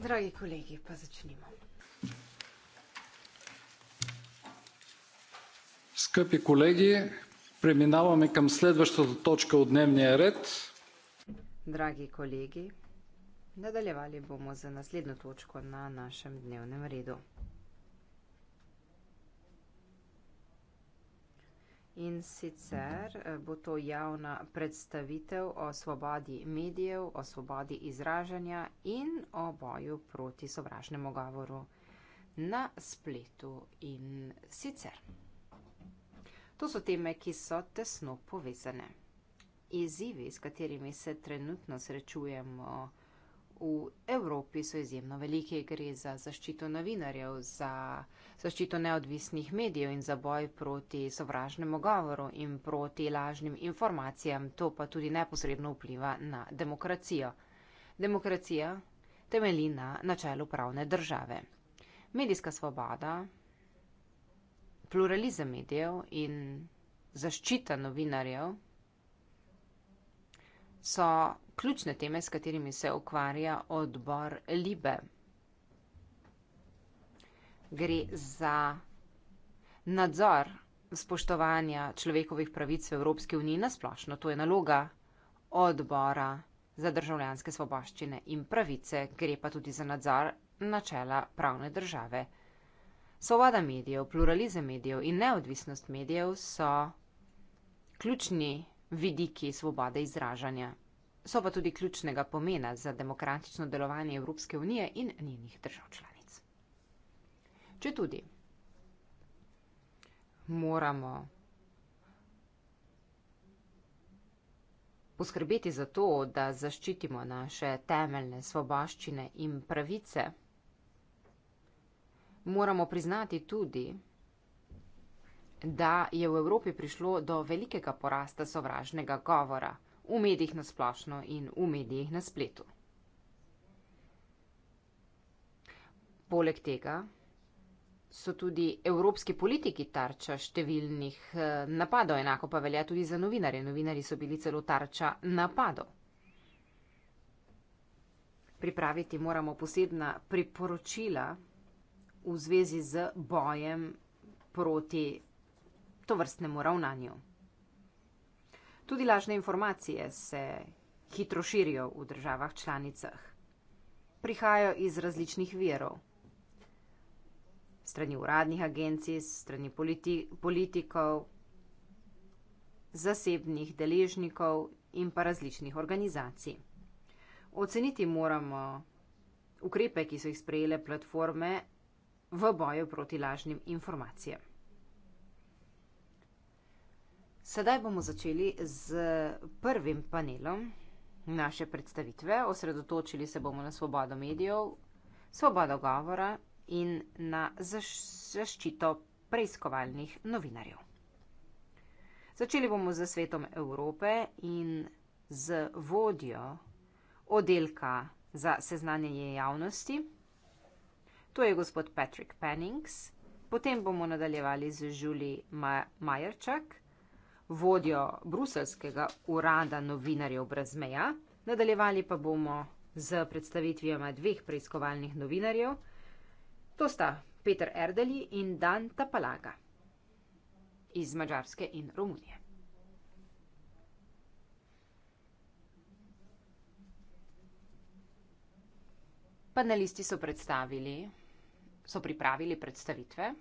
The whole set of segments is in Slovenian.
Dragi kolegi, pa začnimo. Skupi kolegi, preminavamo kam sledvašto točko v dnevnje red. Dragi kolegi, nadaljevali bomo za naslednjo točko na našem dnevnem redu. In sicer eh, bo to javna predstavitev o svobodi medijev, o svobodi izražanja in o boju proti sovražnemu govoru na spletu in sicer. To so teme, ki so tesno povezane. Izzivi, s katerimi se trenutno srečujemo, v Evropi so izjemno veliki, gre za zaščito novinarjev, za zaščito neodvisnih medijev in za boj proti sovražnemu govoru in proti lažnim informacijam, to pa tudi neposredno vpliva na demokracijo. Demokracija temelji na načelu pravne države. Medijska svoboda, pluralizem medijev in zaščita novinarjev so ključne teme, s katerimi se ukvarja odbor Libe. Gre za nadzor spoštovanja človekovih pravic v Evropski uniji nasplošno. To je naloga odbora za državljanske svoboščine in pravice, gre pa tudi za nadzor načela pravne države. Svoboda medijev, pluralizem medijev in neodvisnost medijev so ključni vidiki svobode izražanja. So pa tudi ključnega pomena za demokratično delovanje Evropske unije in njenih držav članic. Če tudi moramo poskrbeti za to, da zaščitimo naše temeljne svoboščine in pravice, moramo priznati tudi, da je v Evropi prišlo do velikega porasta sovražnega govora v medijih na splošno in v medijih na spletu. Poleg tega so tudi evropski politiki tarča številnih eh, napadov, enako pa velja tudi za novinarje. Novinari so bili celo tarča napadov. Pripraviti moramo posebna priporočila v zvezi z bojem proti to vrstnemu ravnanju. Tudi lažne informacije se hitro širijo v državah članicah. Prihajajo iz različnih verov. Strani uradnih agencij, strani politi politikov, zasebnih deležnikov in pa različnih organizacij. Oceniti moramo ukrepe, ki so jih sprejele platforme v boju proti lažnim informacijam. Sedaj bomo začeli z prvim panelom naše predstavitve. Osredotočili se bomo na svobodo medijev, svobodo govora in na zaščito preiskovalnih novinarjev. Začeli bomo z svetom Evrope in z vodjo oddelka za seznanjenje javnosti. To je gospod Patrick Pennings. Potem bomo nadaljevali z Julie Majerčak. Ma vodjo bruselskega urada novinarjev brez meja. Nadaljevali pa bomo z predstavitvijama dveh preiskovalnih novinarjev. To sta Peter Erdeli in Dan Tapalaga iz Mačarske in Romunije. Panelisti so, so pripravili predstavitve.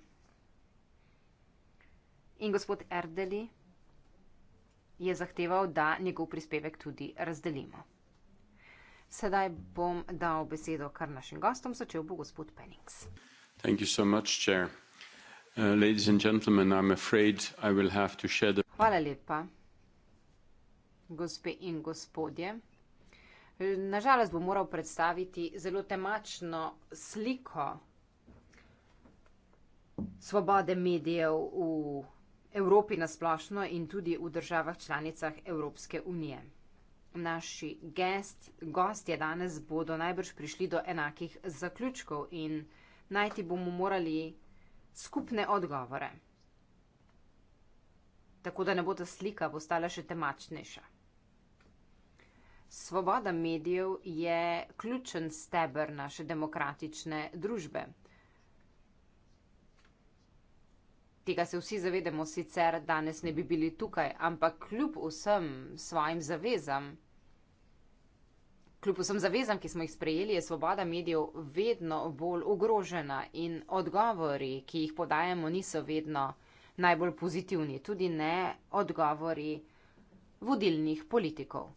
In gospod Erdeli, je zahteval, da njegov prispevek tudi razdelimo. Sedaj bom dal besedo kar našim gostom, začel bo gospod Pennings. So much, uh, the... Hvala lepa, gospe in gospodje. Nažalost bom moral predstaviti zelo temačno sliko svobode medijev v Evropi nasplošno in tudi v državah članicah Evropske unije. Naši gest, gostje danes bodo najbrž prišli do enakih zaključkov in najti bomo morali skupne odgovore. Tako da ne bo ta slika postala še temačnejša. Svoboda medijev je ključen stebr naše demokratične družbe. tega se vsi zavedamo, sicer danes ne bi bili tukaj, ampak kljub vsem svojim zavezam, kljub vsem zavezam, ki smo jih sprejeli, je svoboda medijev vedno bolj ogrožena in odgovori, ki jih podajemo, niso vedno najbolj pozitivni, tudi ne odgovori vodilnih politikov.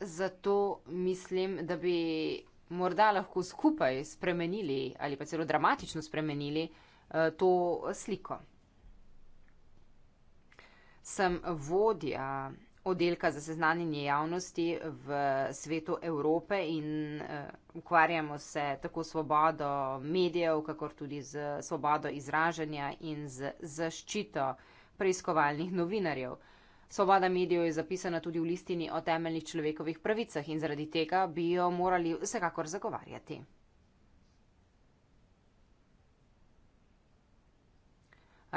Zato mislim, da bi morda lahko skupaj spremenili ali pa celo dramatično spremenili uh, Eh, to sliko. Sem vodja oddelka za seznanjenje javnosti v svetu Evrope in eh, ukvarjamo se tako svobodo medijev, kakor tudi z svobodo izražanja in z zaščito preiskovalnih novinarjev. Svoboda medijev je zapisana tudi v listini o temeljnih človekovih pravicah in zaradi tega bi jo morali vsekakor zagovarjati.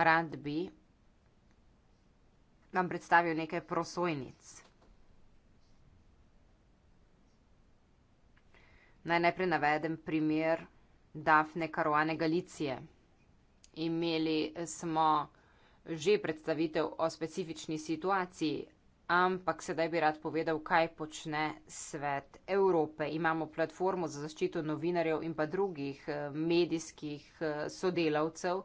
rad bi vam predstavil nekaj prosojnic. Naj najprej navedem primer Dafne Karuane Galicije. Imeli smo že predstavitev o specifični situaciji, ampak sedaj bi rad povedal, kaj počne svet Evrope. Imamo platformo za zaščito novinarjev in pa drugih eh, medijskih eh, sodelavcev,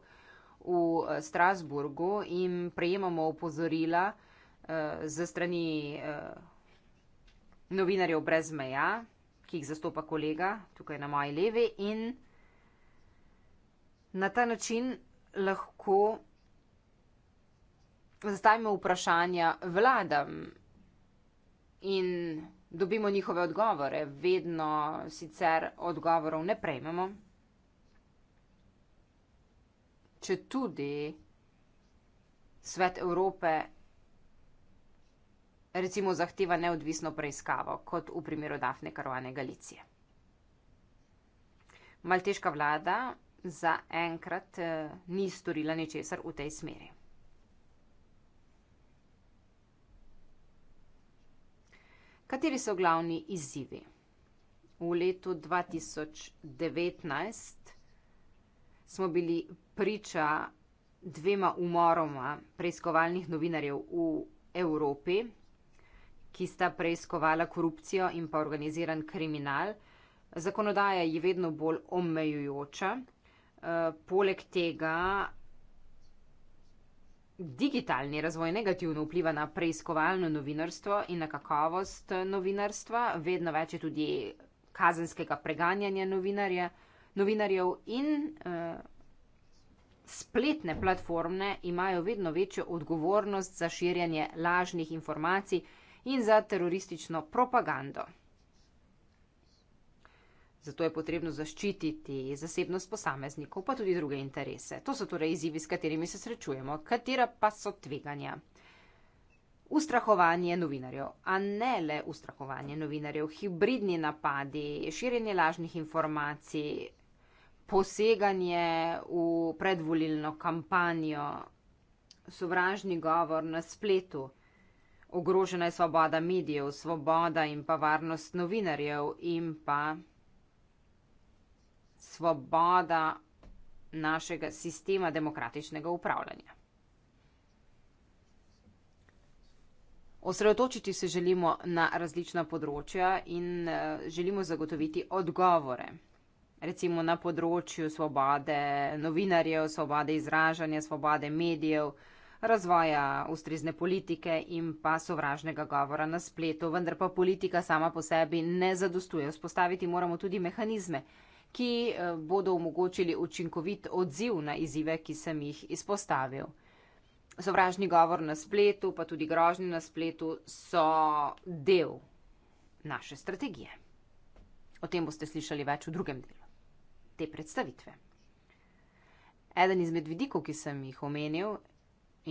v eh, Strasburgu in prejemamo opozorila uh, ze strani uh, novinarjev brez meja, ki jih zastopa kolega tukaj na moji levi in na ta način lahko zastavimo vprašanja vladam in dobimo njihove odgovore. Vedno sicer odgovorov ne prejmemo če tudi svet Evrope recimo zahteva neodvisno preiskavo, kot v primeru Dafne Karovane Galicije. Malteška vlada za enkrat eh, ni storila ničesar v tej smeri. Kateri so glavni izzivi? V letu 2019 smo bili priča dvema umoroma preiskovalnih novinarjev v Evropi, ki sta preiskovala korupcijo in pa organiziran kriminal. Zakonodaja je vedno bolj omejujoča. Eh, poleg tega digitalni razvoj negativno vpliva na preiskovalno novinarstvo in na kakovost novinarstva. Vedno več je tudi kazenskega preganjanja novinarja novinarjev in uh, spletne platforme imajo vedno večjo odgovornost za širjanje lažnih informacij in za teroristično propagando. Zato je potrebno zaščititi zasebnost posameznikov, pa tudi druge interese. To so torej izzivi, s katerimi se srečujemo. Katera pa so tveganja? Ustrahovanje novinarjev, a ne le ustrahovanje novinarjev, hibridni napadi, širjenje lažnih informacij, poseganje v predvolilno kampanjo, sovražni govor na spletu, ogrožena je svoboda medijev, svoboda in pa varnost novinarjev in pa svoboda našega sistema demokratičnega upravljanja. Osredotočiti se želimo na različna področja in eh, želimo zagotoviti odgovore recimo na področju svobode novinarjev, svobode izražanja, svobode medijev, razvoja ustrezne politike in pa sovražnega govora na spletu. Vendar pa politika sama po sebi ne zadostuje. Vzpostaviti moramo tudi mehanizme, ki eh, bodo omogočili učinkovit odziv na izzive, ki sem jih izpostavil. Sovražni govor na spletu, pa tudi grožnje na spletu so del naše strategije. O tem boste slišali več v drugem delu te predstavitve. Eden izmed vidikov, ki sem jih omenil,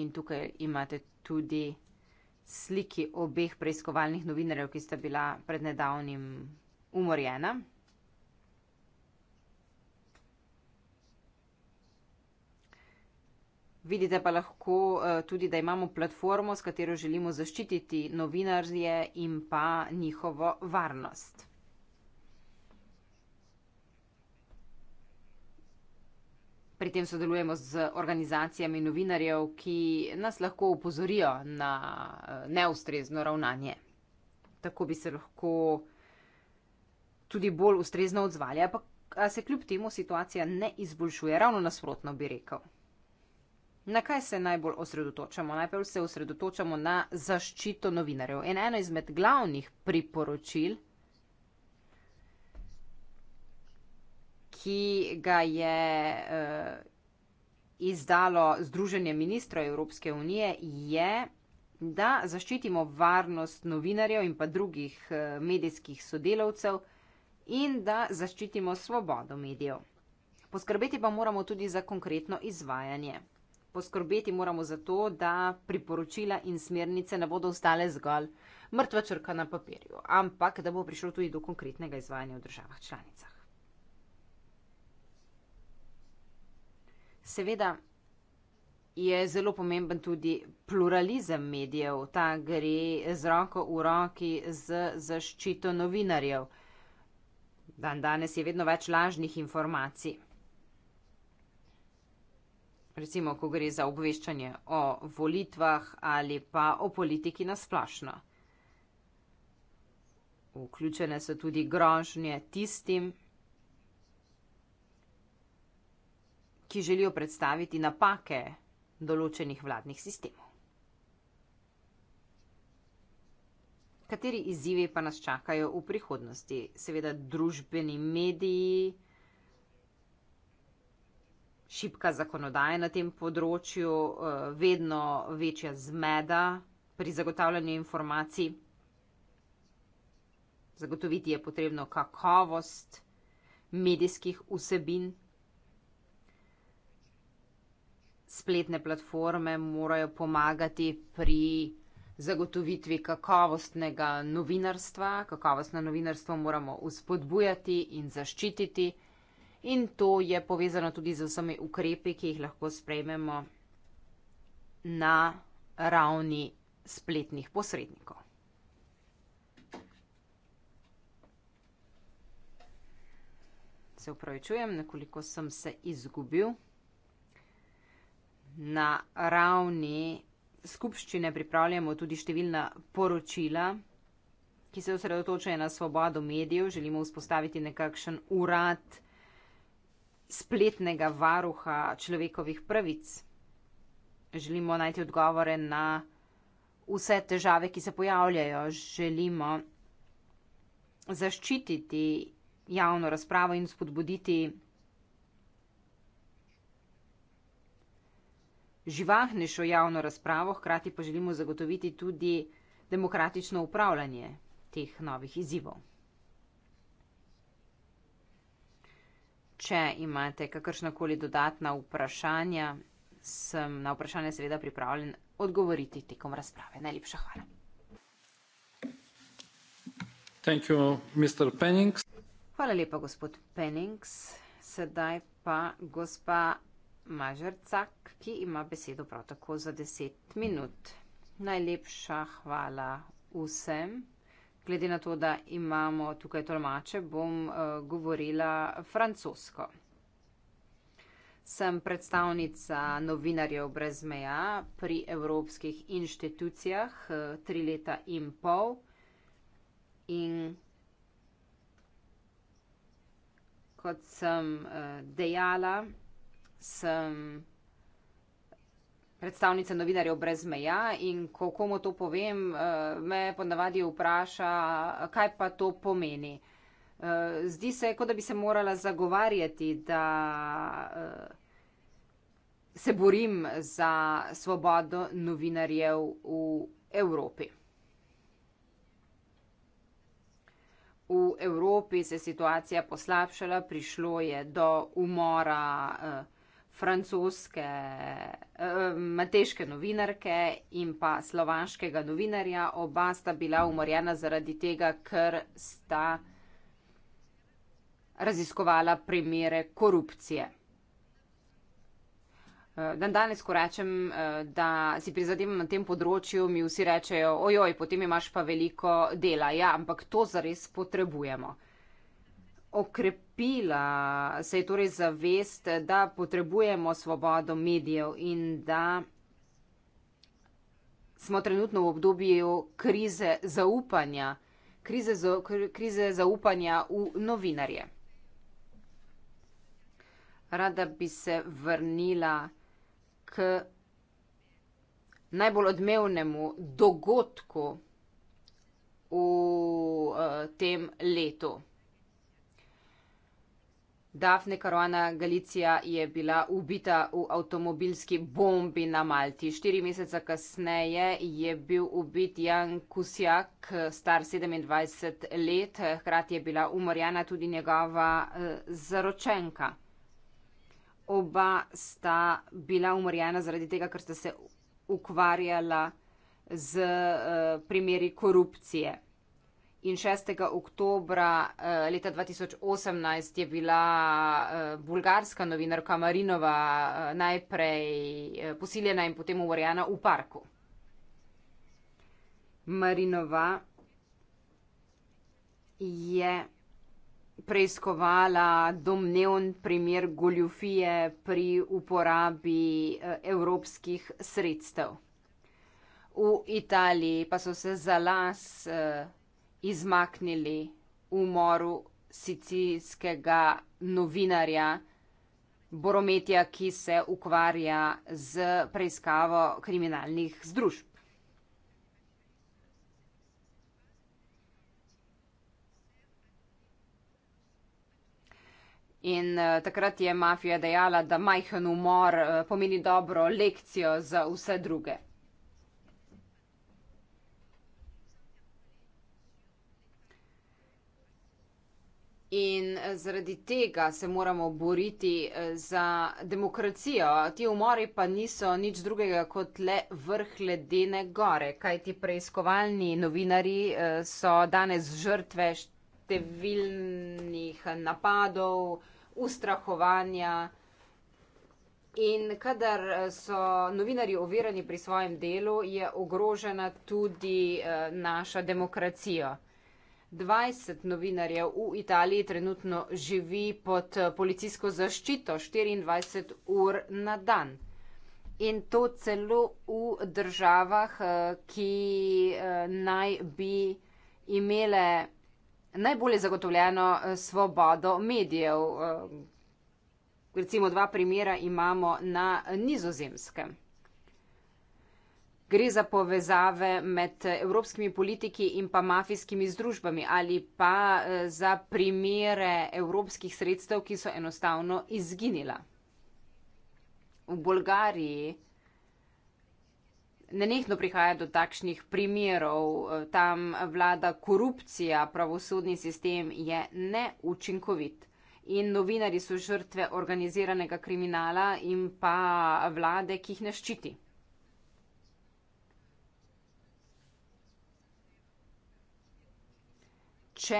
in tukaj imate tudi sliki obeh preiskovalnih novinarjev, ki sta bila pred nedavnim umorjena. Vidite pa lahko eh, tudi, da imamo platformo, s katero želimo zaščititi novinarje in pa njihovo varnost. Pri tem sodelujemo z organizacijami novinarjev, ki nas lahko upozorijo na eh, neustrezno ravnanje. Tako bi se lahko tudi bolj ustrezno odzvali. Ampak se kljub temu situacija ne izboljšuje, ravno nasprotno bi rekel. Na kaj se najbolj osredotočamo? Najprej se osredotočamo na zaščito novinarjev. In eno izmed glavnih priporočil ki ga je uh, izdalo Združenje ministrov Evropske unije, je, da zaščitimo varnost novinarjev in pa drugih uh, medijskih sodelavcev in da zaščitimo svobodo medijev. Poskrbeti pa moramo tudi za konkretno izvajanje. Poskrbeti moramo za to, da priporočila in smernice ne bodo ostale zgolj mrtva črka na papirju, ampak da bo prišlo tudi do konkretnega izvajanja v državah članicah. Seveda je zelo pomemben tudi pluralizem medijev. Ta gre z roko v roki z zaščito novinarjev. Dan danes je vedno več lažnih informacij. Recimo, ko gre za obveščanje o volitvah ali pa o politiki nasplošno. Vključene so tudi grožnje tistim, ki želijo predstaviti napake določenih vladnih sistemov. Kateri izzivi pa nas čakajo v prihodnosti? Seveda družbeni mediji, šipka zakonodaje na tem področju, eh, vedno večja zmeda pri zagotavljanju informacij. Zagotoviti je potrebno kakovost medijskih vsebin, spletne platforme morajo pomagati pri zagotovitvi kakovostnega novinarstva. Kakovostno novinarstvo moramo uspodbujati in zaščititi. In to je povezano tudi z vsemi ukrepi, ki jih lahko sprejmemo na ravni spletnih posrednikov. Se upravičujem, nekoliko sem se izgubil na ravni skupščine pripravljamo tudi številna poročila, ki se osredotočajo na svobodo medijev. Želimo vzpostaviti nekakšen urad spletnega varuha človekovih pravic. Želimo najti odgovore na vse težave, ki se pojavljajo. Želimo zaščititi javno razpravo in spodbuditi živahnejšo javno razpravo, hkrati pa želimo zagotoviti tudi demokratično upravljanje teh novih izzivov. Če imate kakršnakoli dodatna vprašanja, sem na vprašanje seveda pripravljen odgovoriti tekom razprave. Najlepša hvala. You, hvala lepa, gospod Pennings. Sedaj pa gospa Mažrcak, ki ima besedo prav tako za 10 minut. Najlepša hvala vsem. Glede na to, da imamo tukaj tolmače, bom uh, govorila francosko. Sem predstavnica novinarjev brez meja pri evropskih inštitucijah uh, tri leta in pol in kot sem uh, dejala, sem predstavnica novinarjev brez meja in ko komu to povem, eh, me ponavadi vpraša, kaj pa to pomeni. Eh, zdi se, kot da bi se morala zagovarjati, da eh, se borim za svobodo novinarjev v Evropi. V Evropi se je situacija poslabšala, prišlo je do umora novinarjev, francoske, uh, mateške novinarke in pa slovanskega novinarja. Oba sta bila umorjena zaradi tega, ker sta raziskovala primere korupcije. Eh, dan danes, ko rečem, eh, da si prizadevam na tem področju, mi vsi rečejo, ojoj, potem imaš pa veliko dela. Ja, ampak to zares potrebujemo okrepila, se je torej zavest, da potrebujemo svobodo medijev in da smo trenutno v obdobju krize zaupanja, krize, za, krize zaupanja v novinarje. Rada bi se vrnila k najbolj odmevnemu dogodku v uh, tem letu. Dafne Karona Galicija je bila ubita v avtomobilski bombi na Malti. Štiri mesece kasneje je bil ubit Jan Kusjak, star 27 let, hkrati je bila umorjena tudi njegova eh, zaročenka. Oba sta bila umorjena zaradi tega, ker sta se ukvarjala z eh, primeri korupcije. In 6. oktobra eh, leta 2018 je bila eh, bulgarska novinarka Marinova eh, najprej posiljena in potem uvorjena v parku. Marinova je preiskovala domnevn primer goljufije pri uporabi evropskih sredstev. V Italiji pa so se za las izmaknili umoru sicilskega novinarja Borometija, ki se ukvarja z preiskavo kriminalnih združb. In uh, takrat je mafija dejala, da majhen umor uh, pomeni dobro lekcijo za vse druge. In eh, zaradi tega se moramo boriti eh, za demokracijo. Ti umori pa niso nič drugega kot le vrh ledene gore, kaj ti preiskovalni novinari eh, so danes žrtve številnih napadov, ustrahovanja. In kadar so novinari ovirani pri svojem delu, je ogrožena tudi naša demokracija. 20 novinarjev v Italiji trenutno živi pod eh, policijsko zaščito 24 ur na dan. In to celo v državah, eh, ki eh, naj bi imele najbolje zagotovljeno svobodo medijev. Recimo dva primera imamo na nizozemskem gre za povezave med evropskimi politiki in pa mafijskimi združbami ali pa eh, za primere evropskih sredstev, ki so enostavno izginila. V Bolgariji nenehno prihaja do takšnih primerov, eh, tam vlada korupcija, pravosodni sistem je neučinkovit. In novinari so žrtve organiziranega kriminala in pa vlade, ki jih ne ščiti. če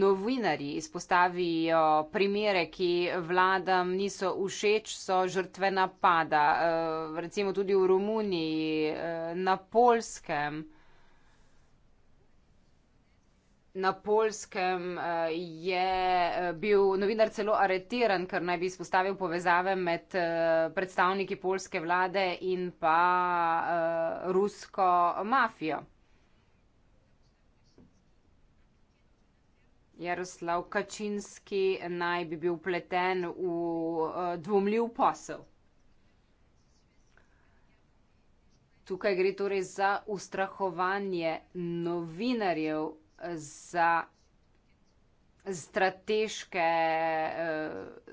novinari izpostavijo primere, ki vladam niso všeč, so žrtve napada, eh, recimo tudi v Romuniji, eh, na polskem. Na polskem eh, je bil novinar celo aretiran, ker naj bi izpostavil povezave med predstavniki polske vlade in pa rusko mafijo. Jaroslav Kačinski naj bi bil pleten v eh, dvomljiv posel. Tukaj gre torej za ustrahovanje novinarjev za strateške eh,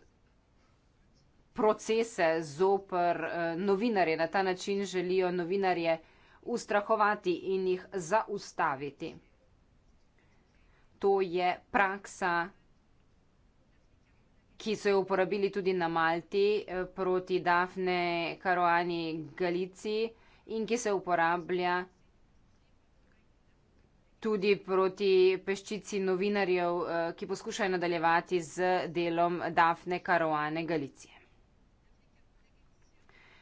procese zopr eh, novinarje. Na ta način želijo novinarje ustrahovati in jih zaustaviti to je praksa, ki so jo uporabili tudi na Malti eh, proti Dafne Karoani Galici in ki se uporablja tudi proti peščici novinarjev, eh, ki poskušajo nadaljevati z delom Dafne Karoane Galicije.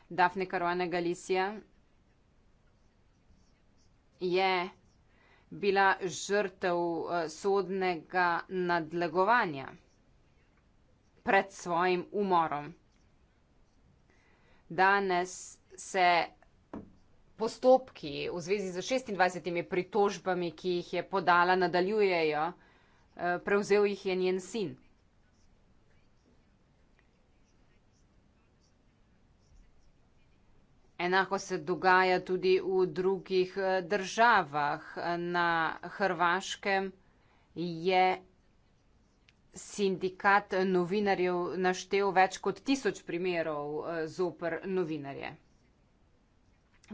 Dafne Karoane Galicija je bila žrtev eh, sodnega nadlegovanja pred svojim umorom. Danes se postopki v zvezi z 26 pritožbami, ki jih je podala, nadaljujejo. Eh, prevzel jih je njen sin. Enako se dogaja tudi v drugih eh, državah. Na Hrvaškem je sindikat novinarjev naštel več kot tisoč primerov eh, zoper novinarje.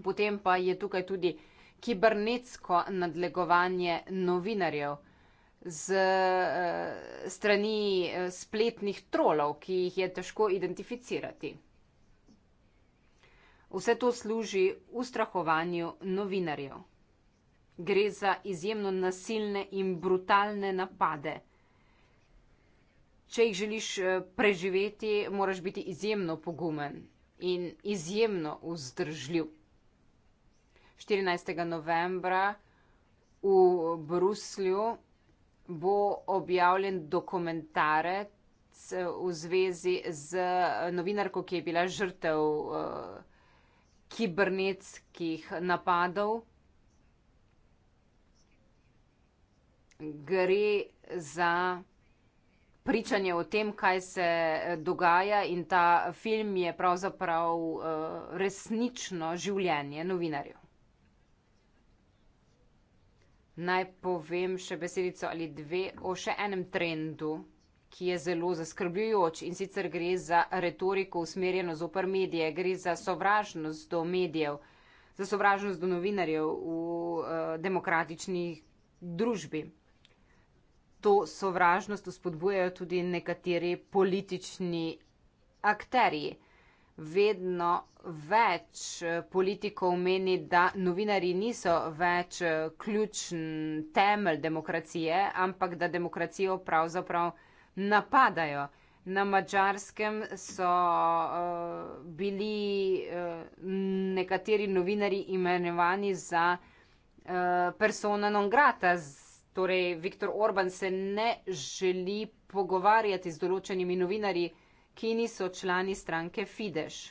Potem pa je tukaj tudi kibernetsko nadlegovanje novinarjev z eh, strani spletnih trolov, ki jih je težko identificirati. Vse to služi ustrahovanju novinarjev. Gre za izjemno nasilne in brutalne napade. Če jih želiš eh, preživeti, moraš biti izjemno pogumen in izjemno vzdržljiv. 14. novembra v Bruslju bo objavljen dokumentarec eh, v zvezi z eh, novinarko, ki je bila žrtev. Uh, kibernetskih napadov. Gre za pričanje o tem, kaj se eh, dogaja in ta film je pravzaprav eh, resnično življenje novinarjev. Naj povem še besedico ali dve o še enem trendu, ki je zelo zaskrbljujoč in sicer gre za retoriko usmerjeno zoper medije, gre za sovražnost do medijev, za sovražnost do novinarjev v uh, demokratični družbi. To sovražnost uspodbujajo tudi nekateri politični akteri. Vedno več eh, politikov meni, da novinari niso več eh, ključen temelj demokracije, ampak da demokracijo pravzaprav prav napadajo. Na mačarskem so uh, bili uh, nekateri novinari imenovani za uh, persona non grata. Torej, Viktor Orban se ne želi pogovarjati z določenimi novinari, ki niso člani stranke Fidesz.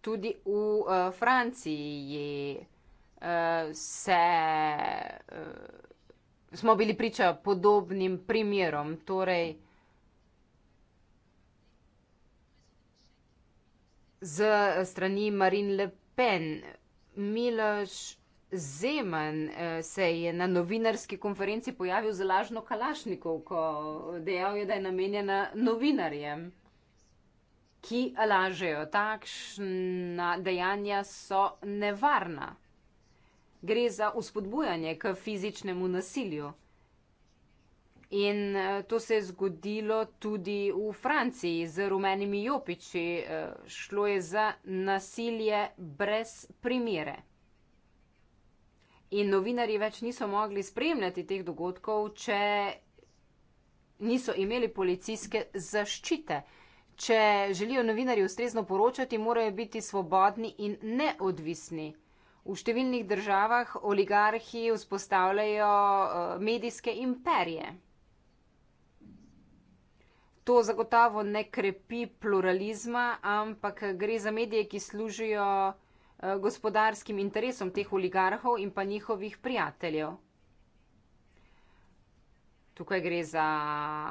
Tudi v uh, Franciji uh, se. Uh, smo bili priča podobnim primerom. Torej, z strani Marine Le Pen, Miloš Zeman eh, se je na novinarski konferenci pojavil z lažno kalašnikov, ko dejal je, da je namenjena novinarjem, ki lažejo. Takšna dejanja so nevarna gre za uspodbujanje k fizičnemu nasilju. In eh, to se je zgodilo tudi v Franciji z rumenimi jopiči. Eh, šlo je za nasilje brez primere. In novinari več niso mogli spremljati teh dogodkov, če niso imeli policijske zaščite. Če želijo novinari ustrezno poročati, morajo biti svobodni in neodvisni. V številnih državah oligarhi vzpostavljajo eh, medijske imperije. To zagotavo ne krepi pluralizma, ampak gre za medije, ki služijo eh, gospodarskim interesom teh oligarhov in pa njihovih prijateljev. Tukaj gre za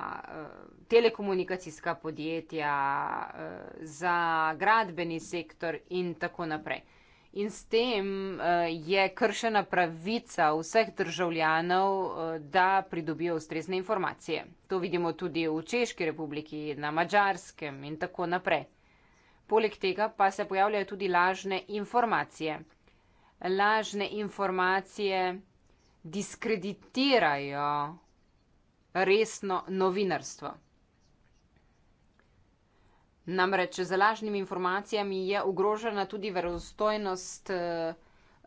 eh, telekomunikacijska podjetja, za gradbeni sektor in tako naprej in s tem eh, je kršena pravica vseh državljanov, eh, da pridobijo ustrezne informacije. To vidimo tudi v Češki republiki, na Mačarskem in tako naprej. Poleg tega pa se pojavljajo tudi lažne informacije. Lažne informacije diskreditirajo resno novinarstvo. Namreč za lažnimi informacijami je ogrožena tudi verostojnost eh,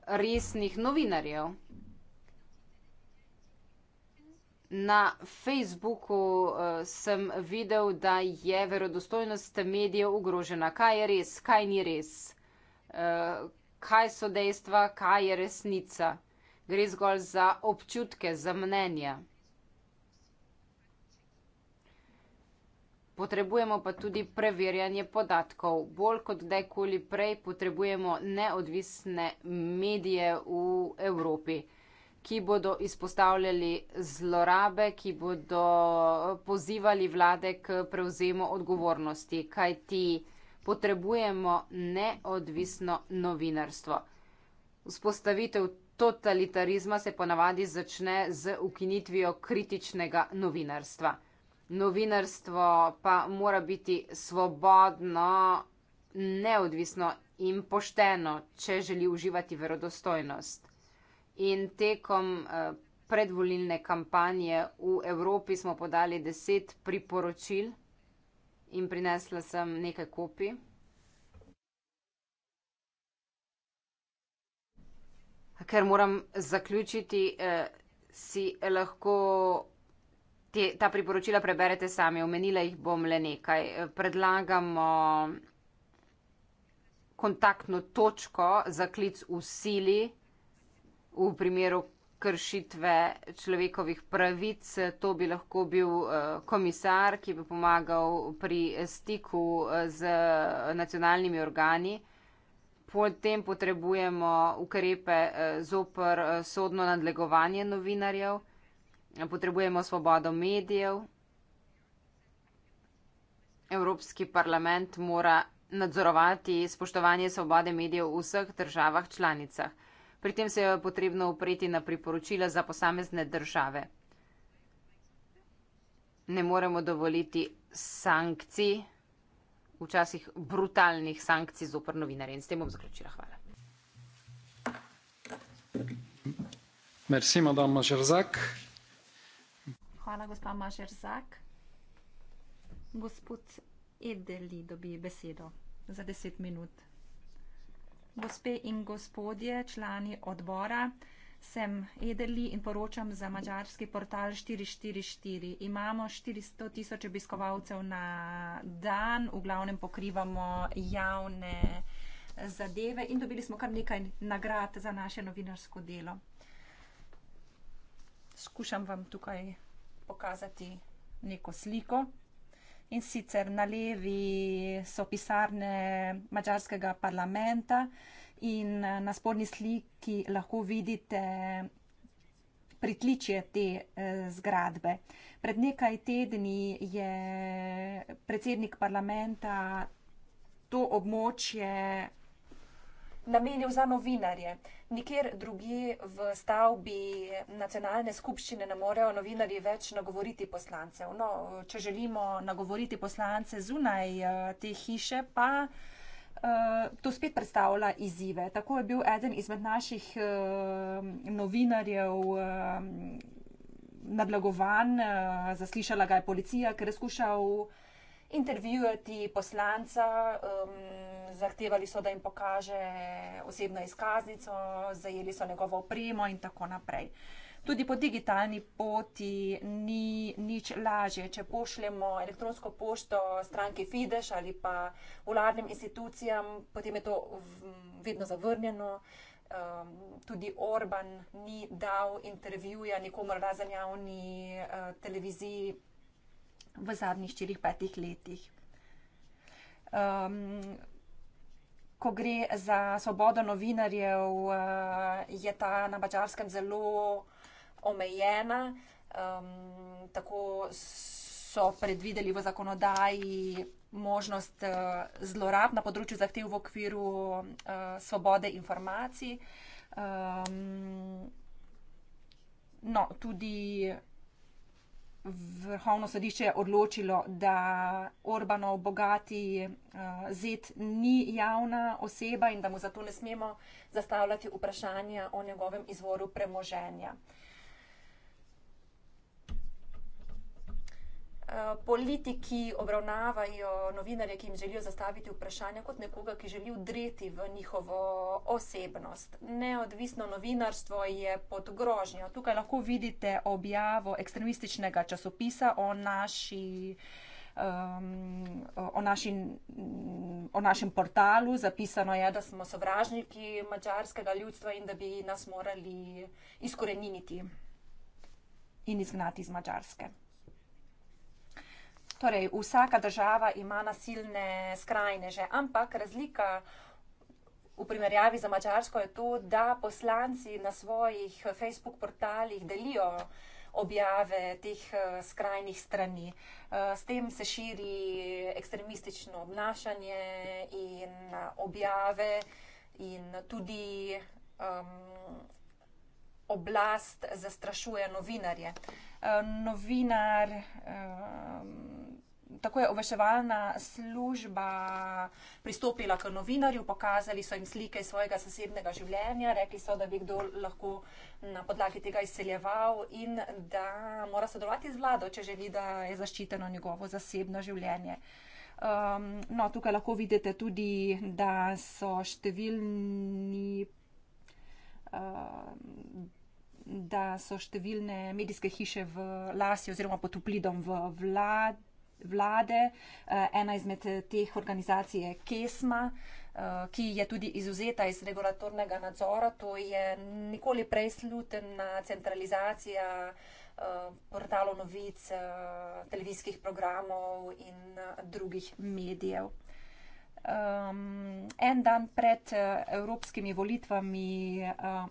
resnih novinarjev. Na Facebooku eh, sem videl, da je verodostojnost medijev ogrožena. Kaj je res, kaj ni res? Eh, kaj so dejstva, kaj je resnica? Gre zgolj za občutke, za mnenja. Potrebujemo pa tudi preverjanje podatkov. Bolj kot dajkoli prej potrebujemo neodvisne medije v Evropi, ki bodo izpostavljali zlorabe, ki bodo pozivali vlade k prevzemu odgovornosti, kajti potrebujemo neodvisno novinarstvo. Vzpostavitev totalitarizma se ponavadi začne z ukinitvijo kritičnega novinarstva novinarstvo pa mora biti svobodno, neodvisno in pošteno, če želi uživati verodostojnost. In tekom eh, predvolilne kampanje v Evropi smo podali deset priporočil in prinesla sem nekaj kopij. Ker moram zaključiti, eh, si lahko te, ta priporočila preberete sami, omenila jih bom le nekaj. Eh, predlagamo kontaktno točko za klic v sili v primeru kršitve človekovih pravic. To bi lahko bil eh, komisar, ki bi pomagal pri stiku eh, z nacionalnimi organi. Potem potrebujemo ukrepe zopr sodno nadlegovanje novinarjev. Potrebujemo svobodo medijev. Evropski parlament mora nadzorovati spoštovanje svobode medijev v vseh državah članicah. Pri tem se je potrebno upreti na priporočila za posamezne države. Ne moremo dovoliti sankcij, včasih brutalnih sankcij zopr novinarje. In s tem bom zaključila. Hvala. Merci, Hvala, gospa Mažer Zak. Gospod Edeli dobi besedo za deset minut. Gospe in gospodje, člani odbora, sem Edeli in poročam za mačarski portal 444. Imamo 400 tisoč obiskovalcev na dan, v glavnem pokrivamo javne zadeve in dobili smo kar nekaj nagrad za naše novinarsko delo. Skušam vam tukaj pokazati neko sliko. In sicer na levi so pisarne mačarskega parlamenta in eh, na spodnji sliki lahko vidite pritličje te eh, zgradbe. Pred nekaj tedni je predsednik parlamenta to območje namenil za novinarje. Nikjer drugi v stavbi nacionalne skupščine ne morejo novinarji več nagovoriti poslancev. No, če želimo nagovoriti poslance zunaj eh, te hiše, pa eh, to spet predstavlja izzive. Tako je bil eden izmed naših eh, novinarjev nadlagovan, zaslišala ga je policija, ker je skušal intervjuvati poslanca, um, zahtevali so, da jim pokaže osebno izkaznico, zajeli so njegovo opremo in tako naprej. Tudi po digitalni poti ni nič lažje, če pošljemo elektronsko pošto stranki Fidesz ali pa vladnim institucijam, potem je to vedno zavrnjeno. Um, tudi Orban ni dal intervjuja nikomor razen javni uh, televiziji, v zadnjih 4-5 letih. Um, ko gre za svobodo novinarjev, uh, je ta na mačarskem zelo omejena. Um, tako so predvideli v zakonodaji možnost uh, zlorab na področju zahtev v okviru uh, svobode informacij. Um, no, tudi vrhovno sodišče odločilo, da Orbanov bogati eh, zet ni javna oseba in da mu zato ne smemo zastavljati vprašanja o njegovem izvoru premoženja. politiki obravnavajo novinarje, ki jim želijo zastaviti vprašanja, kot nekoga, ki želi udreti v njihovo osebnost. Neodvisno novinarstvo je pod grožnjo. Tukaj lahko vidite objavo ekstremističnega časopisa o naši. Um, o, naši, o našem portalu zapisano je, da smo sovražniki mačarskega ljudstva in da bi nas morali izkoreniniti in izgnati iz mačarske. Torej, vsaka država ima nasilne skrajneže, ampak razlika v primerjavi za Mačarsko je to, da poslanci na svojih Facebook portalih delijo objave teh eh, skrajnih strani. Eh, s tem se širi ekstremistično obnašanje in eh, objave in tudi. Um, oblast zastrašuje novinarje. E, novinar, e, tako je obveševalna služba pristopila k novinarju, pokazali so jim slike svojega zasebnega življenja, rekli so, da bi kdo lahko na podlagi tega izseljeval in da mora sodelovati z vlado, če želi, da je zaščiteno njegovo zasebno življenje. No, tukaj lahko vidite tudi, da so številni da so številne medijske hiše v lasi oziroma pod vplidom v vlad, vlade. Eh, ena izmed eh, teh organizacij je Kesma, eh, ki je tudi izuzeta iz regulatornega nadzora. To je nikoli prej slutena centralizacija portalov novic, televizijskih programov in drugih medijev. Um, en dan pred uh, evropskimi volitvami uh,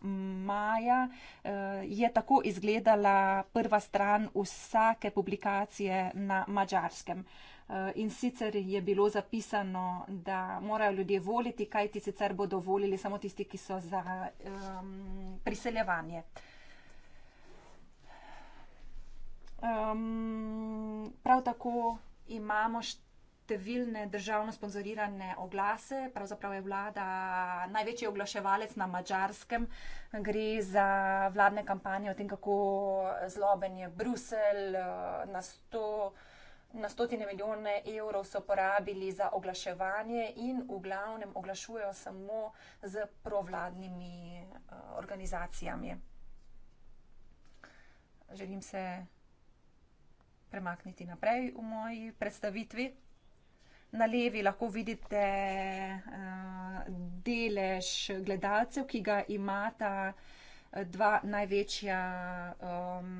maja uh, je tako izgledala prva stran vsake publikacije na mačarskem. Uh, in sicer je bilo zapisano, da morajo ljudje voliti, kaj ti sicer bodo volili samo tisti, ki so za um, priseljevanje. Um, prav tako imamo št številne državno sponzorirane oglase, pravzaprav je vlada največji oglaševalec na mačarskem, gre za vladne kampanje o tem, kako zloben je Bruselj. Eh, na, sto, na stotine milijone evrov so porabili za oglaševanje in v glavnem oglašujejo samo z provladnimi eh, organizacijami. Želim se premakniti naprej v moji predstavitvi. Na levi lahko vidite eh, delež gledalcev, ki ga imata eh, dva največja, ehm,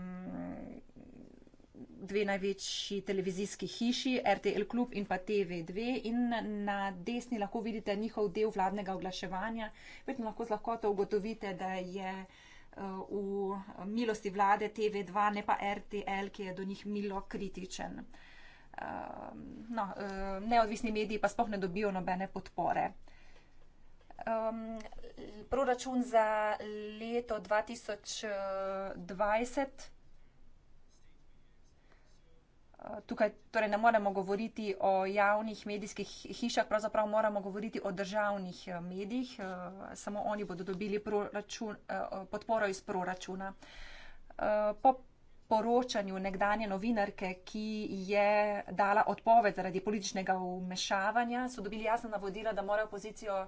dve največji televizijski hiši, RTL Klub in pa TV2. In na desni lahko vidite njihov del vladnega oglaševanja. Verjetno lahko z lahkoto ugotovite, da je eh, v milosti vlade TV2, ne pa RTL, ki je do njih milo kritičen. Ehm, no, ehm, neodvisni mediji pa spohne dobijo nobene podpore. Um, proračun za leto 2020. E, tukaj torej ne moremo govoriti o javnih medijskih hišah, pravzaprav moramo govoriti o državnih e, medijih. E, samo oni bodo dobili proračun, podporo iz proračuna. Po poročanju nekdanje novinarke, ki je dala odpoved zaradi političnega umešavanja, so dobili jasno navodila, da mora opozicijo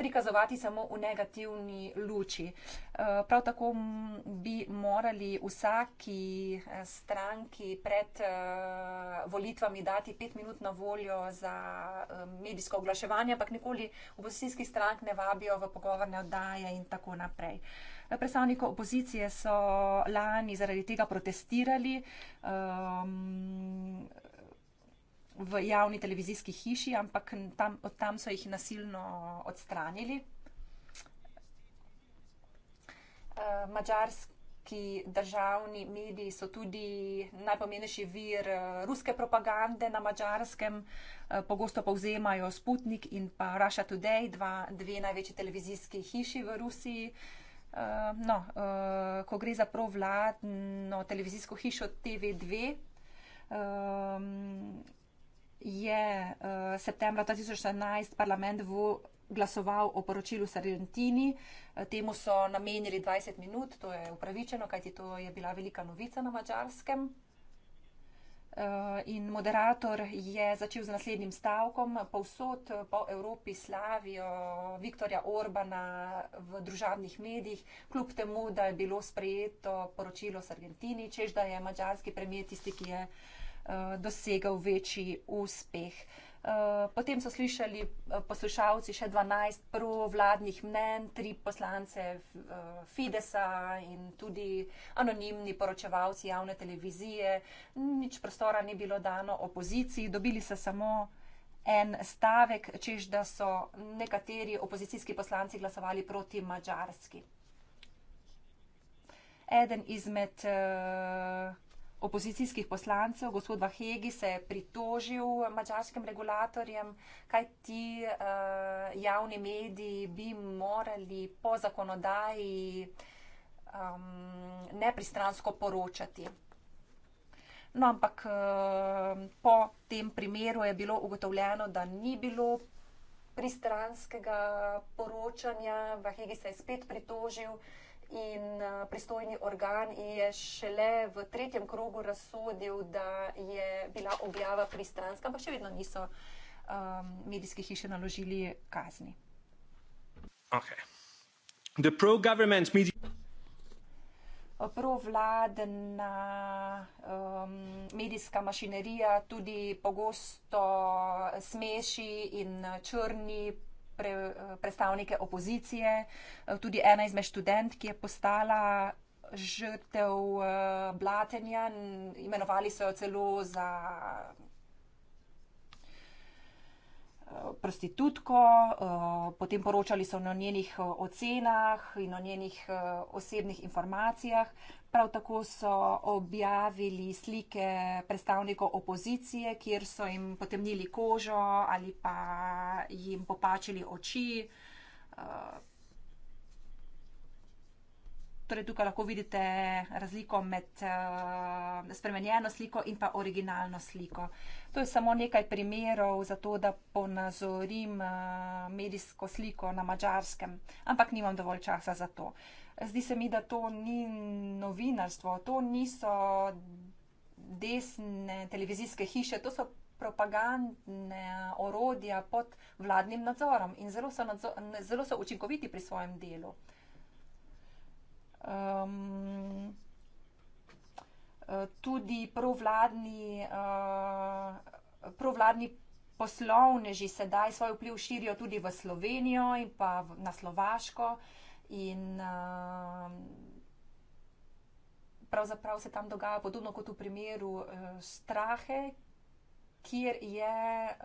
prikazovati samo v negativni luči. Eh, prav tako bi morali vsaki eh, stranki pred eh, volitvami dati pet minut na voljo za medijsko oglaševanje, ampak nikoli v posiljskih strank ne vabijo v pogovorne oddaje in tako naprej predstavnikov opozicije so lani zaradi tega protestirali um, v javni televizijski hiši, ampak tam, od tam so jih nasilno odstranili. Uh, Mačarski državni mediji so tudi najpomembnejši vir uh, ruske propagande na mačarskem, uh, pogosto povzemajo Sputnik in pa Russia Today, dva, dve največji televizijski hiši v Rusiji. Uh, uh, no, uh, ko gre za provladno televizijsko hišo TV2, um, ehm, je uh, septembra 2011 parlament v glasoval o poročilu Sarjantini. Temu so namenili 20 minut, to je upravičeno, kajti to je bila velika novica na mačarskem. Eh, in moderator je začel z naslednjim stavkom. Povsod po Evropi slavijo Viktorja Orbana v družabnih medijih, kljub temu, da je bilo sprejeto poročilo s Argentini, čež da je mađarski premijer tisti, ki je eh, dosegal večji uspeh. Eh, potem so slišali eh, poslušalci še 12 provladnih mnen, tri poslance eh, Fidesa in tudi anonimni poročevalci javne televizije. Nič prostora ni bilo dano opoziciji, dobili so samo en stavek, čež da so nekateri opozicijski poslanci glasovali proti Mačarski. Eden izmed. Uh, opozicijskih poslancev, gospod Vahegi, se je pritožil mačarskim regulatorjem, kaj ti uh, javni mediji bi morali po zakonodaji um, nepristransko poročati. No, ampak uh, po tem primeru je bilo ugotovljeno, da ni bilo pristranskega poročanja. Vahegi se je spet pritožil in pristojni organ je šele v tretjem krogu razsodil, da je bila objava pristranska, ampak še vedno niso um, medijske hiše naložili kazni. Okay. Provladna um, medijska mašinerija tudi pogosto smeši in črni pre, eh, predstavnike opozicije, eh, tudi ena izmed študent, ki je postala žrtev eh, blatenja, imenovali so jo celo za prostitutko, eh, potem poročali so o njenih eh, ocenah in o njenih eh, osebnih informacijah. Prav tako so objavili slike predstavnikov opozicije, kjer so jim potemnili kožo ali pa jim popačili oči torej tukaj lahko vidite razliko med uh, spremenjeno sliko in pa originalno sliko. To je samo nekaj primerov za to, da ponazorim uh, medijsko sliko na mačarskem, ampak nimam dovolj časa za to. Zdi se mi, da to ni novinarstvo, to niso desne televizijske hiše, to so propagandne orodja pod vladnim nadzorom in zelo so, nadzor, zelo so učinkoviti pri svojem delu. Uh, Um, tudi provladni, uh, provladni poslovneži sedaj svoj vpliv širijo tudi v Slovenijo in pa v, na Slovaško. In, uh, pravzaprav se tam dogaja podobno kot v primeru uh, strahe, kjer je.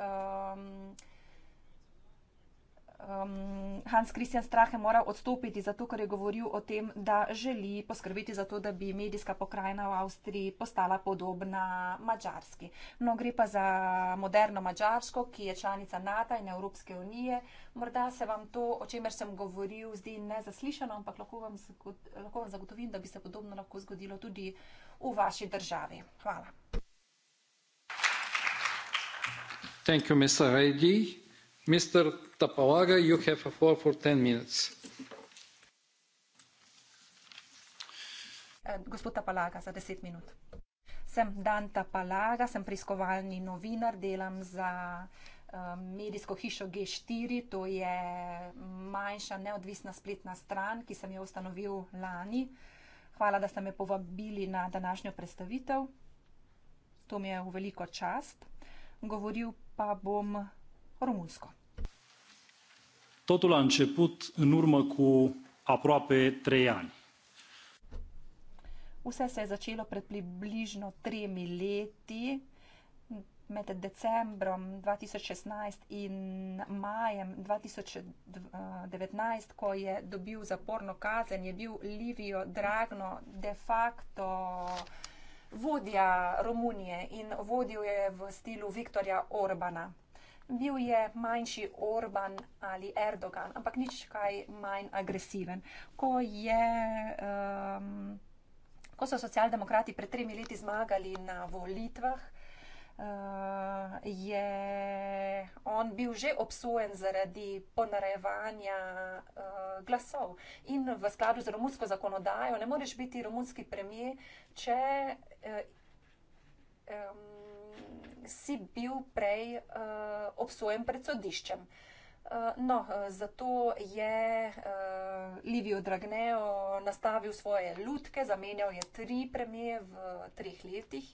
Um, um, Hans Christian Strache moral odstopiti, zato ker je govoril o tem, da želi poskrbeti za to, da bi medijska pokrajina v Avstriji postala podobna mačarski. No, gre pa za moderno mačarsko, ki je članica NATO in Evropske unije. Morda se vam to, o čemer sem govoril, zdi nezaslišano, ampak lahko vam, lahko vam zagotovim, da bi se podobno lahko zgodilo tudi v vaši državi. Hvala. Thank you, Mr. Reidy. Eh, gospod Tapalaga, za deset minut. Sem Dan Tapalaga, sem preiskovalni novinar, delam za eh, medijsko hišo G4, to je manjša neodvisna spletna stran, ki sem jo ustanovil lani. Hvala, da ste me povabili na današnjo predstavitev. To mi je v veliko čast. Govoril pa bom romunsko. Totul a început în urmă cu aproape trei ani. Vse se je začelo pred približno tremi leti, med decembrom 2016 in majem 2019, ko je dobil zaporno kazen, je bil Livio Dragno de facto vodja Romunije in vodil je v slogu Viktorja Orbana bil je manjši Orban ali Erdogan, ampak nič kaj manj agresiven. Ko, je, um, ko so socialdemokrati pred tremi leti zmagali na volitvah, uh, je on bil že obsojen zaradi ponarevanja uh, glasov. In v skladu z romunsko zakonodajo ne moreš biti romunski premije, če. Uh, um, si bil prej uh, obsojen pred sodiščem. Uh, no, eh, zato je uh, Livijo Dragneo nastavil svoje lutke, zamenjal je tri premije v treh letih.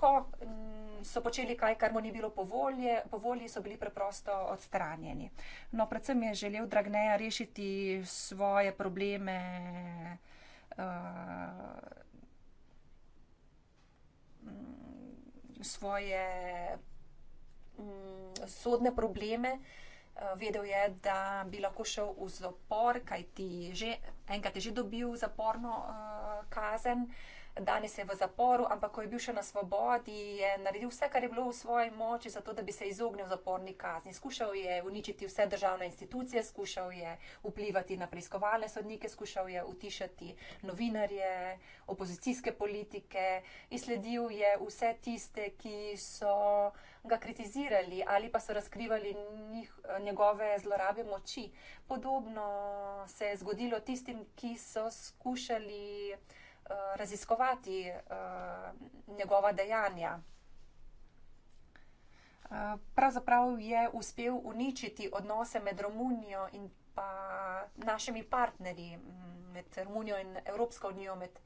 Ko mm, so počeli kaj, kar mu ni bilo po volji, so bili preprosto odstranjeni. No, predvsem je želel Dragneja rešiti svoje probleme uh, svoje mm, sodne probleme. Eh, vedel je, da bi lahko šel v zapor, kaj ti že enkrat je že dobil zaporno uh, kazen. Uh, danes je v zaporu, ampak ko je bil še na svobodi, je naredil vse, kar je bilo v svoji moči, zato da bi se izognil zaporni kazni. Skušal je uničiti vse državne institucije, skušal je vplivati na preiskovalne sodnike, skušal je utišati novinarje, opozicijske politike, izsledil je vse tiste, ki so ga kritizirali ali pa so razkrivali njih, njegove zlorabe moči. Podobno se je zgodilo tistim, ki so skušali Eh, raziskovati eh, njegova dejanja. Eh, pravzaprav je uspel uničiti odnose med Romunijo in pa našimi partnerji, med Romunijo in Evropsko unijo, med,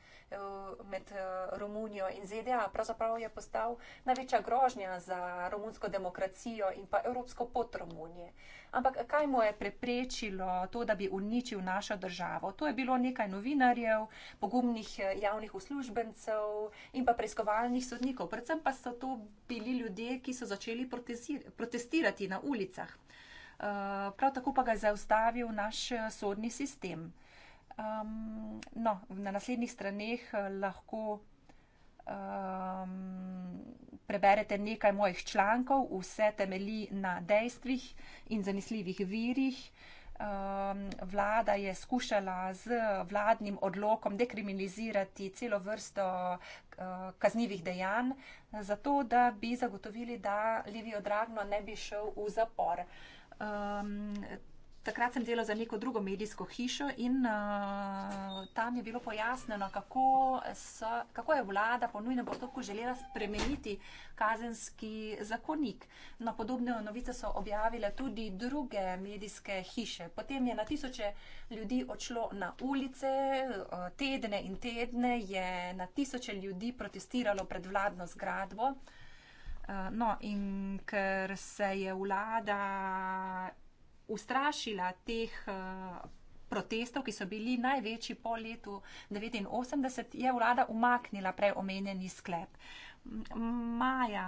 med Romunijo in ZDA. Pravzaprav je postal največja grožnja za romunsko demokracijo in pa evropsko pot Romunije. Uh, Ampak kaj mu je preprečilo to, da bi uničil našo državo? To je bilo nekaj novinarjev, pogumnih eh, javnih uslužbencev in pa preiskovalnih sodnikov. Predvsem pa so to bili ljudje, ki so začeli protestirati na ulicah. Eh, prav tako pa ga je zaustavil naš eh, sodni sistem. Um, no, na naslednjih straneh lahko um, preberete nekaj mojih člankov, vse temelji na dejstvih in zanesljivih virih. Ehm, vlada je skušala z vladnim odlokom dekriminalizirati celo vrsto eh, kaznjivih dejanj, zato da bi zagotovili, da Livijo Dragno ne bi šel v zapor. Ehm, takrat sem delal za neko drugo medijsko hišo in uh, tam je bilo pojasneno, kako, so, kako je vlada po nujnem postopku želela spremeniti kazenski zakonik. Na no, podobne novice so objavile tudi druge medijske hiše. Potem je na tisoče ljudi odšlo na ulice, uh, tedne in tedne je na tisoče ljudi protestiralo pred vladno zgradbo. Eh, no, in ker se je vlada ustrašila teh eh, protestov, ki so bili največji po letu 1989, je vlada umaknila preomenjeni sklep. Maja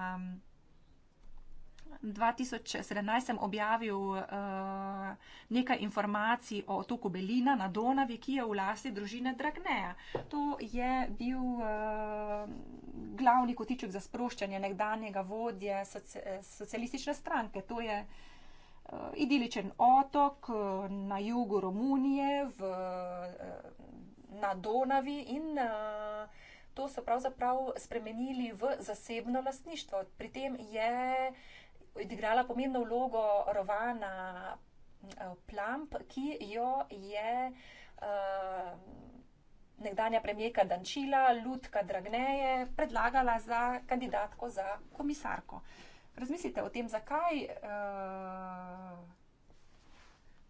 2017 sem objavil uh, nekaj informacij o otoku Belina na Donavi, ki je v lasti družine Dragneja. To je bil uh, glavni kotiček za sproščanje nekdanjega vodje soci socialistične stranke. To je uh, Eh, idiličen otok eh, na jugu Romunije, v, eh, na Donavi in to so pravzaprav spremenili v zasebno lastništvo. Pri tem je odigrala pomembno vlogo Rovana Plamp, ki jo je nekdanja premijeka Dančila, Lutka Dragneje, predlagala za kandidatko za komisarko. Razmislite o tem, zakaj uh,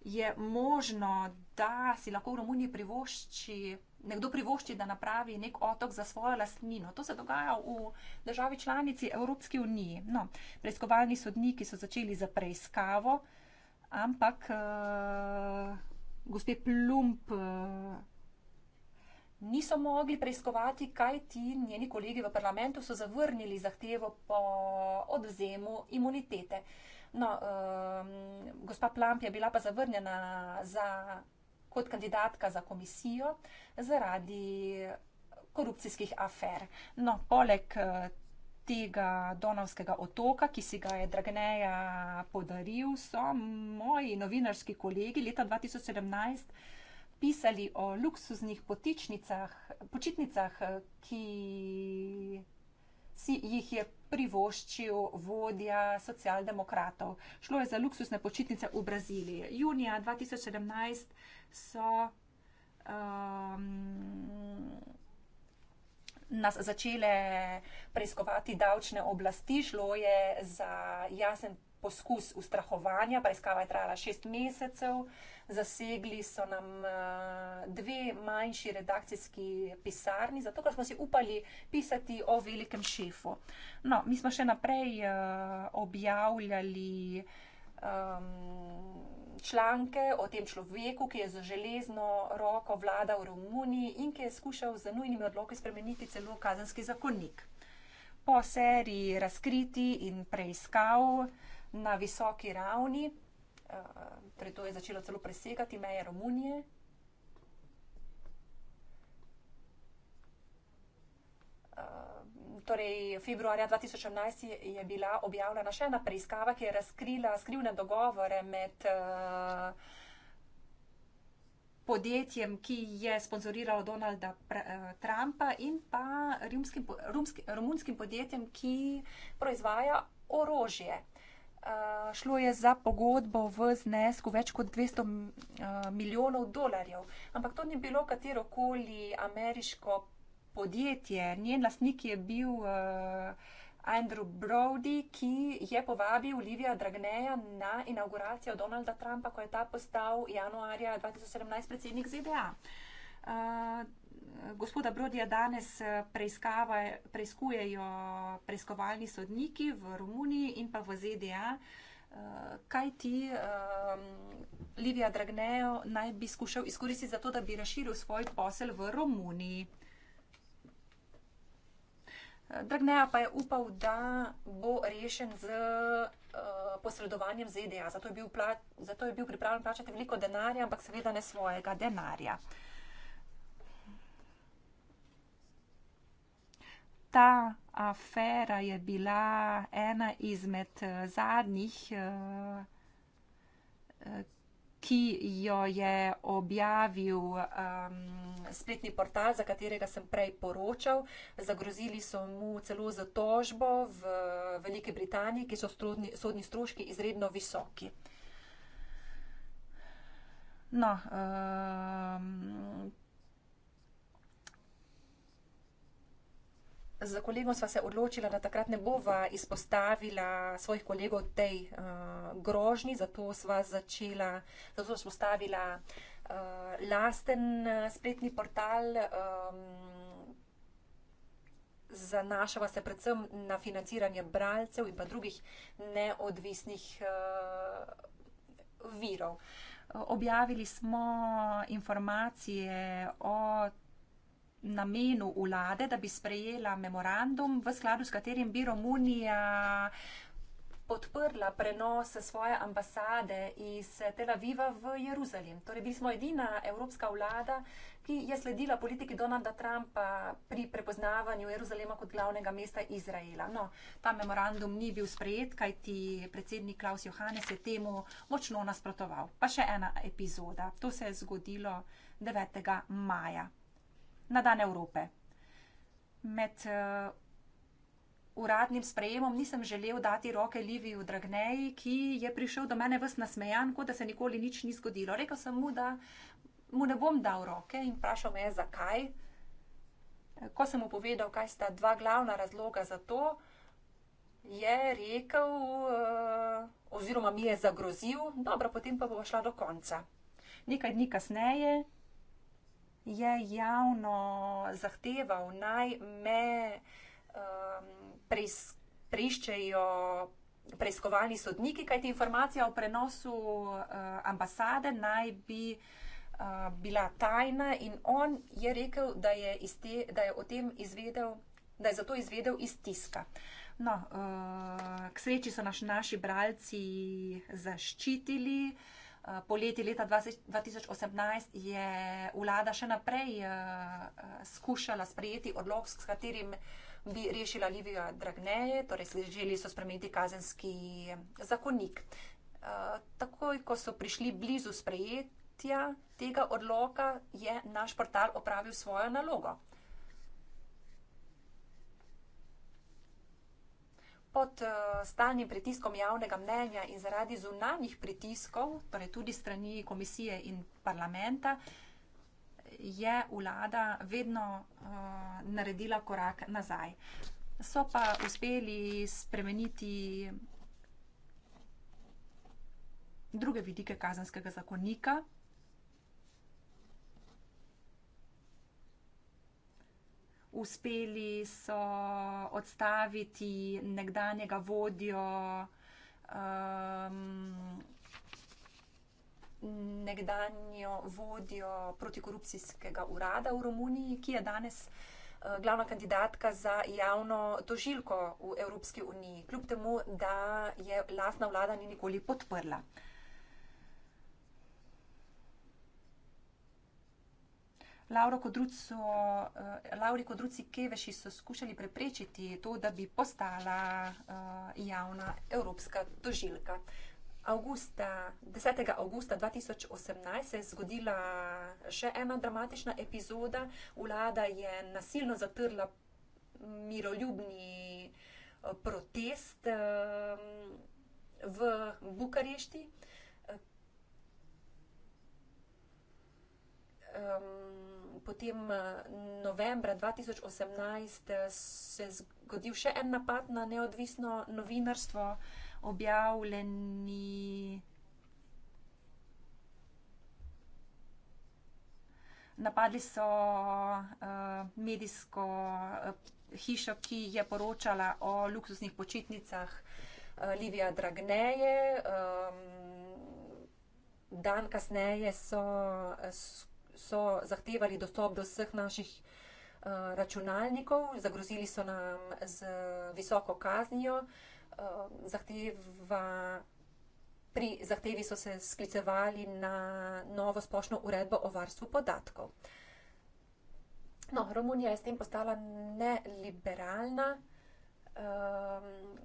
je možno, da si lahko v Romuniji privošči, nekdo privošči, da napravi nek otok za svojo lastnino. To se dogaja v državi članici Evropske unije. No, preiskovalni sodniki so začeli za preiskavo, ampak uh, gospe Plump. Uh, niso mogli preiskovati, kaj ti njeni kolegi v parlamentu so zavrnili zahtevo po odvzemu imunitete. No, um, gospa Plamp je bila pa zavrnjena za, kot kandidatka za komisijo zaradi korupcijskih afer. No, poleg eh, tega Donavskega otoka, ki si ga je Dragneja podaril, so moji novinarski kolegi leta 2017 pisali o luksuznih potičnicah, počitnicah, eh, ki si jih je privoščil vodja socialdemokratov. Šlo je za luksuzne počitnice v Braziliji. Junija 2017 so. Um, nas začele preiskovati davčne oblasti, šlo je za jasen poskus ustrahovanja, preiskava je trajala šest mesecev. Zasegli so nam eh, dve manjši redakcijski pisarni, zato ker smo si upali pisati o velikem šefu. No, mi smo še naprej eh, objavljali um, članke o tem človeku, ki je z železno roko vladal v Romuniji in ki je skušal z nujnimi odloki spremeniti celo kazenski zakonnik. Po seriji razkriti in preiskav na visoki ravni, eh, torej to je začelo celo presegati meje Romunije. Eh, torej, februarja 2018 je bila objavljena še ena preiskava, ki je razkrila skrivne dogovore med eh, podjetjem, ki je sponzoriralo Donalda Trumpa in pa rimskim, romunskim podjetjem, ki proizvaja orožje uh, šlo je za pogodbo v znesku več kot 200 uh, eh, milijonov dolarjev. Ampak to ni bilo katero koli ameriško podjetje. Njen lasnik je bil uh, Andrew Brody, ki je povabil Olivija Dragneja na inauguracijo Donalda Trumpa, ko je ta postal januarja 2017 predsednik ZDA. Uh, gospoda Brodija danes eh, preiskujejo preiskovalni sodniki v Romuniji in pa v ZDA. Eh, kaj ti, eh, Livija Dragnejo, naj bi skušal izkoristiti za to, da bi razširil svoj posel v Romuniji? Dragneja pa je upal, da bo rešen z posredovanjem ZDA. Zato je bil pripravljen plačati veliko denarja, ampak seveda ne svojega denarja. ta afera je bila ena izmed eh, zadnjih, eh, eh, ki jo je objavil um, spletni portal, za katerega sem prej poročal. Zagrozili so mu celo za tožbo v Veliki Britaniji, ki so strudni, sodni stroški izredno visoki. No, um, z kolegom sva se odločila, da takrat ne bova izpostavila svojih kolegov tej uh, eh, grožni, zato sva začela, zato sva spostavila uh, eh, lasten eh, spletni portal. Um, Zanašava se predvsem na financiranje bralcev in pa drugih neodvisnih uh, virov. Objavili smo informacije o namenu vlade, da bi sprejela memorandum, v skladu s katerim bi Romunija podprla prenos svoje ambasade iz Tel Aviva v Jeruzalem. Torej, bili smo edina evropska vlada, ki je sledila politiki Donalda Trumpa pri prepoznavanju Jeruzalema kot glavnega mesta Izraela. No, ta memorandum ni bil sprejet, kajti predsednik Klaus Johannes je temu močno nasprotoval. Pa še ena epizoda. To se je zgodilo 9. maja na dan Evrope. Med uh, uradnim sprejemom nisem želel dati roke Liviju Dragneji, ki je prišel do mene vse nasmejan, kot da se nikoli nič ni zgodilo. Rekel sem mu, da mu ne bom dal roke in vprašal me je, zakaj. Ko sem mu povedal, kaj sta dva glavna razloga za to, je rekel, eh, oziroma mi je zagrozil, dobro, potem pa bo šla do konca. Nekaj dni kasneje je javno zahteval, naj me um, preis, preiščejo preiskovalni sodniki, kajti informacija o prenosu uh, ambasade naj bi uh, bila tajna in on je rekel, da je, te, da je o tem izvedel, da je zato izvedel iz tiska. No, uh, k sreči so naš, naši bralci zaščitili. Uh, Eh, poleti leta 2018 je vlada še naprej eh, eh, skušala sprejeti odlog, s katerim bi rešila Livijo Dragneje, torej želeli so spremeniti kazenski zakonik. Takoj, ko so prišli blizu sprejetja tega odloka, je naš portal opravil svojo nalogo. pod eh, stalnim pritiskom javnega mnenja in zaradi zunanjih pritiskov, torej tudi strani komisije in parlamenta, je vlada vedno eh, naredila korak nazaj. So pa uspeli spremeniti druge vidike kazanskega zakonika, uspeli so odstaviti nekdanjega vodjo, um, nekdanjo vodjo protikorupcijskega urada v Romuniji, ki je danes uh, glavna kandidatka za javno tožilko v Evropski uniji, kljub temu, da je lastna vlada ni nikoli podprla. Uh, Eh, Lauri Kodruci Keveši so skušali preprečiti to, da bi postala eh, javna evropska tožilka. Augusta, 10. augusta 2018 se je zgodila še ena dramatična epizoda. Vlada je nasilno zatrla miroljubni eh, protest v Bukarešti. um, potem eh, novembra 2018 eh, se je zgodil še en napad na neodvisno novinarstvo, objavljeni. Napadli so uh, medijsko uh, hišo, ki je poročala o luksusnih počitnicah uh, Livija Dragneje. Um, dan kasneje so uh, so zahtevali dostop do vseh naših uh, računalnikov, zagrozili so nam z visoko kaznijo, uh, zahteva, pri zahtevi so se sklicevali na novo splošno uredbo o varstvu podatkov. No, Romunija je s tem postala neliberalna. Um,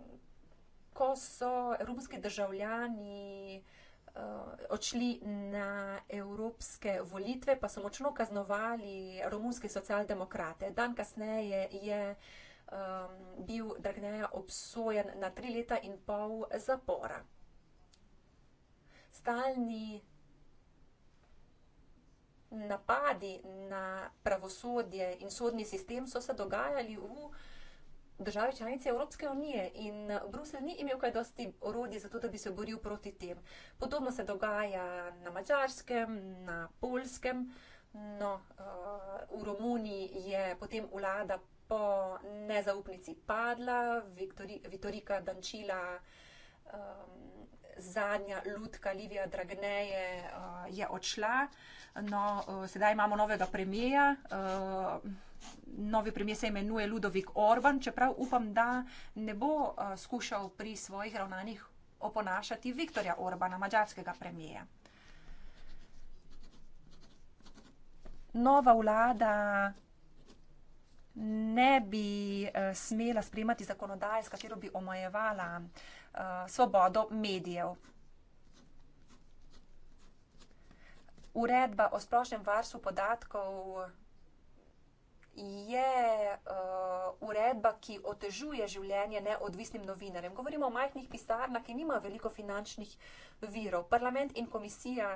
ko so romski državljani uh, uh, odšli na evropske volitve, pa so močno kaznovali romunske socialdemokrate. Dan kasneje je um, bil Dragneja obsojen na tri leta in pol zapora. Stalni napadi na pravosodje in sodni sistem so se dogajali v. Uh, države članice Evropske unije in eh, Bruselj ni imel kaj dosti orodje za to, da bi se boril proti tem. Podobno se dogaja na Mačarskem, na Polskem, no, eh, v Romuniji je potem vlada po nezaupnici padla, Vitorika Dančila, eh, zadnja lutka Livija Dragneje je odšla, no, sedaj imamo novega premijeja novi premijer se imenuje Ludovik Orban, čeprav upam, da ne bo uh, skušal pri svojih ravnanjih oponašati Viktorja Orbana, mađarskega premijeja. Nova vlada ne bi uh, smela sprejemati zakonodaje, s katero bi omejevala uh, svobodo medijev. Uredba o splošnem varstvu podatkov je uh, uredba, ki otežuje življenje neodvisnim novinarjem. Govorimo o majhnih pisarnah, ki nima veliko finančnih virov. Parlament in komisija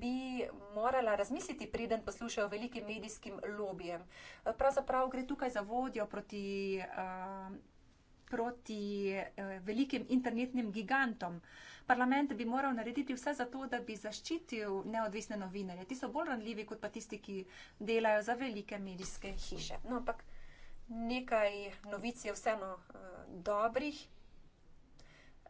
bi morala razmisliti, preden poslušajo velikim medijskim lobijem. Eh, pravzaprav gre tukaj za vodjo proti. Uh, proti velikim internetnim gigantom. Parlament bi moral narediti vse za to, da bi zaščitil neodvisne novinarje. Ti so bolj ranljivi kot pa tisti, ki delajo za velike medijske hiše. No, ampak nekaj novic je vseeno uh, dobrih.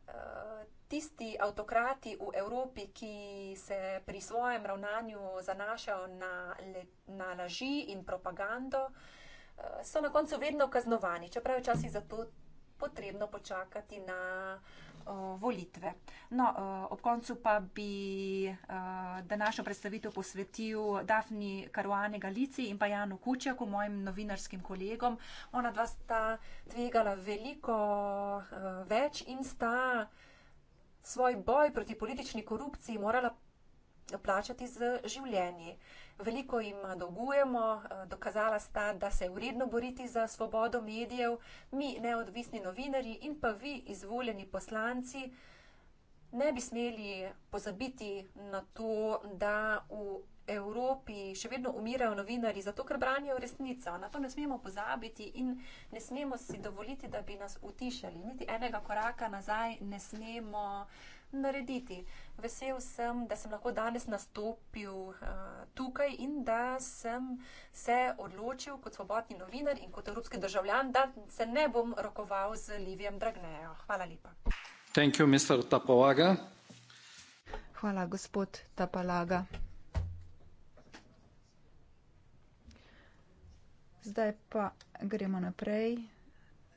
Eh, tisti avtokrati v Evropi, ki se pri svojem ravnanju zanašajo na, le, na laži in propagando, eh, so na koncu vedno kaznovani, čeprav je včasih zato potrebno počakati na uh, Eh, volitve. No, eh, ob koncu pa bi eh, današnjo predstavitev posvetil Dafni Karuane Galici in pa Janu Kučjaku, mojim novinarskim kolegom. Ona dva sta tvegala veliko več in sta svoj boj proti politični korupciji morala plačati z življenji. Veliko jim dolgujemo, eh, dokazala sta, da se je vredno boriti za svobodo medijev, mi, neodvisni novinari in pa vi, izvoljeni poslanci, ne bi smeli pozabiti na to, da v Evropi še vedno umirajo novinari zato, ker branijo resnico. Na to ne smemo pozabiti in ne smemo si dovoliti, da bi nas utišali. Niti enega koraka nazaj ne smemo narediti. Vesel sem, da sem lahko danes nastopil uh, tukaj in da sem se odločil kot svobodni novinar in kot evropski državljan, da se ne bom rokoval z Livijem Dragnejo. Hvala lepa. Thank you, Mr. Tapalaga. Hvala, gospod Tapalaga. Zdaj pa gremo naprej.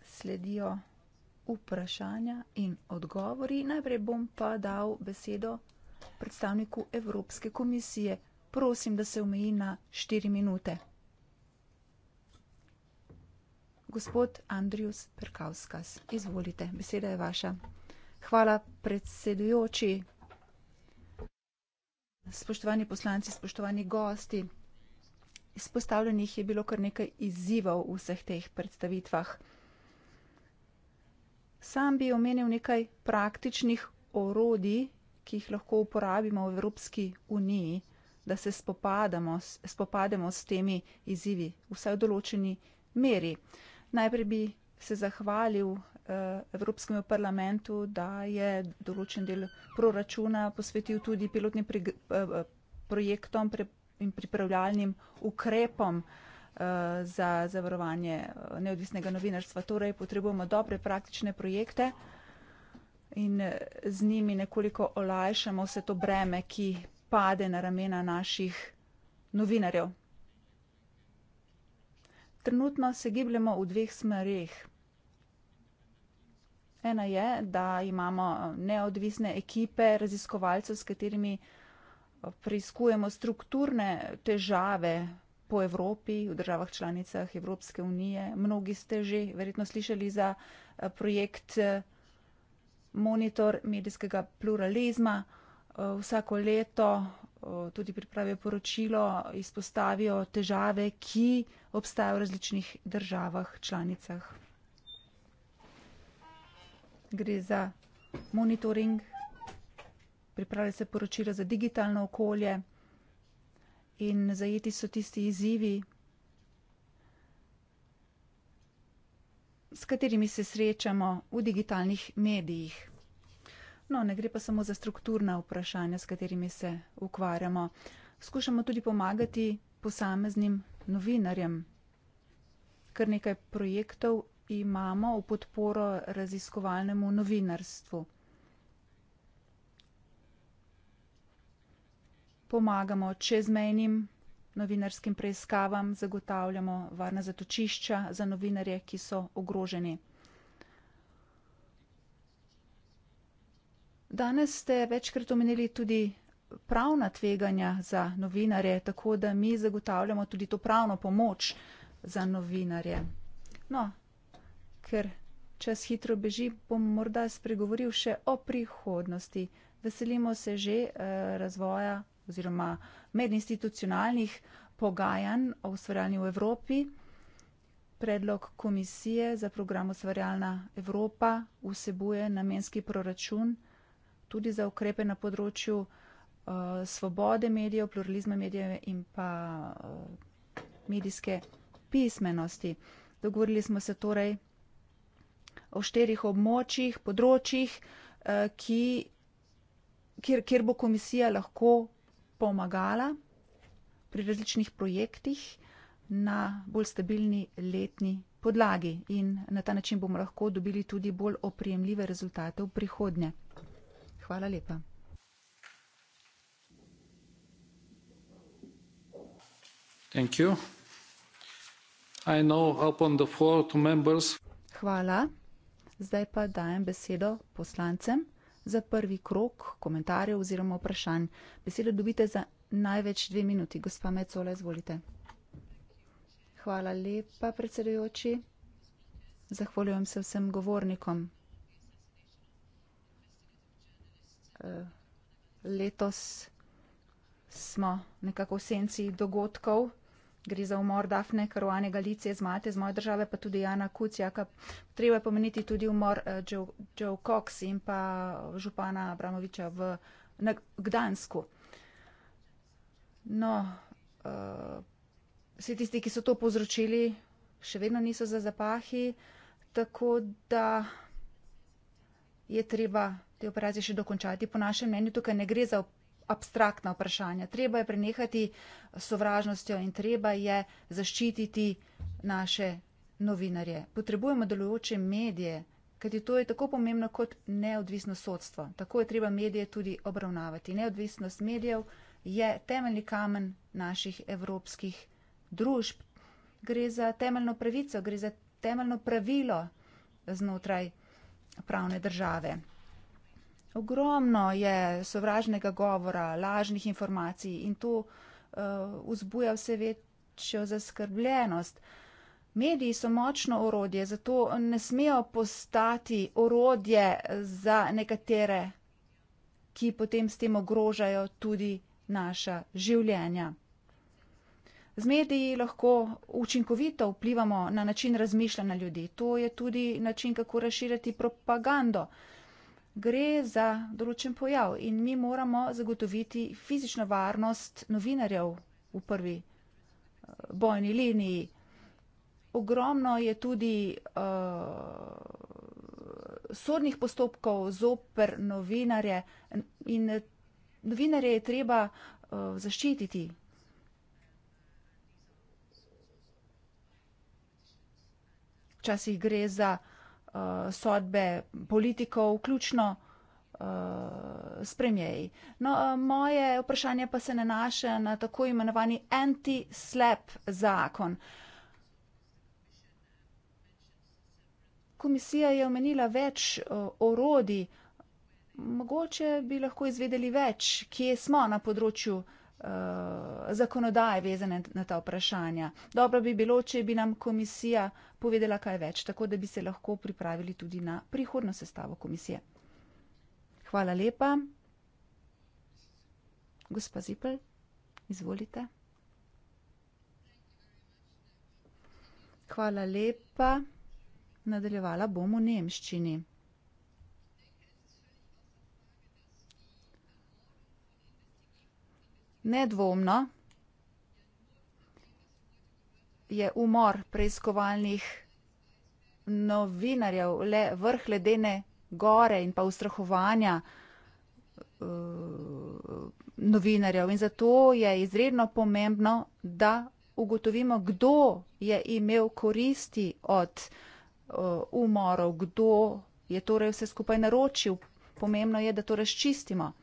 Sledijo vprašanja in odgovori. Najprej bom pa dal besedo predstavniku Evropske komisije. Prosim, da se omeji na štiri minute. Gospod Andrius Perkauskas, izvolite, beseda je vaša. Hvala, predsedujoči. Spoštovani poslanci, spoštovani gosti. Izpostavljenih je bilo kar nekaj izzivov v vseh teh predstavitvah. Sam bi omenil nekaj praktičnih orodij, ki jih lahko uporabimo v Evropski uniji, da se spopadamo, spopademo s temi izzivi, vsaj v določeni meri. Najprej bi se zahvalil eh, Evropskemu parlamentu, da je določen del proračuna posvetil tudi pilotnim eh, eh, projektom in pripravljalnim ukrepom. Eh, za zavarovanje eh, neodvisnega novinarstva. Torej potrebujemo dobre praktične projekte in eh, z njimi nekoliko olajšamo vse to breme, ki pade na ramena naših novinarjev. Trenutno se gibljemo v dveh smereh. Ena je, da imamo neodvisne ekipe raziskovalcev, s katerimi preiskujemo strukturne težave po Evropi, v državah članicah Evropske unije. Mnogi ste že verjetno slišali za eh, projekt eh, Monitor medijskega pluralizma. Eh, vsako leto tudi pripravijo poročilo, izpostavijo težave, ki obstajajo v različnih državah članicah. Gre za monitoring, pripravlja se poročilo za digitalno okolje in zajeti so tisti izzivi, s katerimi se srečamo v digitalnih medijih. No, ne gre pa samo za strukturna vprašanja, s katerimi se ukvarjamo. Skušamo tudi pomagati posameznim novinarjem. Kar nekaj projektov imamo v podporo raziskovalnemu novinarstvu. pomagamo čezmejnim novinarskim preiskavam, zagotavljamo varna zatočišča za novinarje, ki so ogroženi. Danes ste večkrat omenili tudi pravna tveganja za novinarje, tako da mi zagotavljamo tudi to pravno pomoč za novinarje. No, ker čas hitro beži, bom morda spregovoril še o prihodnosti. Veselimo se že, eh, razvoja oziroma medinstitucionalnih pogajanj o ustvarjalni v Evropi. Predlog komisije za program Ustvarjalna Evropa vsebuje namenski proračun tudi za ukrepe na področju uh, svobode medijev, pluralizma medijev in pa uh, medijske pismenosti. Dogovorili smo se torej o štirih območjih, področjih, uh, ki, kjer, kjer bo komisija lahko pomagala pri različnih projektih na bolj stabilni letni podlagi in na ta način bomo lahko dobili tudi bolj oprijemljive rezultate v prihodnje. Hvala lepa. Thank you. I now open the floor to members. Hvala. Zdaj pa dajem besedo poslancem za prvi krok komentarjev oziroma vprašanj. Besedo dobite za največ dve minuti. Gospa Mecola, izvolite. Hvala lepa, predsedujoči. Zahvaljujem se vsem govornikom. Eh, letos smo nekako v senci dogodkov gre za umor Dafne Karuane Galicije z mate z moje države, pa tudi Jana Kucijaka. Treba je pomeniti tudi umor eh, Joe, Joe Cox in pa eh, župana Abramoviča v na Gdansku. No, uh, vsi tisti, ki so to povzročili, še vedno niso za zapahi, tako da je treba te operacije še dokončati. Po našem mnenju tukaj ne gre za abstraktna vprašanja. Treba je prenehati sovražnostjo in treba je zaščititi naše novinarje. Potrebujemo delujoče medije, kajti to je tako pomembno kot neodvisno sodstvo. Tako je treba medije tudi obravnavati. Neodvisnost medijev je temeljni kamen naših evropskih družb. Gre za temeljno pravico, gre za temeljno pravilo znotraj pravne države. Ogromno je sovražnega govora, lažnih informacij in to uh, vzbuja vse večjo zaskrbljenost. Mediji so močno orodje, zato ne smejo postati orodje za nekatere, ki potem s tem ogrožajo tudi naša življenja. Z mediji lahko učinkovito vplivamo na način razmišljanja ljudi. To je tudi način, kako razširjati propagando. Uh, gre za določen pojav in mi moramo zagotoviti fizično varnost novinarjev v prvi eh, bojni liniji. Ogromno je tudi uh, sodnih postopkov zoper novinarje in eh, novinarje je treba uh, zaščititi. Včasih gre za uh, uh, sodbe politikov, vključno uh, s premijeji. No, uh, moje vprašanje pa se nanaša na tako imenovani anti-slap zakon. Komisija je omenila več uh, orodi. Mogoče bi lahko izvedeli več, kje smo na področju uh, Eh, zakonodaje vezane na ta vprašanja. Dobro bi bilo, če bi nam komisija povedala kaj več, tako da bi se lahko pripravili tudi na prihodno sestavo komisije. Hvala lepa. Gospa Zipel, izvolite. Hvala lepa. Nadaljevala bom v nemščini. Nedvomno je umor preiskovalnih novinarjev le vrh ledene gore in pa ustrahovanja eh, novinarjev in zato je izredno pomembno, da ugotovimo, kdo je imel koristi od eh, umorov, kdo je torej vse skupaj naročil. Pomembno je, da to razčistimo.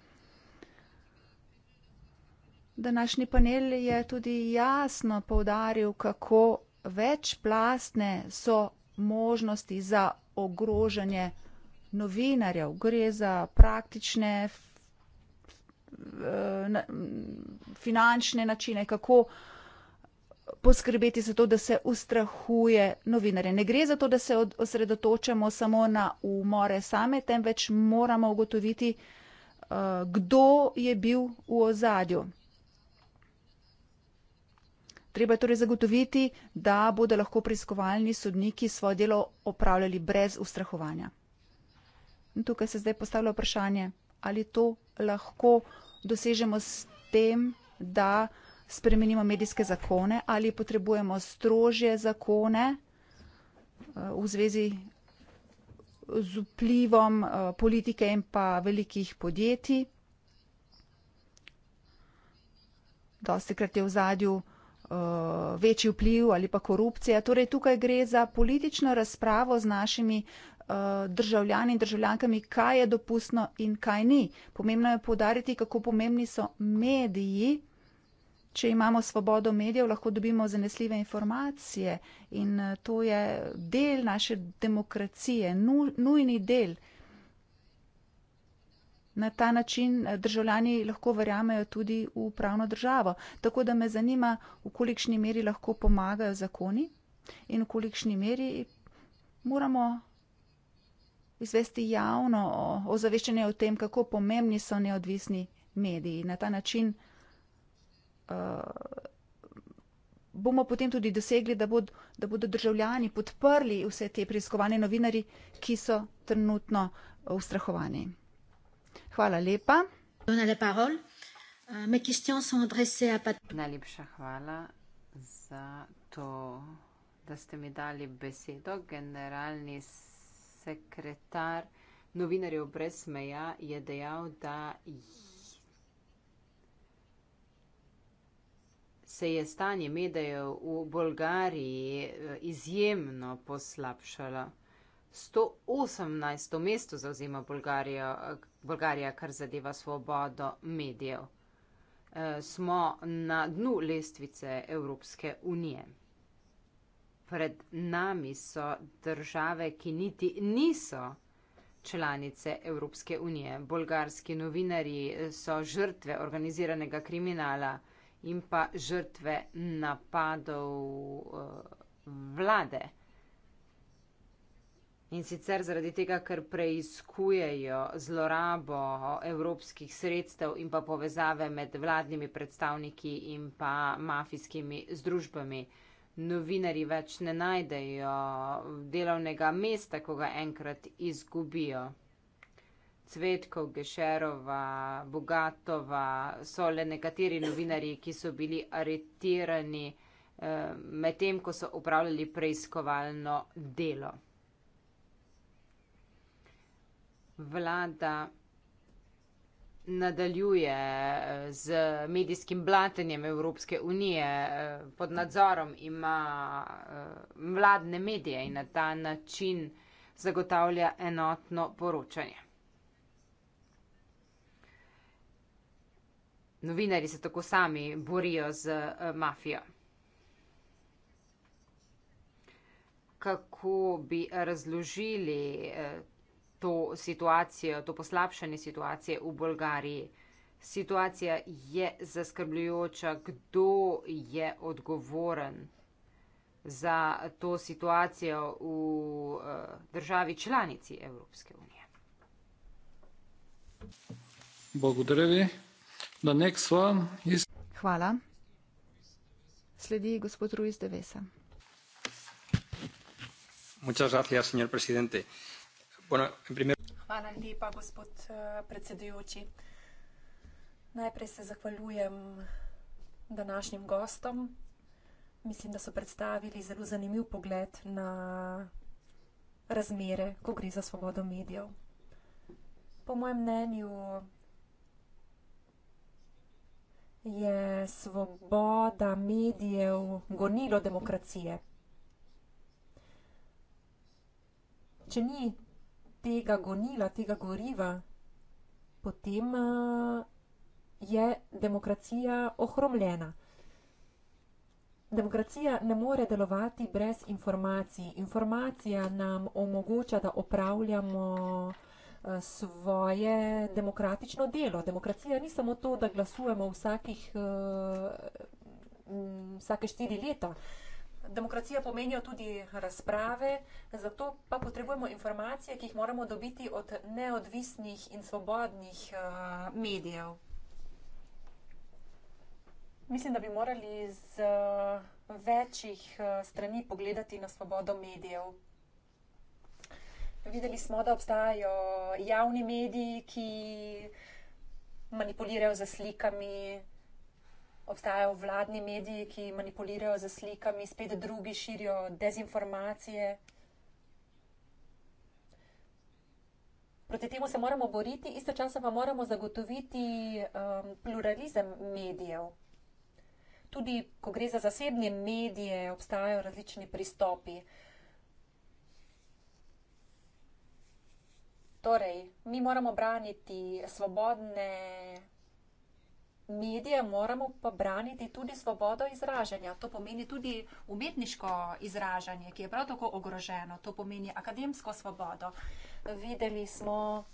Današnji panel je tudi jasno poudaril, kako večplastne so možnosti za ogrožanje novinarjev. Gre za praktične, eh, finančne načine, kako poskrbeti za to, da se ustrahuje novinarje. Ne gre za to, da se osredotočamo samo na umore same, temveč moramo ugotoviti, eh, kdo je bil v ozadju. Treba je torej zagotoviti, da bodo lahko preiskovalni sodniki svoje delo opravljali brez ustrahovanja. In tukaj se zdaj postavlja vprašanje, ali to lahko dosežemo s tem, da spremenimo medijske zakone ali potrebujemo strožje zakone eh, v zvezi z vplivom eh, politike in pa velikih podjetij. Dosti krat je v zadju. Eh, večji vpliv ali pa korupcija. Torej, tukaj gre za politično razpravo z našimi eh, državljani in državljankami, kaj je dopustno in kaj ni. Pomembno je povdariti, kako pomembni so mediji. Če imamo svobodo medijev, lahko dobimo zanesljive informacije in eh, to je del naše demokracije, nujni del. Na ta način eh, državljani lahko verjamejo tudi v pravno državo. Tako da me zanima, v kolikšni meri lahko pomagajo zakoni in v kolikšni meri moramo izvesti javno ozaveščanje o tem, kako pomembni so neodvisni mediji. Na ta način uh, bomo potem tudi dosegli, da, bod, da bodo državljani podprli vse te preiskovane novinari, ki so trenutno ustrahovani. Uh, Hvala lepa. Euh, Najlepša hvala za to, da ste mi dali besedo. Generalni sekretar novinarjev brez meja je dejal, da se je stanje medijev v Bolgariji eh, izjemno poslabšalo. 118. mesto zauzema Bulgarijo, Bulgarija, kar zadeva svobodo medijev. E, smo na dnu lestvice Evropske unije. Pred nami so države, ki niti niso članice Evropske unije. Bolgarski novinari so žrtve organiziranega kriminala in pa žrtve napadov e, vlade. In sicer zaradi tega, ker preizkujejo zlorabo evropskih sredstev in pa povezave med vladnimi predstavniki in pa mafijskimi združbami. Novinari več ne najdejo delovnega mesta, ko ga enkrat izgubijo. Cvetkov, Gešerova, Bogatova so le nekateri novinari, ki so bili aretirani eh, medtem, ko so upravljali preiskovalno delo vlada nadaljuje eh, z medijskim blatenjem Evropske unije, eh, pod nadzorom ima eh, vladne medije in na ta način zagotavlja enotno poročanje. Novinari se tako sami borijo z mafijo. Kako bi razložili to situacijo, to poslabšanje situacije v Bolgariji. Situacija je zaskrbljujoča, kdo je odgovoren za to situacijo v eh, državi članici Evropske unije. Is... Hvala. Sledi gospod Ruiz de Vesa. Muchas gracias, señor presidente. Primer... Hvala lepa, gospod uh, predsedujoči. Najprej se zahvaljujem današnjim gostom. Mislim, da so predstavili zelo zanimiv pogled na razmere, ko gre za svobodo medijev. Po mojem mnenju je svoboda medijev gonilo demokracije. Če ni tega gonila, tega goriva, potem uh, je demokracija ohromljena. Demokracija ne more delovati brez informacij. Informacija nam omogoča, da opravljamo eh, svoje demokratično delo. Demokracija ni samo to, da glasujemo vsakih, eh, vsake štiri leta. Demokracija pomenijo tudi razprave, zato pa potrebujemo informacije, ki jih moramo dobiti od neodvisnih in svobodnih uh, medijev. Mislim, da bi morali z uh, večjih uh, strani pogledati na svobodo medijev. Videli smo, da obstajajo javni mediji, ki manipulirajo z slikami, obstajajo vladni mediji, ki manipulirajo z slikami, spet drugi širijo dezinformacije. Proti temu se moramo boriti, istočasno pa moramo zagotoviti um, pluralizem medijev. Tudi, ko gre za zasebne medije, obstajajo različni pristopi. Torej, mi moramo braniti svobodne medije moramo pa braniti tudi svobodo izražanja. To pomeni tudi umetniško izražanje, ki je prav tako ogroženo. To pomeni akademsko svobodo. Videli smo,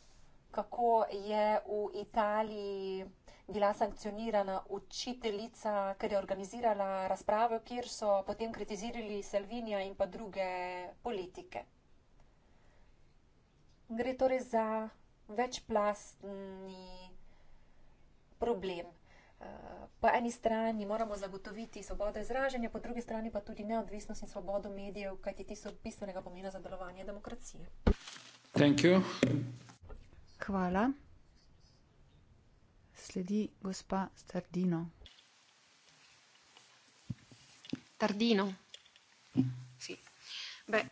kako je v Italiji bila sankcionirana učiteljica, ker je organizirala razpravo, kjer so potem kritizirali Salvinija in pa druge politike. Gre torej za večplastni problem. Eh, po eni strani moramo zagotoviti svobodo izražanja, po drugi strani pa tudi neodvisnost in svobodo medijev, kajti ti so bistvenega pomena za delovanje demokracije. Hvala. Sledi gospa Stardino. Tardino. Sì. Beh.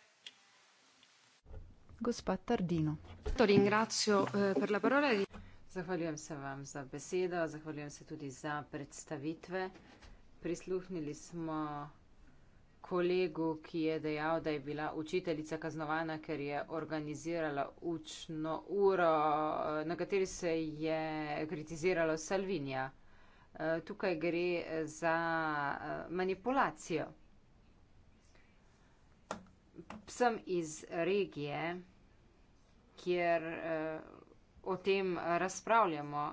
Gospa Tardino. Ringrazio eh, per la parola. E Zahvaljujem se vam za besedo, zahvaljujem se tudi za predstavitve. Prisluhnili smo kolegu, ki je dejal, da je bila učiteljica kaznovana, ker je organizirala učno uro, na kateri se je kritiziralo Salvinja. Tukaj gre za eh, manipulacijo. Sem iz regije, kjer eh, o tem eh, razpravljamo.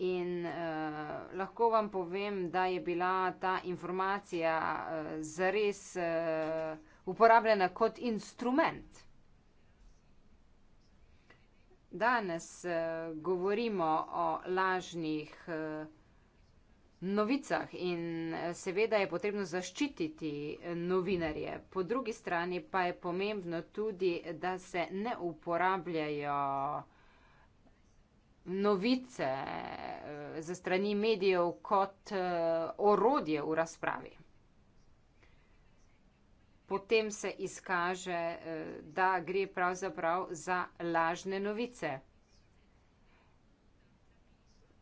In uh, lahko vam povem, da je bila ta informacija uh, zares uh, uporabljena kot instrument. Danes uh, govorimo o lažnih uh, novicah in eh, seveda je potrebno zaščititi eh, novinarje. Po drugi strani pa je pomembno tudi, da se ne uporabljajo eh, novice za strani medijev kot orodje v razpravi. Potem se izkaže, da gre pravzaprav za lažne novice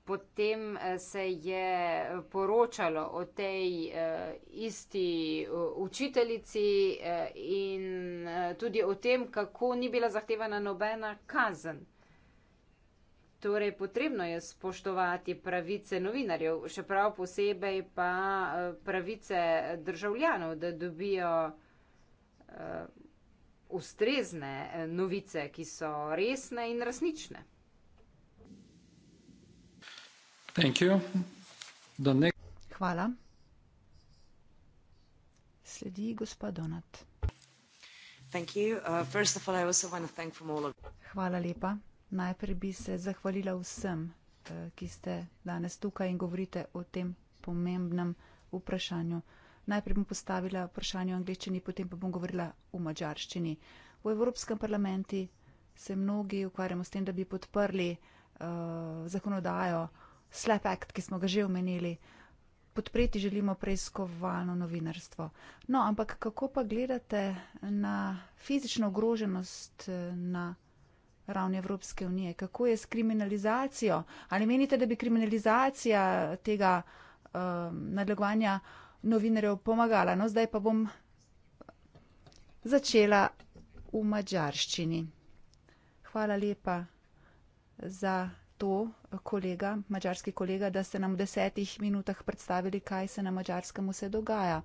potem eh, se je poročalo o tej eh, isti eh, učiteljici in tudi o tem, kako ni bila zahtevana nobena kazen. Torej, potrebno je spoštovati pravice novinarjev, še prav posebej pa pravice državljanov, da dobijo ustrezne novice, ki so resne in resnične. Hvala. Sledi gospa Donat. Uh, Hvala lepa. Najprej bi se zahvalila vsem, uh, ki ste danes tukaj in govorite o tem pomembnem vprašanju. Najprej bom postavila vprašanje v angliščini, potem pa bom govorila v mačarščini. V Evropskem parlamentu se mnogi ukvarjamo s tem, da bi podprli uh, zakonodajo Slap Act, ki smo ga že omenili. Podpreti želimo preiskovalno novinarstvo. No, ampak kako pa gledate na fizično ogroženost eh, na ravni Evropske unije? Kako je s kriminalizacijo? Ali menite, da bi kriminalizacija tega um, nadlegovanja novinarjev pomagala? No, zdaj pa bom začela v mačarščini. Hvala lepa za to, kolega, mačarski kolega, da ste nam v desetih minutah predstavili, kaj se na mačarskem vse dogaja.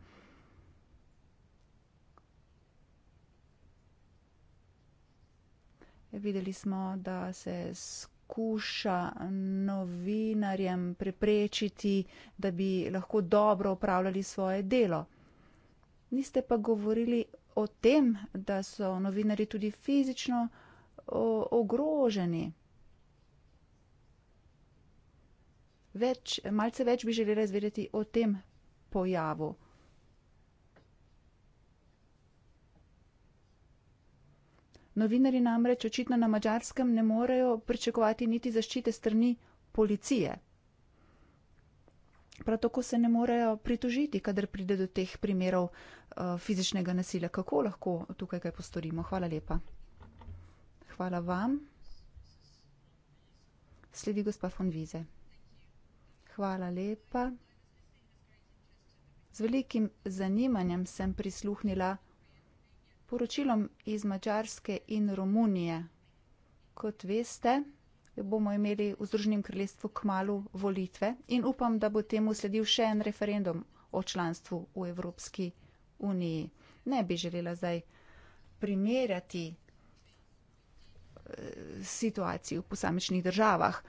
Videli smo, da se skuša novinarjem preprečiti, da bi lahko dobro upravljali svoje delo. Niste pa govorili o tem, da so novinari tudi fizično ogroženi. več, malce več bi želela izvedeti o tem pojavu. Novinari namreč očitno na mačarskem ne morejo pričakovati niti zaščite strani policije. Prav tako se ne morejo pritožiti, kadar pride do teh primerov uh, fizičnega nasilja. Kako lahko tukaj kaj postorimo? Hvala lepa. Hvala vam. Sledi gospa von Vize. Hvala lepa. Z velikim zanimanjem sem prisluhnila poročilom iz Mačarske in Romunije. Kot veste, bomo imeli v Združenem kraljestvu kmalu volitve in upam, da bo temu sledil še en referendum o članstvu v Evropski uniji. Ne bi želela zdaj primerjati eh, situacij v posamičnih državah.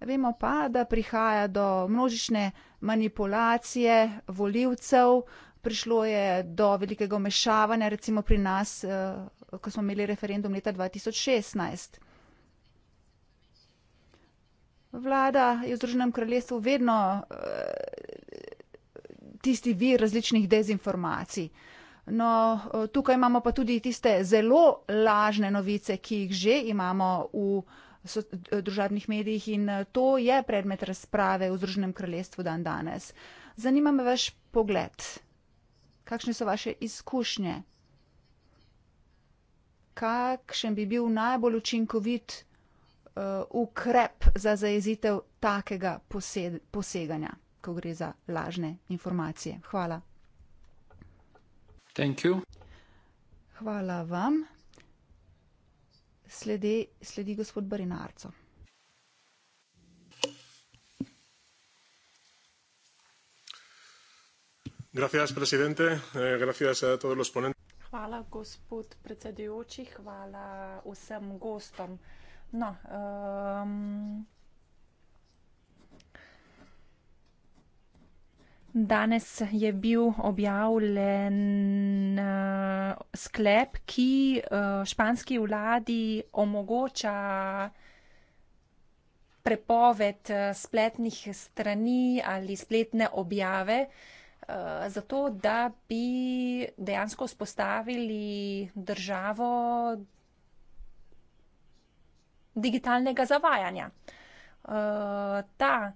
Vemo pa, da prihaja do množične manipulacije voljivcev, prišlo je do velikega vmešavanja, recimo pri nas, eh, ko smo imeli referendum leta dva tisoč šestnajst. Vlada je v Združenem kraljestvu vedno, eh, tisti vir različnih dezinformacij. No, eh, tukaj imamo pa tudi tiste zelo lažne novice, ki jih že imamo v, so, eh, družabnih medijih in eh, to je predmet razprave v Združenem kraljestvu dan danes. Zanima me vaš pogled. Kakšne so vaše izkušnje? Kakšen bi bil najbolj učinkovit uh, ukrep za zajezitev takega posed, poseganja, ko gre za lažne informacije? Hvala. Thank you. Hvala vam sledi, sledi gospod Barinarco. Eh, hvala, gospod predsedujoči, hvala vsem gostom. No, um, Danes je bil objavljen eh, sklep, ki eh, španski vladi omogoča prepoved eh, spletnih strani ali spletne objave, zato da bi dejansko spostavili državo digitalnega zavajanja. Ta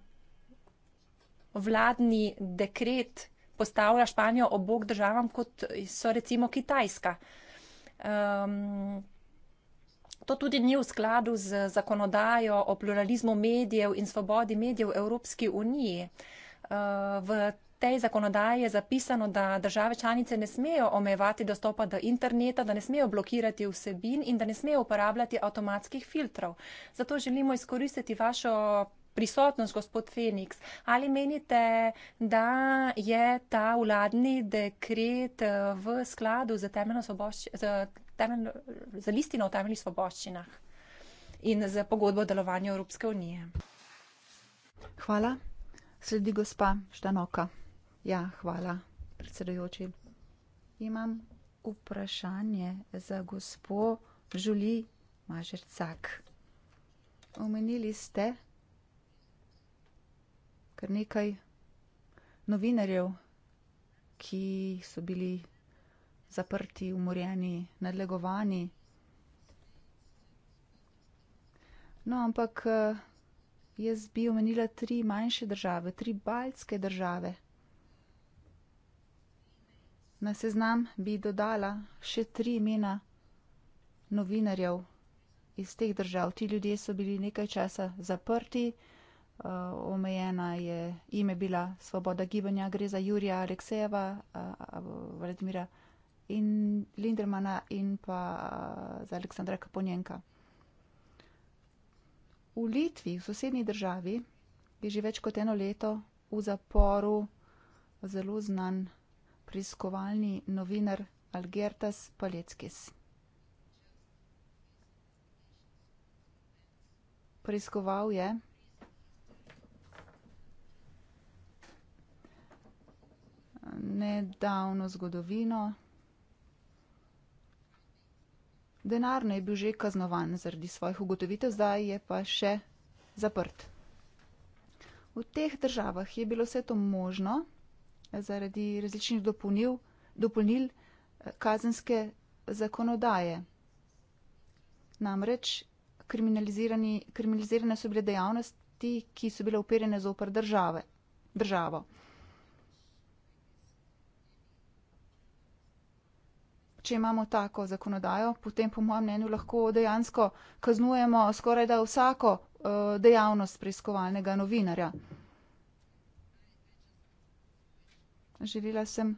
vladni dekret postavlja Španijo ob bok državam, kot so recimo Kitajska. Um, to tudi ni v skladu z zakonodajo o pluralizmu medijev in svobodi medijev v Evropski uniji. Uh, v tej zakonodaji je zapisano, da države članice ne smejo omejevati dostopa do interneta, da ne smejo blokirati vsebin in da ne smejo uporabljati avtomatskih filtrov. Zato želimo izkoristiti vašo prisotnost, gospod Feniks. Ali menite, da je ta vladni dekret eh, v skladu za, za, temeljno, za listino o temeljnih svoboščinah in za pogodbo o delovanju Evropske unije? Hvala. Sledi gospa Štanoka. Ja, hvala, predsedojoči. Imam vprašanje za gospo Žuli Mažercak. Omenili ste, kar nekaj novinarjev, ki so bili zaprti, umorjeni, nadlegovani. No, ampak eh, jaz bi omenila tri manjše države, tri baltske države. Na seznam bi dodala še tri imena novinarjev iz teh držav. Ti ljudje so bili nekaj časa zaprti. Eh, omejena je ime bila Svoboda gibanja, gre za Jurija Aleksejeva, eh, eh, Vladimira in Lindermana in pa za Aleksandra Kaponjenka. V Litvi, v sosednji državi, je že več kot eno leto v zaporu zelo znan preiskovalni novinar Algertas Paleckis. Preiskoval je nedavno zgodovino. Denarno je bil že kaznovan zaradi svojih ugotovitev, zdaj je pa še zaprt. V teh državah je bilo vse to možno zaradi različnih dopolnil, dopolnil eh, kazenske zakonodaje. Namreč kriminalizirane so bile dejavnosti, ki so bile operjene zoper države, državo. če imamo tako zakonodajo, potem po mojem mnenju lahko dejansko kaznujemo skoraj da vsako eh, dejavnost preiskovalnega novinarja. Želela sem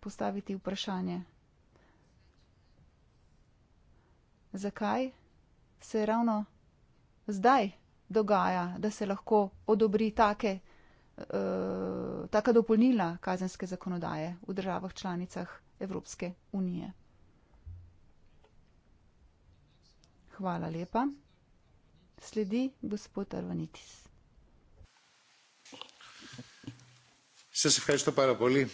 postaviti vprašanje. Zakaj se ravno zdaj dogaja, da se lahko odobri take, uh, taka dopolnila kazenske zakonodaje v državah članicah Evropske unije. Hvala lepa. Sledi gospod Arvanitis. Σα ευχαριστώ πάρα πολύ.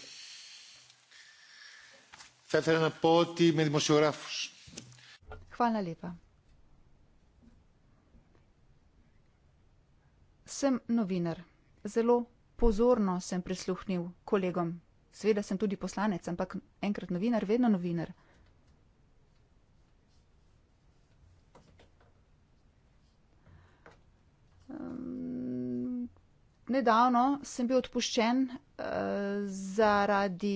Θα ήθελα να πω ότι είμαι δημοσιογράφο. Χάνα λίπα. Σεμ νοβίναρ. Ζελό ποζόρνο σεμ πρισλούχνιου κολέγων Seveda sem tudi poslanec, ampak enkrat novinar, vedno novinar. Ehm, nedavno sem bil odpuščen uh, zaradi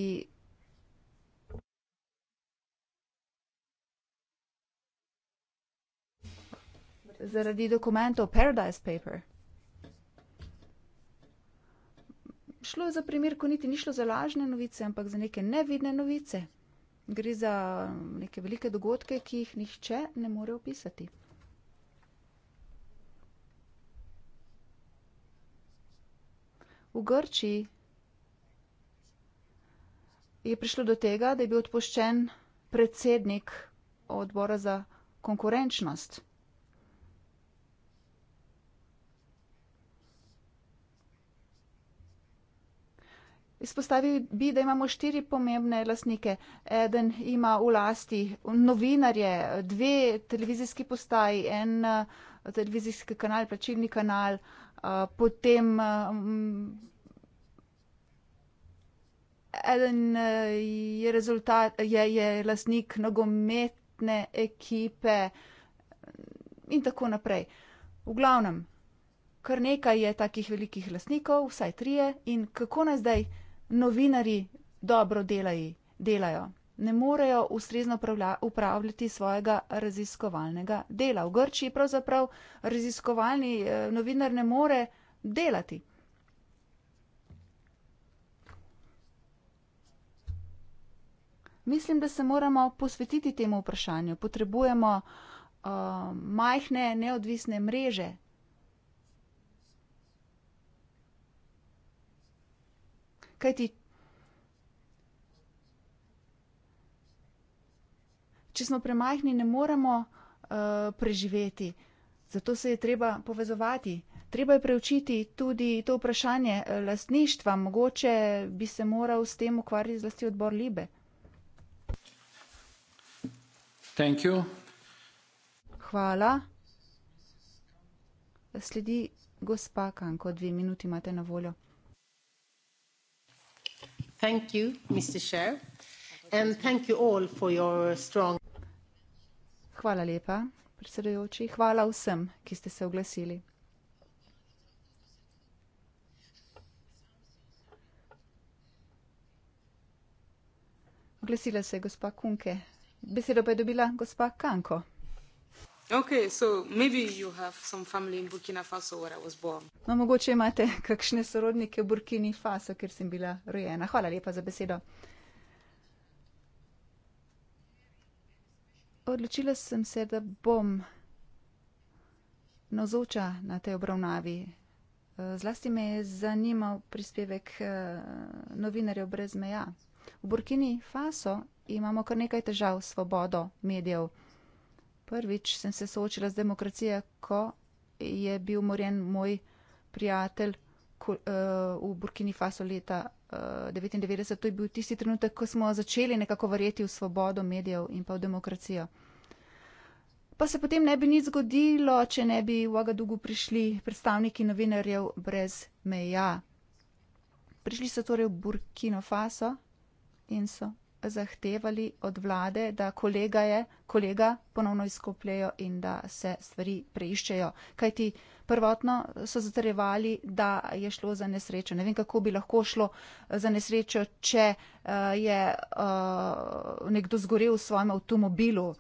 zaradi dokumentov Paradise Paper. šlo je za primer, ko niti ni šlo za lažne novice, ampak za neke nevidne novice. Gre za neke velike dogodke, ki jih nihče ne more opisati. V Grčiji je prišlo do tega, da je bil odpoščen predsednik odbora za konkurenčnost. Izpostavil bi, da imamo štiri pomembne lasnike. Eden ima v lasti novinarje, dve televizijski postaji, en eh, televizijski kanal, plačilni kanal, eh, potem. Eh, eden je, rezultat, je, je lastnik nogometne ekipe in tako naprej. V glavnem, kar nekaj je takih velikih lastnikov, vsaj trije, in kako naj zdaj novinari dobro delaji, delajo. Ne morejo ustrezno upravljati svojega raziskovalnega dela. V Grčiji pravzaprav raziskovalni eh, novinar ne more delati. Mislim, da se moramo posvetiti temu vprašanju. Potrebujemo uh, majhne, neodvisne mreže Kaj ti? Če smo premajhni, ne moremo uh, preživeti. Zato se je treba povezovati. Treba je preučiti tudi to vprašanje eh, lastništva. Mogoče bi se moral s tem ukvarjati zlasti odbor Libe. Thank you. Hvala. Sledi gospa Kanko, dve minuti imate na voljo. Thank you, Mr. Chair, and thank you all for your strong. Hvala lepa, predsedujoči. Hvala vsem, ki ste se oglasili. Oglasila se je gospa Kunke. Besedo pa je dobila gospa Kanko. Okay, so maybe you have some family in Burkina Faso where I was born. No, mogoče imate kakšne sorodnike v Burkini Faso, kjer sem bila rojena. Hvala lepa za besedo. Odločila sem se, da bom navzoča na tej obravnavi. Eh, zlasti me je zanimal prispevek eh, novinarjev brez meja. V Burkini Faso imamo kar nekaj težav s svobodo medijev. Prvič sem se soočila z demokracijo, ko je bil umorjen moj prijatelj eh, v Burkini Faso leta 1999. Eh, to je bil tisti trenutek, ko smo začeli nekako verjeti v svobodo medijev in pa v demokracijo. Pa se potem ne bi nič zgodilo, če ne bi v Agadugu prišli predstavniki novinarjev brez meja. Prišli so torej v Burkino Faso in so zahtevali od vlade, da kolega je, kolega ponovno izkopljajo in da se stvari preiščejo. Kaj ti prvotno so zatrjevali, da je šlo za nesrečo. Ne vem, kako bi lahko šlo eh, za nesrečo, če uh, je uh, nekdo zgorel v svojem avtomobilu.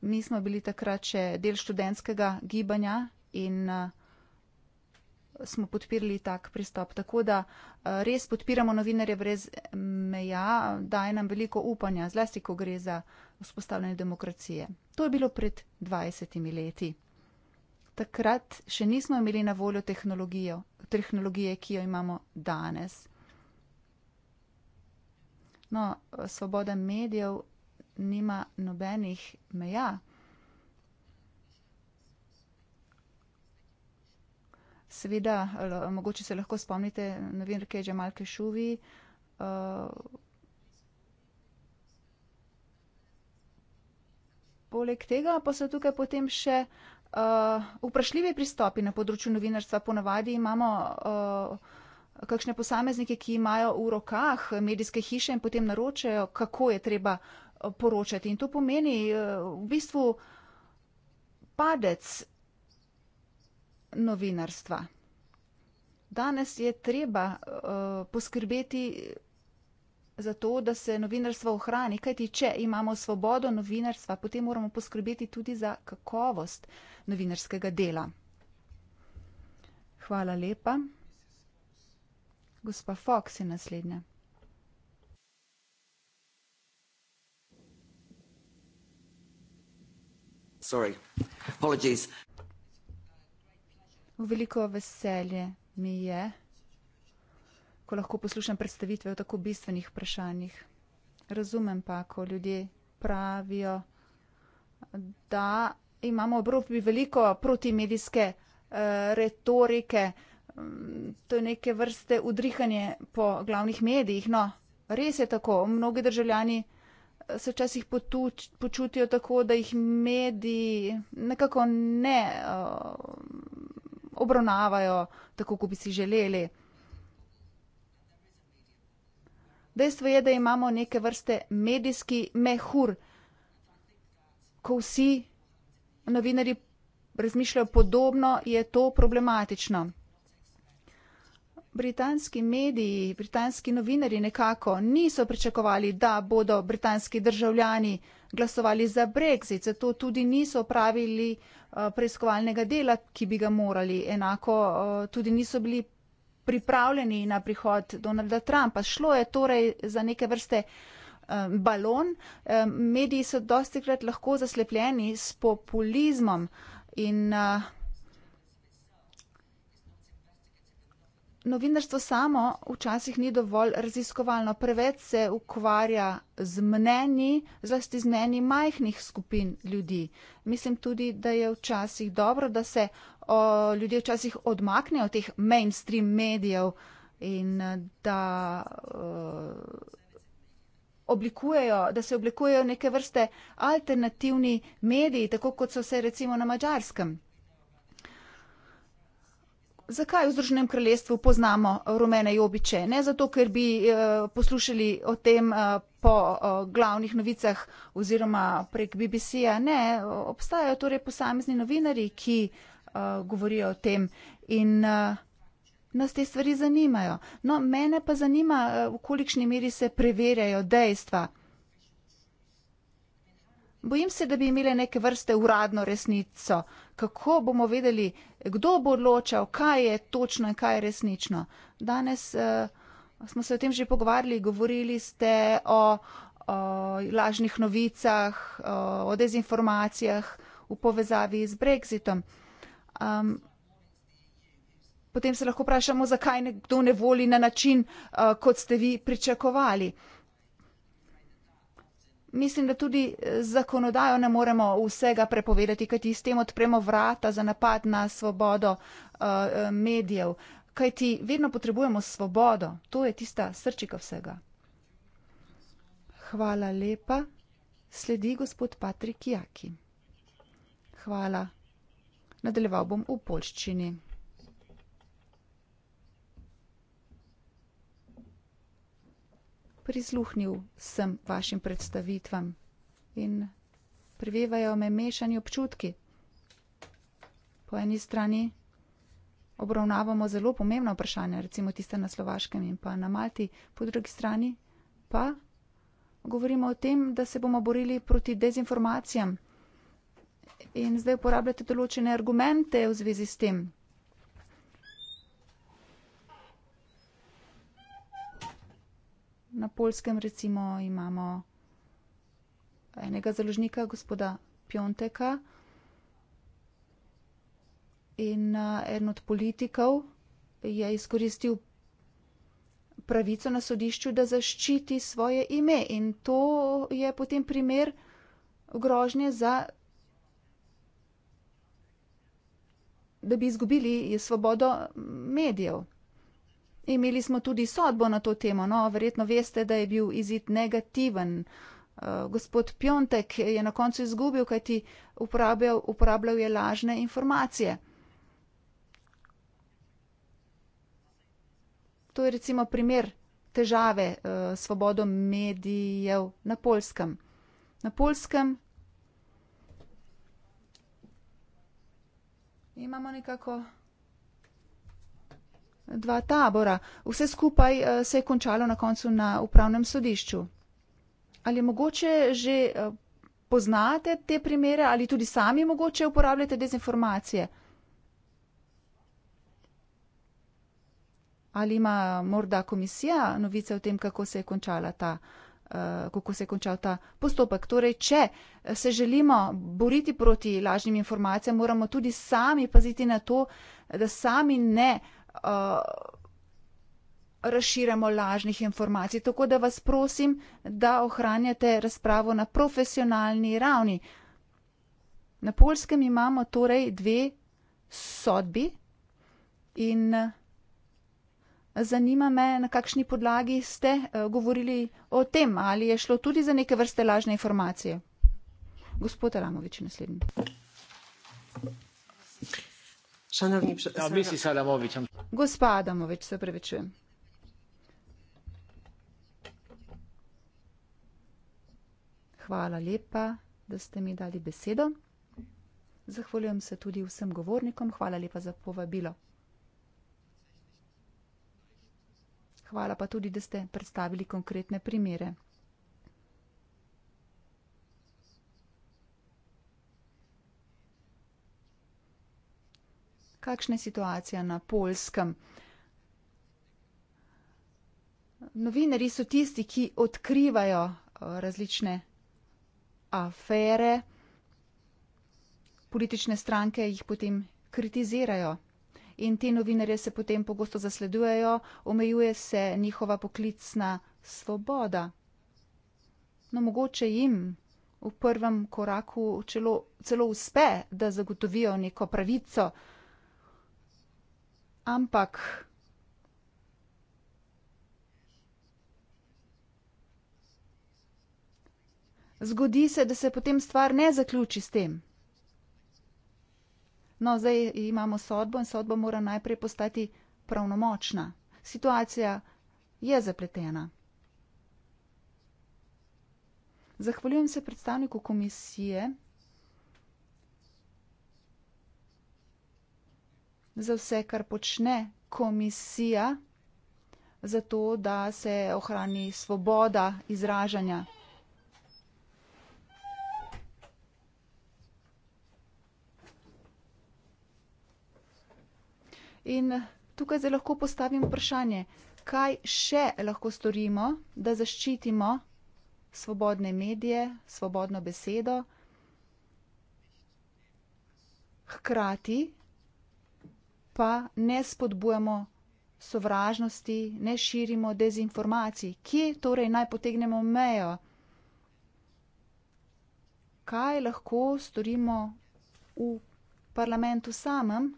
Mi smo bili takrat še del študentskega gibanja in uh, smo podpirali tak pristop. Tako da eh, res podpiramo novinarje brez mm, meja, daje nam veliko upanja, zlasti, ko gre za vzpostavljanje demokracije. To je bilo pred 20 leti. Takrat še nismo imeli na voljo tehnologije, ki jo imamo danes. No, eh, svoboda medijev nima nobenih meja. Seveda, mogoče se lahko spomnite novinarke Džemalke Šuvi. Eh, poleg tega pa so tukaj potem še eh, vprašljivi pristopi na področju novinarstva. Ponavadi imamo eh, kakšne posameznike, ki imajo v rokah medijske hiše in potem naročajo, kako je treba poročati. In to pomeni v bistvu padec novinarstva. Danes je treba uh, poskrbeti za to, da se novinarstvo ohrani, kajti če imamo svobodo novinarstva, potem moramo poskrbeti tudi za kakovost novinarskega dela. Hvala lepa. Gospa Fox je naslednja. Sorry. Apologies veliko veselje mi je, ko lahko poslušam predstavitve o tako bistvenih vprašanjih. Razumem pa, ko ljudje pravijo, da imamo v Evropi veliko protimedijske uh, retorike. Mm, to je neke vrste udrihanje po glavnih medijih. No, res je tako. Mnogi državljani eh, se včasih potuč, počutijo tako, da jih mediji nekako ne eh, obravnavajo tako, kot bi si želeli. Dejstvo je, da imamo neke vrste medijski mehur, ko vsi novinarji razmišljajo podobno, je to problematično. Britanski mediji, britanski novinarji nekako niso pričakovali, da bodo britanski državljani glasovali za brexit, zato tudi niso pravili eh, preiskovalnega dela, ki bi ga morali. Enako eh, tudi niso bili pripravljeni na prihod Donalda Trumpa. Šlo je torej za neke vrste eh, balon. Mediji so dostikrat lahko zaslepljeni s populizmom in novinarstvo samo včasih ni dovolj raziskovalno. Preveč se ukvarja z mnenji, zlasti z mnenji majhnih skupin ljudi. Mislim tudi, da je včasih dobro, da se o, ljudje včasih odmaknejo od teh mainstream medijev in da o, oblikujejo, da se oblikujejo neke vrste alternativni mediji, tako kot so se recimo na Mačarskem zakaj v Združenem kraljestvu poznamo rumene jobiče? Ne zato, ker bi eh, poslušali o tem eh, po eh, glavnih novicah oziroma prek BBC-ja, ne, obstajajo torej posamezni novinari, ki govorijo o tem in nas te stvari zanimajo. No, mene pa zanima, v kolikšni meri se preverjajo dejstva. Bojim se, da bi imeli neke vrste uradno resnico kako bomo vedeli, kdo bo odločal, kaj je točno in kaj je resnično. Danes uh, smo se o tem že pogovarjali, govorili ste o, o lažnih novicah, o, o dezinformacijah v povezavi z Brexitom. Um, potem se lahko vprašamo, zakaj nekdo ne voli na način, uh, kot ste vi pričakovali mislim, da tudi z eh, zakonodajo ne moremo vsega prepovedati, kajti s tem odpremo vrata za napad na svobodo uh, medijev. Kajti vedno potrebujemo svobodo, to je tista srčika vsega. Hvala lepa. Sledi gospod Patrik Jaki. Hvala. Nadaljeval bom v polščini. prisluhnil sem vašim predstavitvam in privevajo me mešani občutki. Po eni strani obravnavamo zelo pomembna vprašanja, recimo tiste na Slovaškem in pa na Malti, po drugi strani pa govorimo o tem, da se bomo borili proti dezinformacijam. In zdaj uporabljate določene argumente v zvezi s tem. na polskem recimo imamo enega založnika, gospoda Pionteka, in eden od politikov je izkoristil pravico na sodišču, da zaščiti svoje ime. In to je potem primer grožnje za, da bi izgubili svobodo medijev. Imeli smo tudi sodbo na to temo, no, verjetno veste, da je bil izid negativen. Uh, gospod Pjontek je na koncu izgubil, kajti uporabljal, uporabljal je lažne informacije. To je recimo primer težave uh, s svobodo medijev na polskem. Na polskem imamo nekako dva tabora. Vse skupaj eh, se je končalo na koncu na upravnem sodišču. Ali mogoče že eh, poznate te primere ali tudi sami mogoče uporabljate dezinformacije? Ali ima morda komisija novice o tem, kako se je končala ta? Eh, kako se je končal ta postopek. Torej, če se želimo boriti proti lažnim informacijam, moramo tudi sami paziti na to, da sami ne uh, Eh, razširjamo lažnih informacij. Tako da vas prosim, da ohranjate razpravo na profesionalni ravni. Na polskem imamo torej dve sodbi in eh, zanima me, na kakšni podlagi ste eh, govorili o tem, ali je šlo tudi za neke vrste lažne informacije. Gospod Ramovič, naslednji. Шановні Адамовичем. Госпа Адамович, все привічуємо. Hvala lepa, da ste mi dali besedo. Zahvaljujem se tudi vsem govornikom. Hvala lepa za povabilo. Hvala pa tudi, da ste predstavili konkretne primere. kakšna je situacija na Poljskem? Novinari so tisti, ki odkrivajo eh, različne afere, politične stranke jih potem kritizirajo. In te novinarje se potem pogosto zasledujejo, omejuje se njihova poklicna svoboda. No, mogoče jim v prvem koraku čelo, celo uspe, da zagotovijo neko pravico ampak zgodi se, da se potem stvar ne zaključi s tem. No, zdaj imamo sodbo in sodba mora najprej postati pravnomočna. Situacija je zapletena. Zahvaljujem se predstavniku komisije. za vse, kar počne komisija, zato da se ohrani svoboda izražanja. In tukaj zdaj lahko postavim vprašanje, kaj še lahko storimo, da zaščitimo svobodne medije, svobodno besedo, hkrati pa ne spodbujamo sovražnosti, ne širimo dezinformacij. Kje torej naj potegnemo mejo? Kaj lahko storimo v parlamentu samem?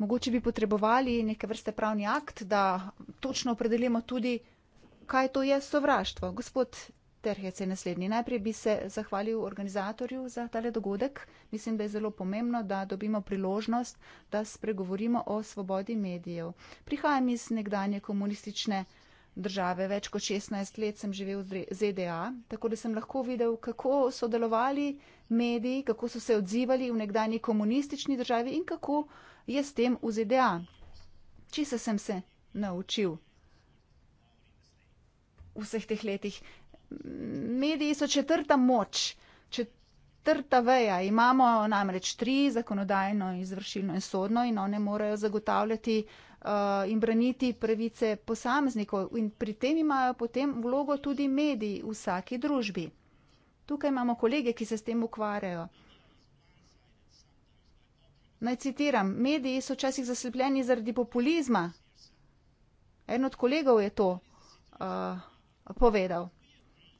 Mogoče bi potrebovali neke vrste pravni akt, da točno opredelimo tudi, kaj to je sovraštvo. Gospod Terhec je naslednji. Najprej bi se zahvalil organizatorju za tale dogodek. Mislim, da je zelo pomembno, da dobimo priložnost, da spregovorimo o svobodi medijev. Prihajam iz nekdanje komunistične države, več kot 16 let sem živel v ZDA, tako da sem lahko videl, kako so delovali mediji, kako so se odzivali v nekdanji komunistični državi in kako je s tem v ZDA. Čisto sem se naučil. Vseh teh letih mediji so četrta moč, četrta veja. Imamo namreč tri, zakonodajno, izvršilno in sodno in one morajo zagotavljati uh, in braniti pravice posameznikov in pri tem imajo potem vlogo tudi mediji v vsaki družbi. Tukaj imamo kolege, ki se s tem ukvarjajo. Naj citiram, mediji so včasih zaslepljeni zaradi populizma. En od kolegov je to uh, povedal.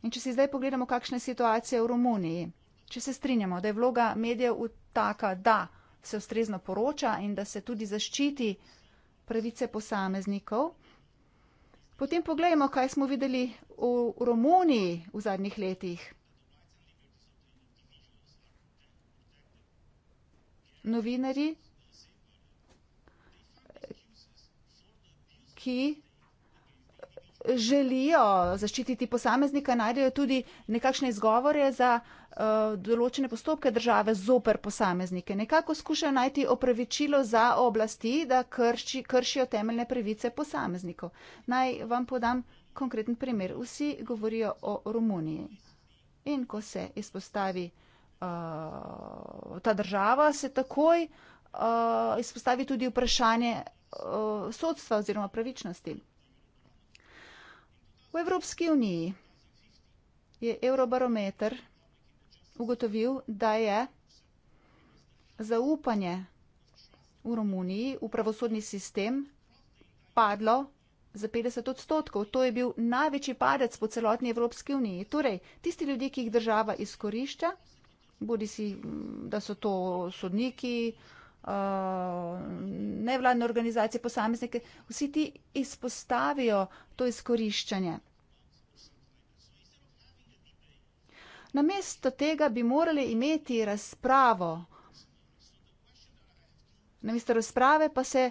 In če si zdaj pogledamo, kakšna je situacija v Romuniji, če se strinjamo, da je vloga medijev taka, da se ustrezno poroča in da se tudi zaščiti pravice posameznikov, potem pogledajmo, kaj smo videli v Romuniji v zadnjih letih. Novinari, ki želijo zaščititi posameznika, najdejo tudi nekakšne izgovore za uh, določene postopke države zoper posameznike. Nekako skušajo najti opravičilo za oblasti, da krši, kršijo temeljne pravice posameznikov. Naj vam podam konkreten primer. Vsi govorijo o Romuniji. In ko se izpostavi uh, ta država, se takoj uh, izpostavi tudi vprašanje uh, sodstva oziroma pravičnosti. V Evropski uniji je Eurobarometer ugotovil, da je zaupanje v Romuniji v pravosodni sistem padlo za 50 odstotkov. To je bil največji padec po celotni Evropski uniji. Torej, tisti ljudje, ki jih država izkorišča, bodi si, da so to sodniki, nevladne organizacije, posameznike, vsi ti izpostavijo to izkoriščanje. Namesto tega bi morali imeti razpravo. Namesto razprave pa se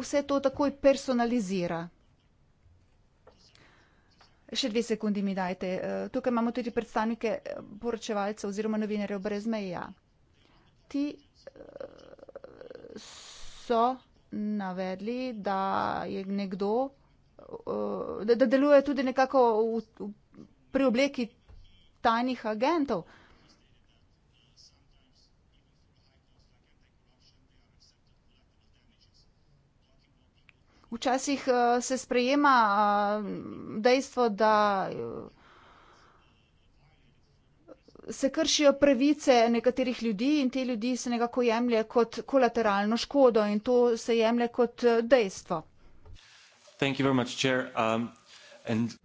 vse to takoj personalizira. Še dve sekundi mi dajte. E, tukaj imamo tudi predstavnike poročevalcev oziroma novinarjev brez meja. Ti so navedli, da je nekdo, eh, da, da deluje tudi nekako v, v, pri obleki tajnih agentov. Včasih uh, se sprejema uh, dejstvo, da uh, se kršijo pravice nekaterih ljudi in te ljudi se nekako jemlje kot kolateralno škodo in to se jemlje kot eh, dejstvo. Um,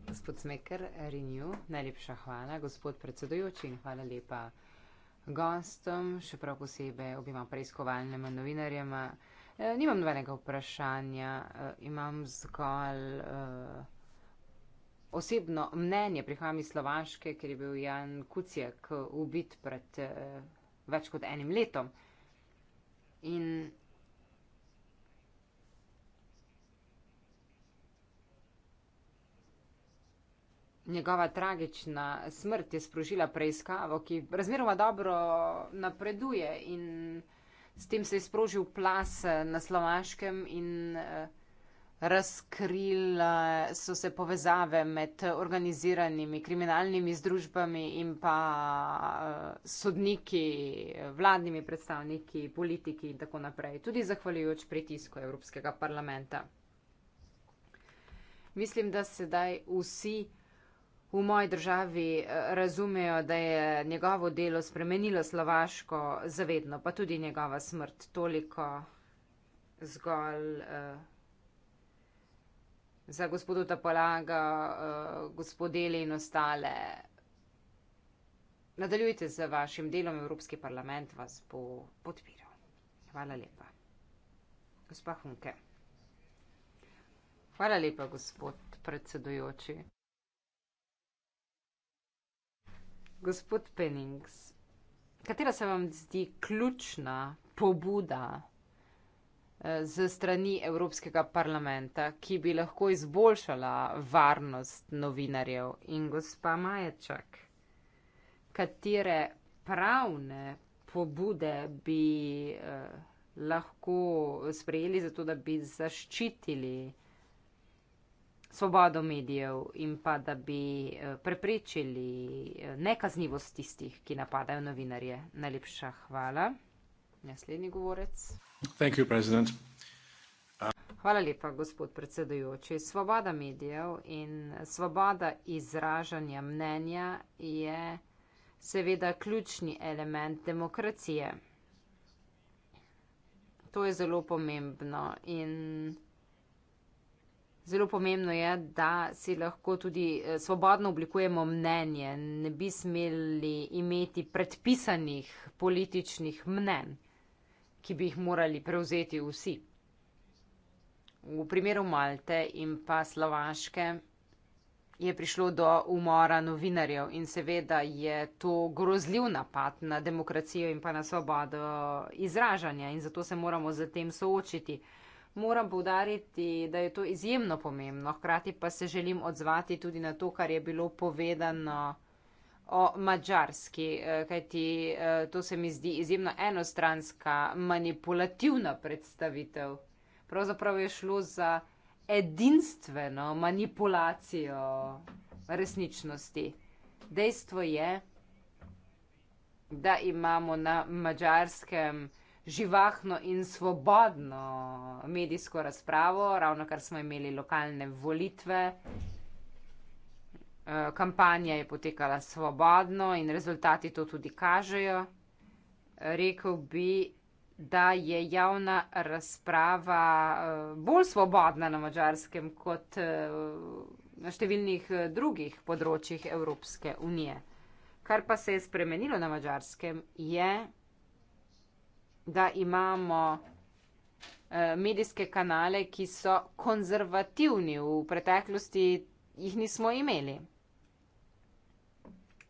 gospod Smeker, Renew, najlepša hvala, gospod predsedujoči in hvala lepa gostom, še prav posebej obima preiskovalnima novinarjema. Eh, nimam nobenega vprašanja, eh, imam zgolj osebno mnenje prihajam iz Slovaške, ker je bil Jan Kucijak ubit pred eh, več kot enim letom. In njegova tragična smrt je sprožila preiskavo, ki razmeroma dobro napreduje in s tem se je sprožil plas eh, na Slovaškem in eh, razkrila, so se povezave med organiziranimi kriminalnimi združbami in pa eh, sodniki, vladnimi predstavniki, politiki in tako naprej, tudi zahvaljujoč pritisku Evropskega parlamenta. Mislim, da sedaj vsi v moji državi eh, razumejo, da je njegovo delo spremenilo Slovaško zavedno, pa tudi njegova smrt toliko zgolj. Uh, za gospodu Tapolaga, eh, gospodeli in ostale. Nadaljujte z vašim delom, Evropski parlament vas bo podpiral. Hvala lepa. Gospa Hunke. Hvala lepa, gospod predsedujoči. Gospod Pennings, katera se vam zdi ključna pobuda z strani Evropskega parlamenta, ki bi lahko izboljšala varnost novinarjev in gospa Maječak, katere pravne pobude bi eh, lahko sprejeli za to, da bi zaščitili svobodo medijev in pa da bi eh, preprečili eh, nekaznivost tistih, ki napadajo novinarje. Najlepša hvala. Naslednji govorec. Hvala lepa, gospod predsedujoči. Svoboda medijev in svoboda izražanja mnenja je seveda ključni element demokracije. To je zelo pomembno in zelo pomembno je, da si lahko tudi eh, svobodno oblikujemo mnenje. Ne bi smeli imeti predpisanih političnih mnen ki bi jih morali prevzeti vsi. V primeru Malte in pa Slovaške je prišlo do umora novinarjev in seveda je to grozljiv napad na demokracijo in pa na svobodo izražanja in zato se moramo z tem soočiti. Moram povdariti, da je to izjemno pomembno, hkrati pa se želim odzvati tudi na to, kar je bilo povedano o mačarski, eh, kajti eh, to se mi zdi izjemno enostranska, manipulativna predstavitev. Pravzaprav je šlo za edinstveno manipulacijo resničnosti. Dejstvo je, da imamo na mačarskem živahno in svobodno medijsko razpravo, ravno kar smo imeli lokalne volitve. Eh, kampanja je potekala svobodno in rezultati to tudi kažejo. Rekl bi, da je javna razprava eh, bolj svobodna na mačarskem kot eh, na številnih drugih področjih Evropske unije. Kar pa se je spremenilo na mačarskem, je, da imamo medijske kanale, ki so konzervativni. V preteklosti jih nismo imeli.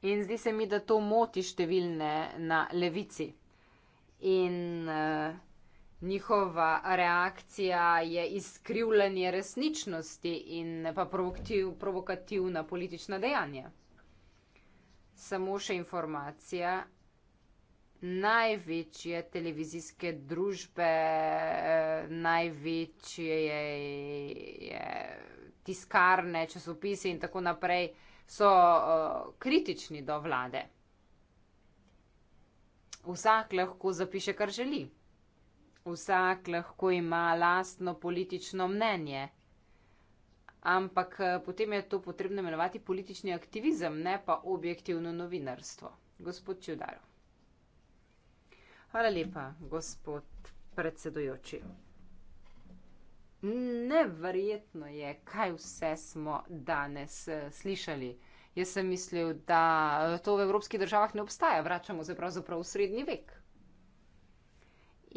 In zdi se mi, da to moti številne na levici. In uh, njihova reakcija je izkrivljanje resničnosti in pa provoktiv, provokativna politična dejanja. Samo še informacija. Največje televizijske družbe, eh, največje tiskarne, časopise in tako naprej so uh, kritični do vlade. Vsak lahko zapiše, kar želi. Vsak lahko ima lastno politično mnenje. Ampak eh, potem je to potrebno imenovati politični aktivizem, ne pa objektivno novinarstvo. Gospod Čudar. Hvala lepa, gospod predsedujoči. Neverjetno je, kaj vse smo danes eh, slišali. Jaz sem mislil, da eh, to v evropskih državah ne obstaja, vračamo se pravzaprav v srednji vek.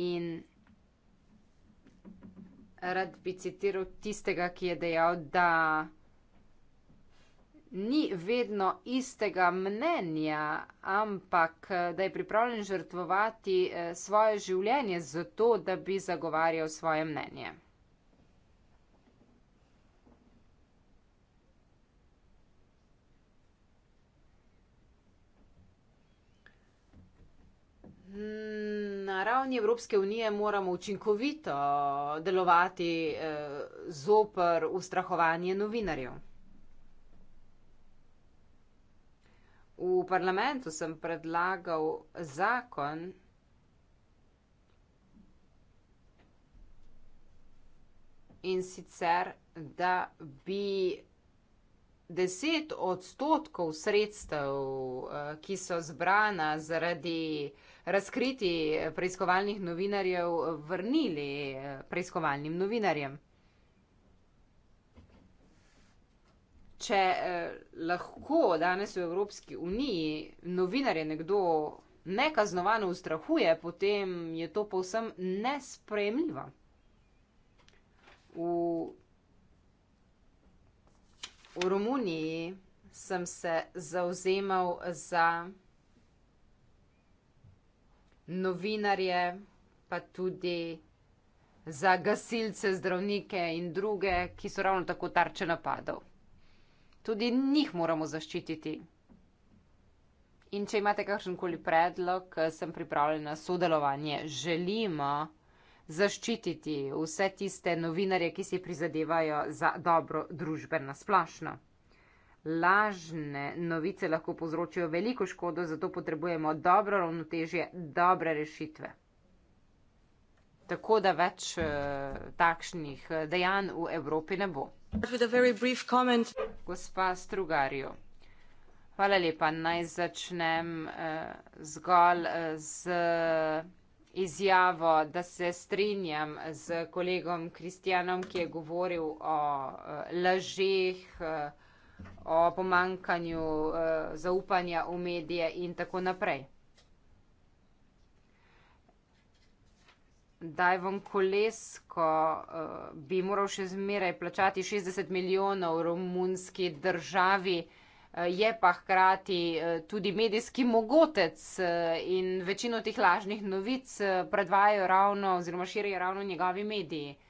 In rad bi citiral tistega, ki je dejal, da ni vedno istega mnenja, ampak eh, da je pripravljen žrtvovati svoje življenje zato, da bi zagovarjal svoje mnenje. Na ravni Evropske unije moramo učinkovito delovati eh, zopr ustrahovanje novinarjev. V parlamentu sem predlagal zakon, in sicer, da bi 10 odstotkov sredstev, eh, ki so zbrana zaradi eh, razkriti preiskovalnih novinarjev vrnili eh, preiskovalnim novinarjem? Če eh, lahko danes v Evropski uniji novinarje nekdo nekaznovano ustrahuje, potem je to povsem nespremljivo. V, v Romuniji sem se zauzemal za novinarje, pa tudi za gasilce, zdravnike in druge, ki so ravno tako tarče napadov. Tudi njih moramo zaščititi. In če imate kakšen koli predlog, sem pripravljena sodelovanje. Želimo zaščititi vse tiste novinarje, ki si prizadevajo za dobro družbe na splošno lažne novice lahko povzročijo veliko škodo, zato potrebujemo dobro ravnotežje, dobre rešitve. Tako da več uh, takšnih eh, dejanj v Evropi ne bo. Gospa Strugarjo, hvala lepa. Naj začnem uh, zgolj z izjavo, da se strinjam z kolegom Kristjanom, ki je govoril o uh, lažeh. Uh, o pomankanju uh, zaupanja v medije in tako naprej. Dajvon Kolesko uh, bi moral še zmeraj plačati 60 milijonov romunski državi, uh, je pa hkrati uh, tudi medijski mogotec uh, in večino teh lažnih novic uh, predvajajo ravno oziroma širijo ravno njegovi mediji. Uh,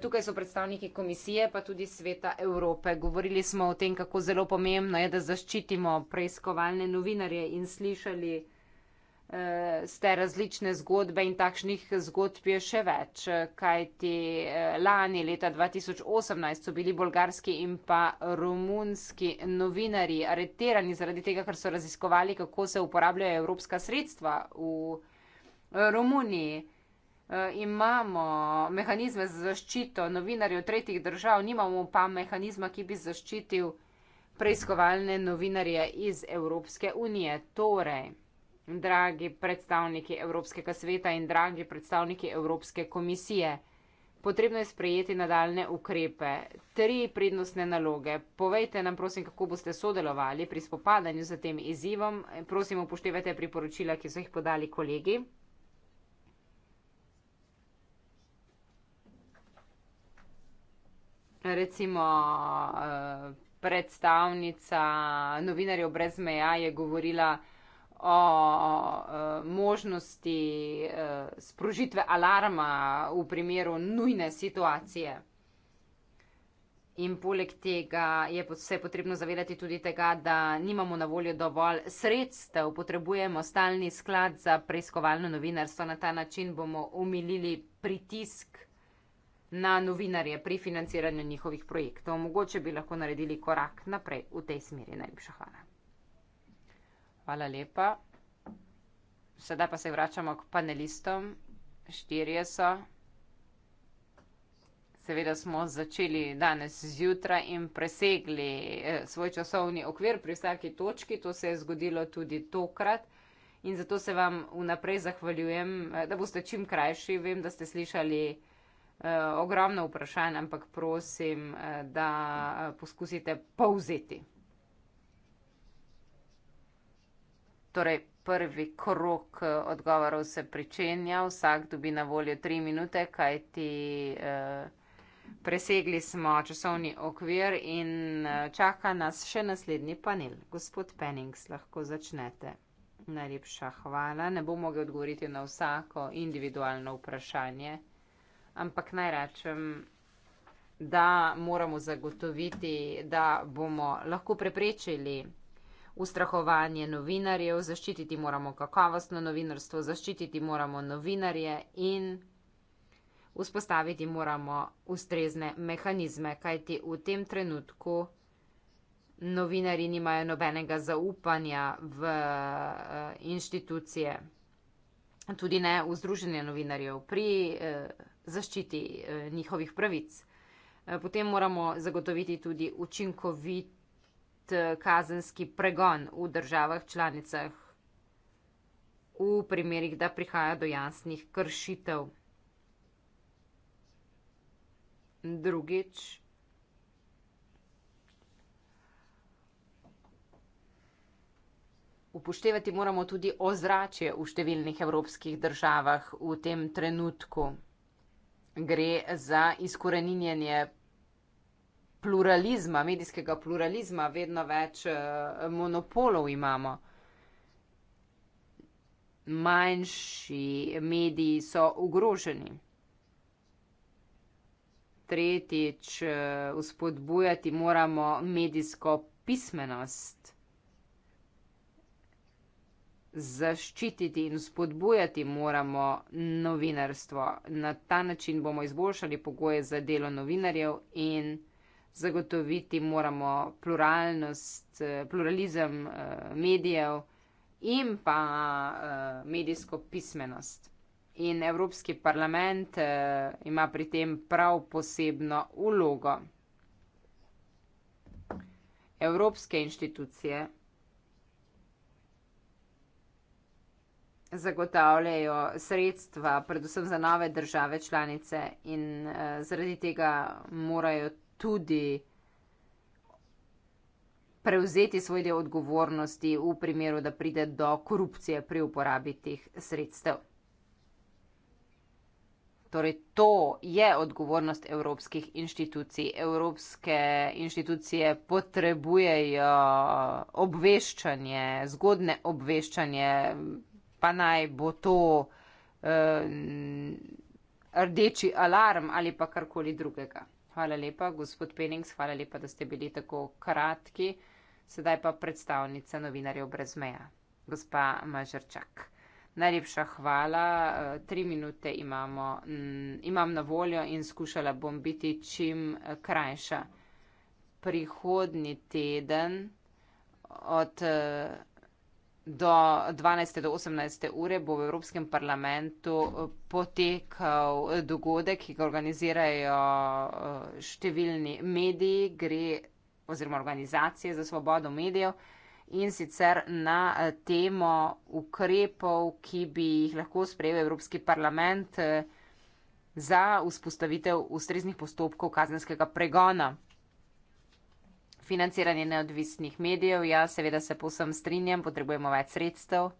Tukaj so predstavniki komisije, pa tudi sveta Evrope. Govorili smo o tem, kako zelo pomembno je, da zaščitimo preiskovalne novinarje in slišali eh, ste različne zgodbe in takšnih zgodb je še več, kajti eh, lani leta 2018 so bili bolgarski in pa romunski novinari areterani zaradi tega, ker so raziskovali, kako se uporabljajo evropska sredstva v eh, Romuniji. Eh, imamo mehanizme za zaščito novinarjev tretjih držav, nimamo pa mehanizma, ki bi zaščitil preiskovalne novinarje iz Evropske unije. Torej, dragi predstavniki Evropskega sveta in dragi predstavniki Evropske komisije, potrebno je sprejeti nadaljne ukrepe. Tri prednostne naloge. Povejte nam, prosim, kako boste sodelovali pri spopadanju z tem izzivom. Prosim, upoštevajte priporočila, ki so jih podali kolegi. recimo eh, predstavnica novinarjev brez meja je govorila o možnosti eh, sprožitve alarma v primeru nujne situacije. In poleg tega je se potrebno zavedati tudi tega, da nimamo na voljo dovolj sredstev, potrebujemo stalni sklad za preiskovalno novinarstvo. Na ta način bomo umilili pritisk uh, na novinarje pri financiranju njihovih projektov. Mogoče bi lahko naredili korak naprej v tej smeri. Najlepša hvala. Hvala lepa. Sedaj pa se vračamo k panelistom. Štirje so. Seveda smo začeli danes zjutraj in presegli eh, svoj časovni okvir pri vsaki točki. To se je zgodilo tudi tokrat. In zato se vam vnaprej zahvaljujem, eh, da boste čim krajši. Vem, da ste slišali. Eh, ogromno vprašanj, ampak prosim, eh, da eh, poskusite povzeti. Torej, prvi krok odgovorov se pričenja, vsak dobi na voljo tri minute, kajti presegli smo časovni okvir in čaka nas še naslednji panel. Gospod Pennings, lahko začnete. Najlepša hvala. Ne bom mogel odgovoriti na vsako individualno vprašanje ampak naj rečem, da moramo zagotoviti, da bomo lahko preprečili ustrahovanje novinarjev, zaščititi moramo kakovostno novinarstvo, zaščititi moramo novinarje in vzpostaviti moramo ustrezne mehanizme, kajti v tem trenutku novinari nimajo nobenega zaupanja v eh, inštitucije, tudi ne v združenje novinarjev. Pri, eh, zaščiti eh, njihovih pravic. Eh, potem moramo zagotoviti tudi učinkovit eh, kazenski pregon v državah članicah, v primerih, da prihaja do jasnih kršitev. Drugič. Upoštevati moramo tudi ozračje v številnih evropskih državah v tem trenutku gre za izkoreninjenje pluralizma, medijskega pluralizma, vedno več uh, monopolov imamo. Manjši mediji so ogroženi. Tretjič, uh, vzpodbujati moramo medijsko pismenost zaščititi in spodbujati moramo novinarstvo. Na ta način bomo izboljšali pogoje za delo novinarjev in zagotoviti moramo pluralnost, pluralizem eh, medijev in pa eh, medijsko pismenost. In Evropski parlament eh, ima pri tem prav posebno ulogo. Evropske inštitucije zagotavljajo sredstva, predvsem za nove države članice in uh, zaradi tega morajo tudi prevzeti svoj del odgovornosti v primeru, da pride do korupcije pri uporabi teh sredstev. Torej, to je odgovornost evropskih inštitucij. Evropske inštitucije potrebujejo obveščanje, zgodne obveščanje, pa naj bo to eh, rdeči alarm ali pa karkoli drugega. Hvala lepa, gospod Penings, hvala lepa, da ste bili tako kratki. Sedaj pa predstavnica novinarjev brez meja, gospa Mažrčak. Najlepša hvala, eh, tri minute imamo, mm, imam na voljo in skušala bom biti čim krajša. Prihodni teden od eh, do 12. do 18. ure bo v Evropskem parlamentu eh, potekal eh, dogodek, ki ga organizirajo eh, številni mediji, gre oziroma organizacije za svobodo medijev in sicer na temo ukrepov, ki bi jih lahko sprejel Evropski parlament za vzpostavitev ustreznih postopkov kazenskega pregona financiranje neodvisnih medijev, ja, seveda se posem strinjam, potrebujemo več sredstev.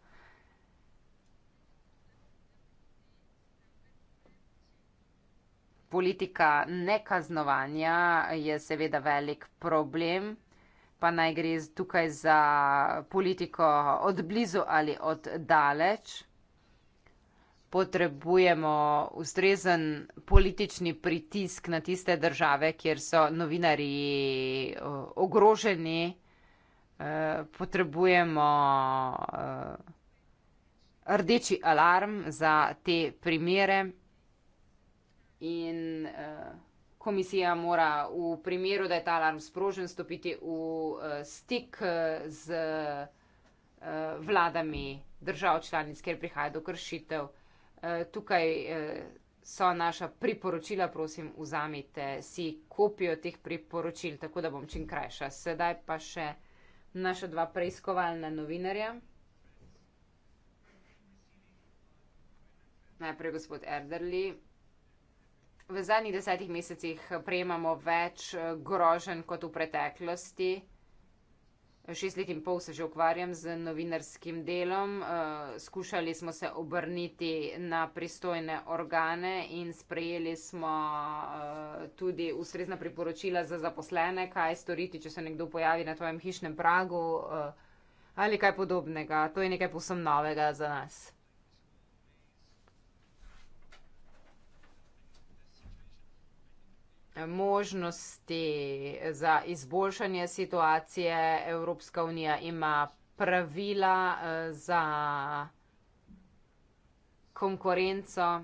Politika nekaznovanja je seveda velik problem, pa naj gre tukaj za politiko od blizu ali od daleč potrebujemo ustrezen politični pritisk na tiste države, kjer so novinari eh, ogroženi. Eh, potrebujemo eh, rdeči alarm za te primere in komisija mora v primeru, da je ta alarm sprožen, stopiti v stik z vladami držav članic, kjer prihaja do kršitev. Eh, tukaj eh, so naša priporočila, prosim, vzamite si kopijo teh priporočil, tako da bom čim krajša. Sedaj pa še naša dva preiskovalna novinarja. Najprej gospod Erderli. V zadnjih desetih mesecih prejemamo več eh, grožen kot v preteklosti šest let in pol se že ukvarjam z novinarskim delom. Eh, skušali smo se obrniti na pristojne organe in sprejeli smo eh, tudi ustrezna priporočila za zaposlene, kaj storiti, če se nekdo pojavi na tvojem hišnem pragu eh, ali kaj podobnega. To je nekaj posebno novega za nas. možnosti za izboljšanje situacije. Evropska unija ima pravila eh, za konkurenco.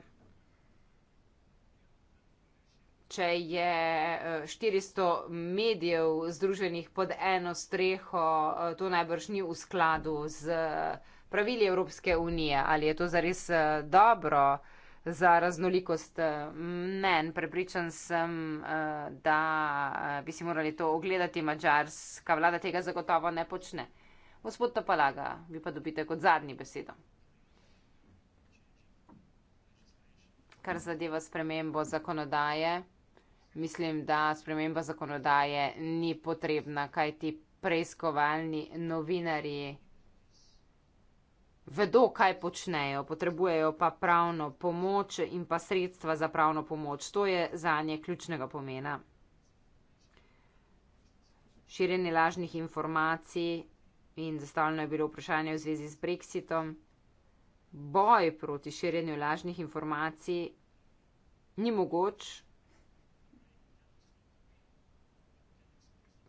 Če je 400 eh, medijev združenih pod eno streho, eh, to najbrž ni v skladu z pravili Evropske unije. Ali je to zares dobro? za raznolikost eh, men. Prepričan sem, eh, da eh, bi si morali to ogledati, mačarska vlada tega zagotovo ne počne. Gospod Topalaga, vi pa dobite kot zadnji besedo. Kar zadeva spremembo zakonodaje, mislim, da sprememba zakonodaje ni potrebna, kajti preiskovalni novinarji vedo, kaj počnejo, potrebujejo pa pravno pomoč in pa sredstva za pravno pomoč. To je za nje ključnega pomena. Širjenje lažnih informacij in zastavljeno je bilo vprašanje v zvezi s Brexitom. Boj proti širjenju lažnih informacij ni mogoč,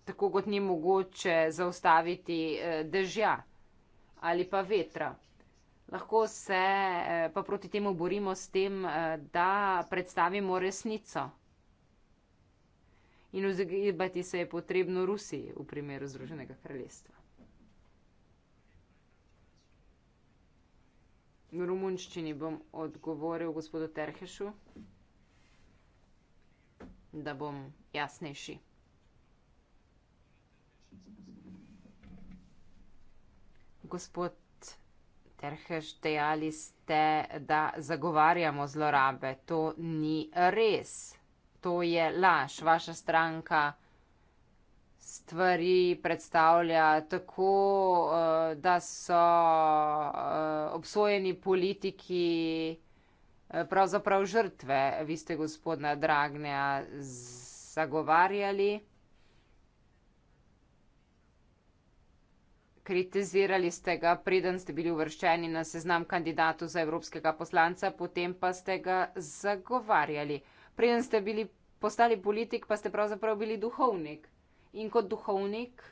tako kot ni mogoče zaustaviti eh, dežja ali pa vetra. Lahko se eh, pa proti temu borimo s tem, eh, da predstavimo resnico. In vzgibati se je potrebno Rusiji v primeru Združenega kraljestva. V romunščini bom odgovoril gospodu Terhešu, da bom jasnejši. gospod Terheš, dejali ste, da zagovarjamo zlorabe. To ni res. To je laž. Vaša stranka stvari predstavlja tako, eh, da so eh, obsojeni politiki eh, pravzaprav žrtve. Vi ste gospodna Dragneja zagovarjali. kritizirali ste ga, preden ste bili uvrščeni na seznam kandidatu za evropskega poslanca, potem pa ste ga zagovarjali. Preden ste bili postali politik, pa ste pravzaprav bili duhovnik. In kot duhovnik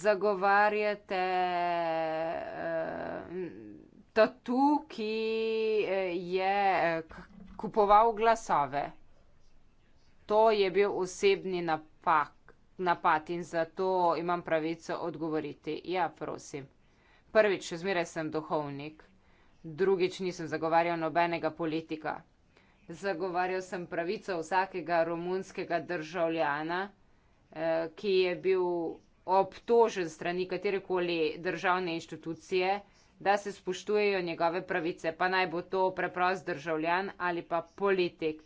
zagovarjate eh, tatu, ki eh, je eh, kupoval glasove. To je bil osebni napak napad in zato imam pravico odgovoriti. Ja, prosim. Prvič, še zmeraj sem duhovnik, drugič nisem zagovarjal nobenega politika. Zagovarjal sem pravico vsakega romunskega državljana, eh, ki je bil obtožen strani katerekoli državne inštitucije, da se spoštujejo njegove pravice, pa naj bo to preprost državljan ali pa politik.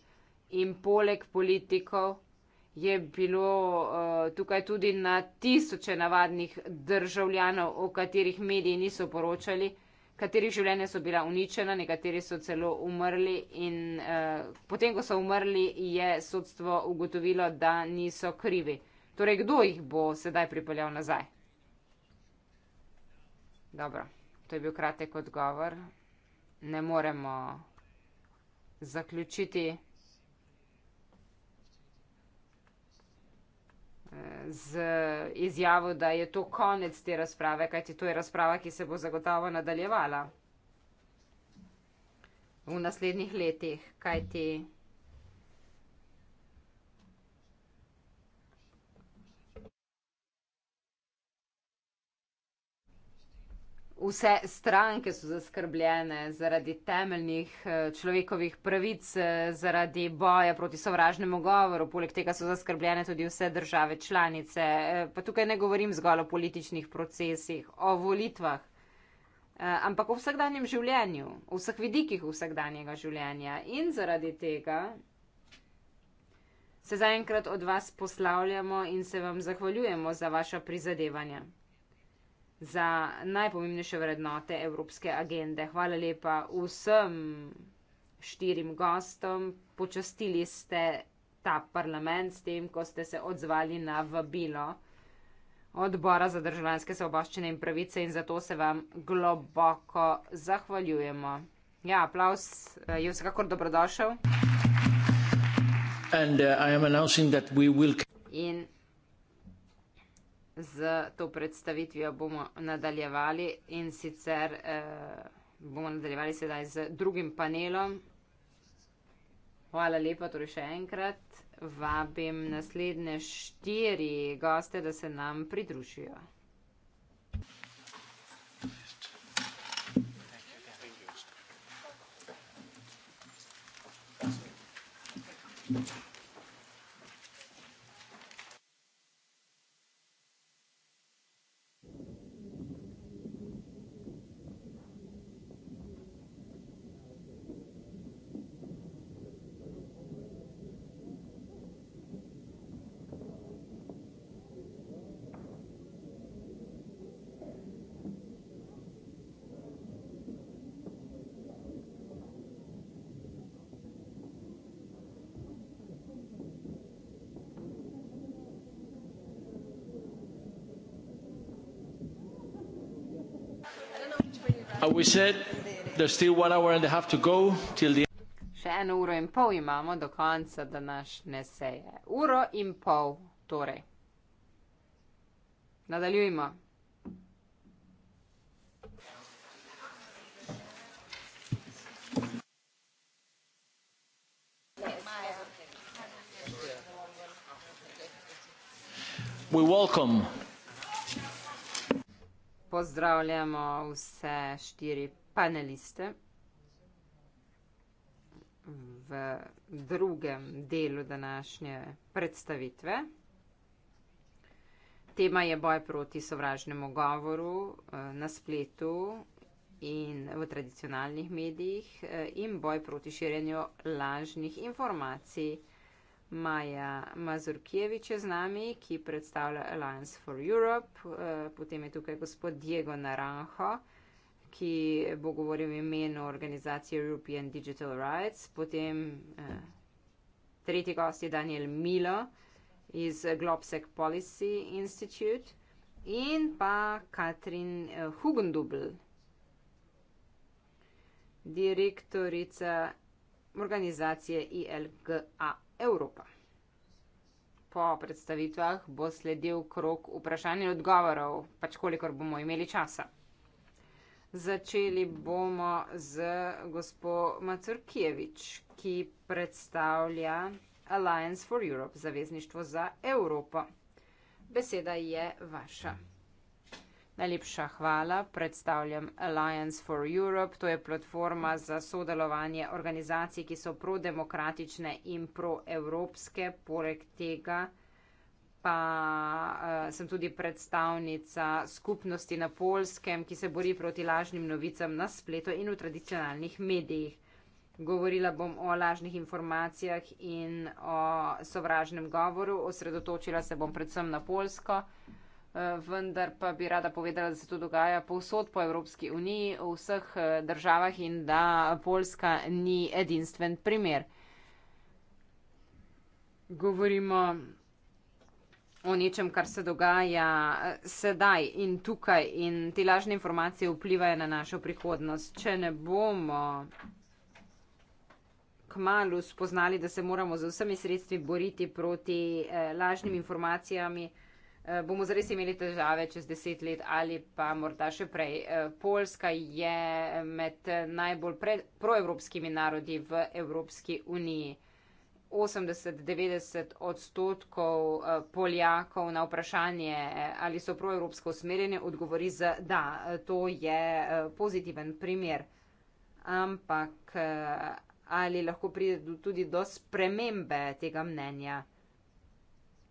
In poleg politikov je bilo uh, tukaj tudi na tisoče navadnih državljanov, o katerih mediji niso poročali, katerih življenja so bila uničena, nekateri so celo umrli in uh, potem, ko so umrli, je sodstvo ugotovilo, da niso krivi. Torej, kdo jih bo sedaj pripeljal nazaj? Dobro, to je bil kratek odgovor. Ne moremo zaključiti. z izjavo, da je to konec te razprave, kajti to je razprava, ki se bo zagotovo nadaljevala v naslednjih letih, kajti. Vse stranke so zaskrbljene zaradi temeljnih eh, človekovih pravic, eh, zaradi boja proti sovražnemu govoru, poleg tega so zaskrbljene tudi vse države članice. Eh, pa tukaj ne govorim zgolj o političnih procesih, o volitvah, ampak o vsakdanjem življenju, o vseh vidikih vsakdanjega življenja. In zaradi tega se zaenkrat od vas poslavljamo in se vam zahvaljujemo za vaša prizadevanja za najpomembnejše vrednote evropske agende. Hvala lepa vsem štirim gostom. Počastili ste ta parlament s tem, ko ste se odzvali na vabilo odbora za državljanske svoboščine in pravice in zato se vam globoko zahvaljujemo. Ja, aplaus eh, je vsekakor dobrodošel. And, uh, in z to predstavitvijo bomo nadaljevali in sicer eh, bomo nadaljevali sedaj z drugim panelom. Hvala lepa, torej še enkrat vabim naslednje štiri goste, da se nam pridružijo. Thank you. Še eno uro in pol imamo do konca današnje seje. Uro in pol, torej. Nadaljujmo. We welcome pozdravljamo vse štiri paneliste v drugem delu današnje predstavitve. Tema je boj proti sovražnemu govoru eh, na spletu in v tradicionalnih medijih eh, in boj proti širjenju lažnih informacij. Maja Mazurkevič je z nami, ki predstavlja Alliance for Europe, eh, potem je tukaj gospod Diego Naranjo, ki bo govoril v imenu organizacije European Digital Rights, potem eh, tretji gost je Daniel Milo iz Globsec Policy Institute in pa Katrin eh, Hugendubl, direktorica organizacije ILGA. Evropa. Po predstavitvah bo sledil krok vprašanj in odgovorov, pač kolikor bomo imeli časa. Začeli bomo z gospodom Macurkijevič, ki predstavlja Alliance for Europe, zavezništvo za Evropo. Beseda je vaša. Hmm. Najlepša hvala. Predstavljam Alliance for Europe. To je platforma za sodelovanje organizacij, ki so prodemokratične in proevropske. Poleg tega pa uh, sem tudi predstavnica skupnosti na polskem, ki se bori proti lažnim novicam na spletu in v tradicionalnih medijih. Govorila bom o lažnih informacijah in o sovražnem govoru. Osredotočila se bom predvsem na polsko. Uh, vendar pa bi rada povedala, da se to dogaja povsod po Evropski uniji, v vseh eh, državah in da Poljska ni edinstven primer. Govorimo o nečem, kar se dogaja eh, sedaj in tukaj in te lažne informacije vplivajo na našo prihodnost. Če ne bomo kmalo spoznali, da se moramo z vsemi sredstvi boriti proti eh, lažnim informacijami, Eh, bomo zares imeli težave čez deset let ali pa morda še prej. Eh, Poljska je med najbolj proevropskimi narodi v Evropski uniji. 80-90 odstotkov eh, Poljakov na vprašanje, ali so proevropsko usmerjeni, odgovori z da. To je pozitiven primer. Ampak ali lahko pride tudi do spremembe tega mnenja?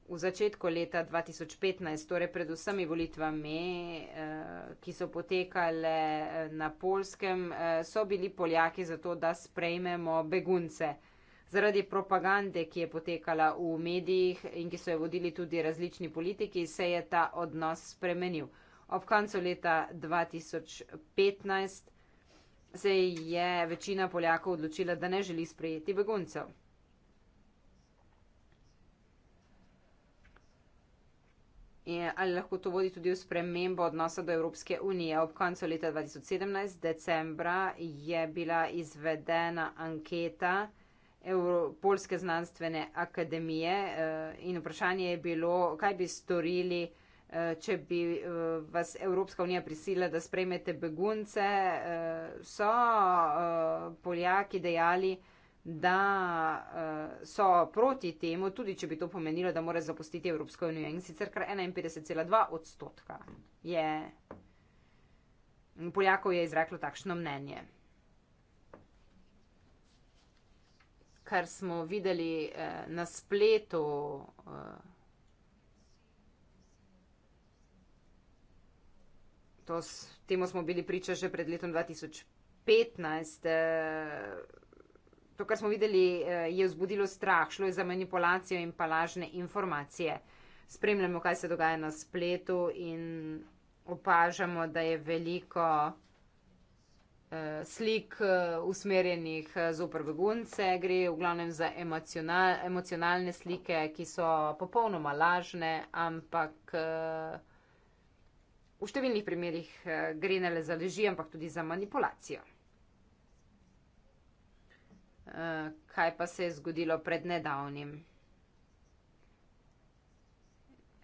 v začetku leta 2015, torej pred vsemi volitvami, eh, ki so potekale eh, na polskem, eh, so bili Poljaki za to, da sprejmemo begunce. Zaradi propagande, ki je potekala v medijih in ki so jo vodili tudi različni politiki, se je ta odnos spremenil. Ob koncu leta 2015 se je večina Poljakov odločila, da ne želi sprejeti beguncev. In ali lahko to vodi tudi v spremembo odnosa do Evropske unije? Ob koncu leta 2017, decembra, je bila izvedena anketa Evro Polske znanstvene akademije eh, in vprašanje je bilo, kaj bi storili, eh, če bi eh, vas Evropska unija prisila, da sprejmete begunce. So Poljaki dejali, da da uh, so proti temu, tudi če bi to pomenilo, da mora zapustiti Evropsko unijo in sicer kar 51,2 odstotka je Poljakov je izreklo takšno mnenje. Kar smo videli uh, na spletu. Uh, To, temu smo bili priča že pred letom 2015. To, kar smo videli, eh, je vzbudilo strah, šlo je za manipulacijo in pa lažne informacije. Spremljamo, kaj se dogaja na spletu in opažamo, da je veliko eh, slik eh, usmerjenih zoper begunce. Gre v glavnem za emocional, emocionalne slike, ki so popolnoma lažne, ampak v številnih primerjih gre ne le za leži, ampak tudi za manipulacijo. Eh, kaj pa se je zgodilo pred nedavnim.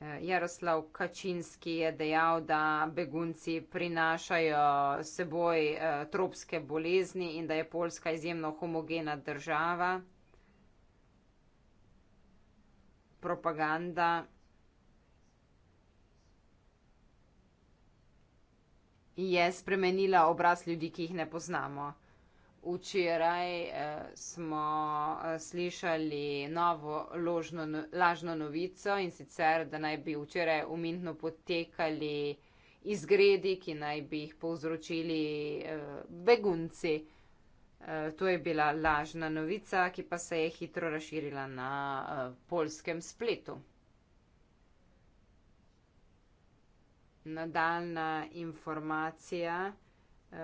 Eh, Jaroslav Kačinski je dejal, da begunci prinašajo seboj eh, tropske bolezni in da je Poljska izjemno homogena država. Propaganda. Je spremenila obraz ljudi, ki jih ne poznamo. Včeraj eh, smo eh, slišali novo ložno, no-, lažno novico in sicer, da naj bi včeraj umintno potekali izgredi, ki naj bi jih povzročili eh, begunci. Eh, to je bila lažna novica, ki pa se je hitro razširila na eh, polskem spletu. Nadaljna informacija. Eh,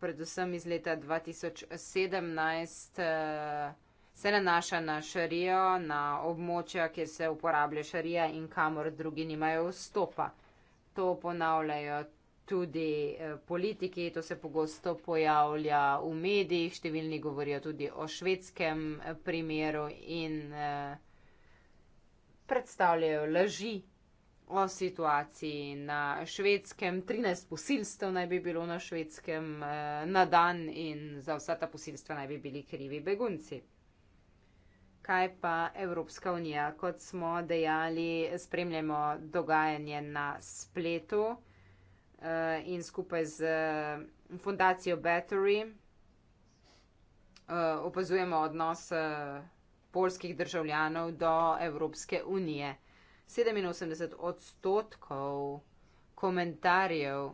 predvsem iz leta 2017, eh, se nanaša na šarijo, na območja, kjer se uporablja šarija in kamor drugi nimajo vstopa. To ponavljajo tudi eh, politiki, to se pogosto pojavlja v medijih, številni govorijo tudi o švedskem primeru in predstavljajo laži, o situaciji na švedskem. 13 posilstev naj bi bilo na švedskem eh, na dan in za vsa ta posilstva naj bi bili krivi begunci. Kaj pa Evropska unija? Kot smo dejali, spremljamo dogajanje na spletu eh, in skupaj z eh, fundacijo Battery opazujemo odnos polskih državljanov do Evropske unije. 87 odstotkov komentarjev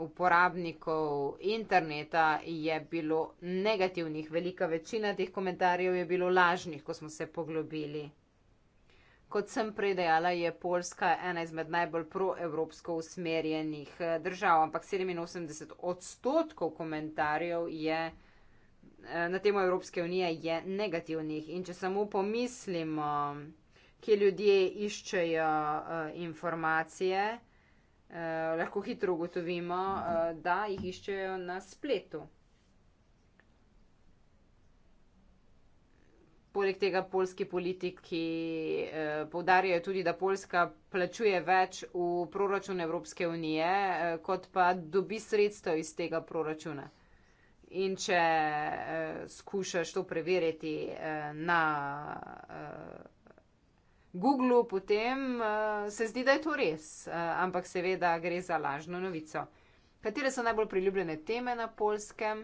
uporabnikov interneta je bilo negativnih. Velika večina teh komentarjev je bilo lažnih, ko smo se poglobili. Kot sem predejala, je Poljska ena izmed najbolj proevropsko usmerjenih eh, držav, ampak 87 odstotkov komentarjev je eh, na temo Evropske unije je negativnih. In če samo pomislimo, kje ljudje iščejo uh, informacije, uh, lahko hitro ugotovimo, uh, da jih iščejo na spletu. Poleg tega polski politiki eh, povdarjajo tudi, da Poljska plačuje več v proračun Evropske unije, eh, kot pa dobi sredstev iz tega proračuna. In če eh, skušaš to preveriti eh, na eh, Google, potem uh, se zdi, da je to res, uh, ampak seveda gre za lažno novico. Katere so najbolj priljubljene teme na polskem?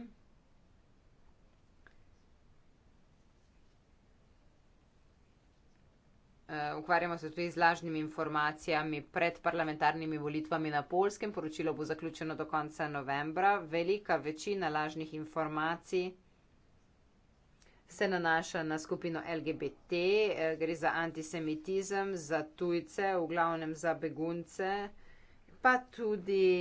Uh, eh, ukvarjamo se tudi z lažnimi informacijami pred parlamentarnimi volitvami na polskem. Poročilo bo zaključeno do konca novembra. Velika večina lažnih informacij se nanaša na skupino LGBT, eh, gre za antisemitizem, za tujce, v glavnem za begunce, pa tudi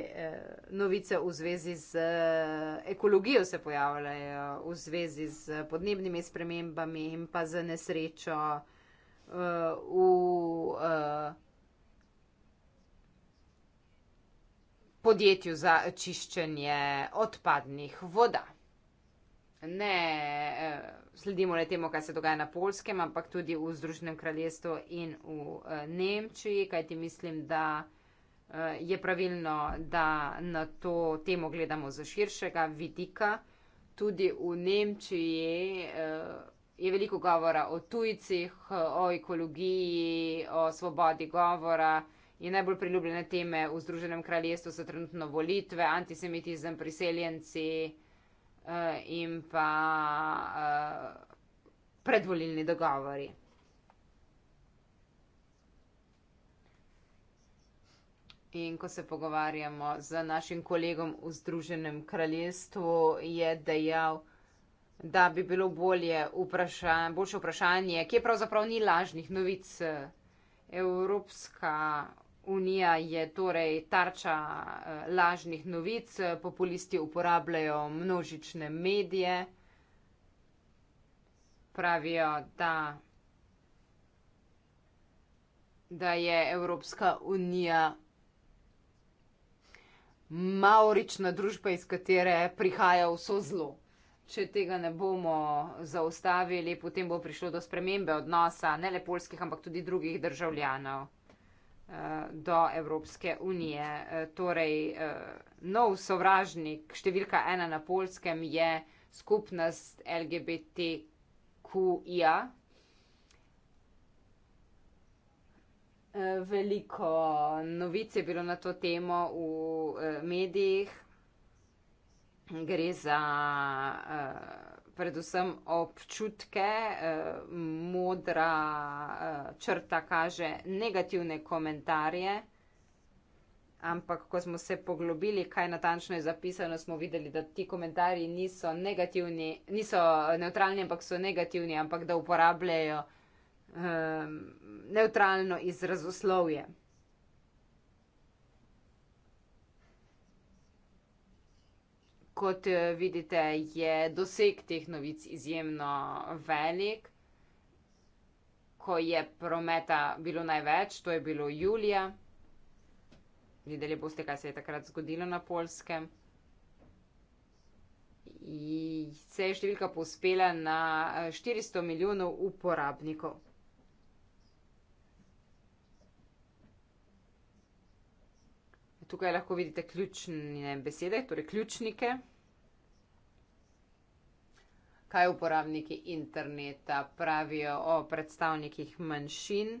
eh, novice v zvezi z eh, ekologijo se pojavljajo, v zvezi z podnebnimi spremembami in pa z nesrečo v. Podjetju za čiščenje odpadnih voda ne eh, sledimo le temu, kaj se dogaja na Polskem, ampak tudi v Združenem kraljestvu in v eh, Nemčiji, kajti mislim, da eh, je pravilno, da na to temo gledamo za širšega vidika. Tudi v Nemčiji je veliko govora o tujcih, o ekologiji, o svobodi govora. In najbolj priljubljene teme v Združenem kraljestvu so trenutno volitve, antisemitizem, priseljenci, uh, Eh, in pa uh, predvolilni dogovori. In ko se pogovarjamo z našim kolegom v Združenem kraljestvu, je dejal, da bi bilo bolje vprašanje, boljše vprašanje, kje pravzaprav ni lažnih novic. Evropska unija je torej tarča eh, lažnih novic, eh, populisti uporabljajo množične medije, pravijo, da, da je Evropska unija maorična družba, iz katere prihaja vso zlo. Če tega ne bomo zaustavili, potem bo prišlo do spremembe odnosa ne le polskih, ampak tudi drugih državljanov. Eh, do Evropske unije. Eh, torej, eh, nov sovražnik, številka ena na polskem, je skupnost LGBTQIA. Veliko novic je bilo na to temo v medijih. Gre za uh, predvsem občutke, eh, modra eh, črta kaže negativne komentarje, ampak ko smo se poglobili, kaj natančno je zapisano, smo videli, da ti komentarji niso negativni, niso neutralni, ampak so negativni, ampak da uporabljajo um, eh, neutralno izrazoslovje. kot eh, vidite, je doseg teh novic izjemno velik. Ko je prometa bilo največ, to je bilo julija. Videli boste, kaj se je takrat zgodilo na polskem. Se je številka pospela na 400 eh, milijonov uporabnikov. Tukaj lahko vidite ključne besede, torej ključnike kaj uporabniki interneta pravijo o predstavnikih manjšin. E,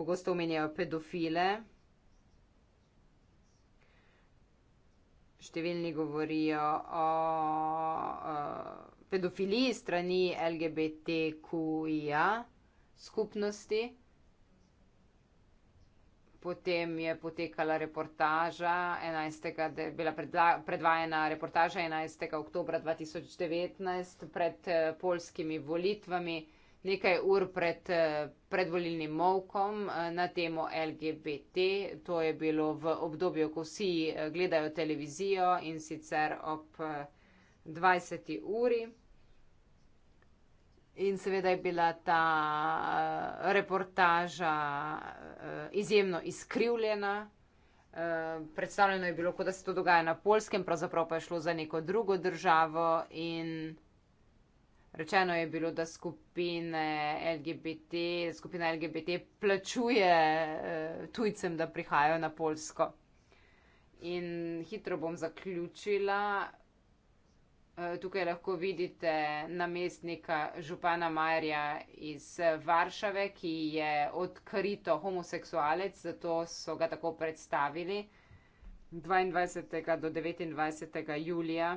pogosto omenjajo pedofile. Številni govorijo o, o eh, pedofiliji strani LGBTQIA skupnosti. Potem je potekala reportaža, 11. De, bila predla, predvajena reportaža 11. oktobra 2019 pred eh, polskimi volitvami, nekaj ur pred eh, predvolilnim molkom eh, na temo LGBT. To je bilo v obdobju, ko vsi gledajo televizijo in sicer ob 20. uri. In seveda je bila ta eh, reportaža eh, izjemno izkrivljena. Eh, predstavljeno je bilo, kot da se to dogaja na polskem, pravzaprav pa je šlo za neko drugo državo. Rečeno je bilo, da LGBT, skupina LGBT plačuje tujcem, da prihajajo na Polsko. In hitro bom zaključila. Eh, tukaj lahko vidite namestnika župana Marja iz eh, Varšave, ki je odkrito homoseksualec, zato so ga tako predstavili 22. do 29. julija.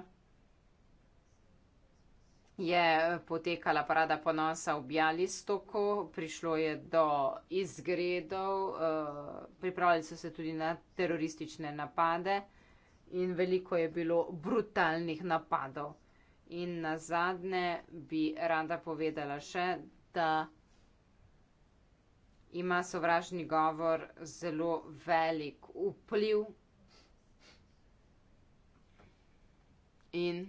Je eh, potekala parada ponosa v Bialistoku, prišlo je do izgredov, pripravljali so se tudi na teroristične napade in veliko je bilo brutalnih napadov. In na zadnje bi rada povedala še, da ima sovražni govor zelo velik vpliv in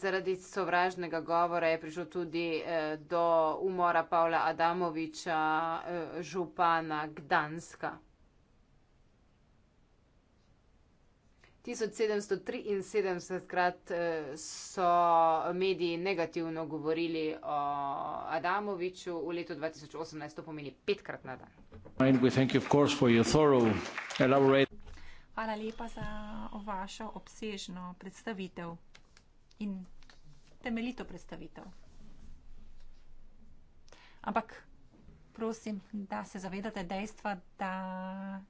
Zaradi sovražnega govora je prišlo tudi eh, do umora Pavla Adamoviča, eh, župana Gdanska. 1773 krat eh, so mediji negativno govorili o Adamoviču, v letu 2018 to pomeni petkrat na dan. Hvala lepa za vašo obsežno predstavitev in temeljito predstavitev. Ampak prosim, da se zavedate dejstva, da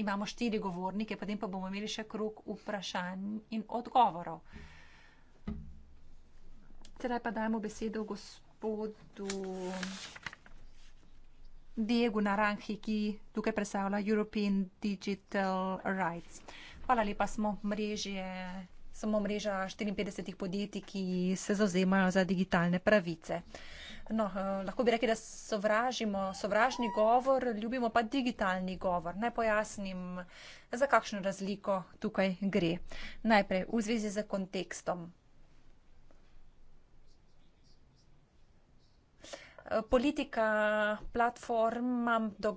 imamo štiri govornike, potem pa bomo imeli še krok vprašanj in odgovorov. Sedaj pa dajmo besedo gospodu Diego Naranji, ki tukaj predstavlja European Digital Rights. Hvala lepa, smo mrežje. Samo mreža 54 podjetij, ki se zauzemajo za digitalne pravice no, eh, lahko bi rekli, da sovražimo sovražni govor, ljubimo pa digitalni govor. Naj pojasnim, za kakšno razliko tukaj gre. Najprej v zvezi z kontekstom. Eh, politika platformam do,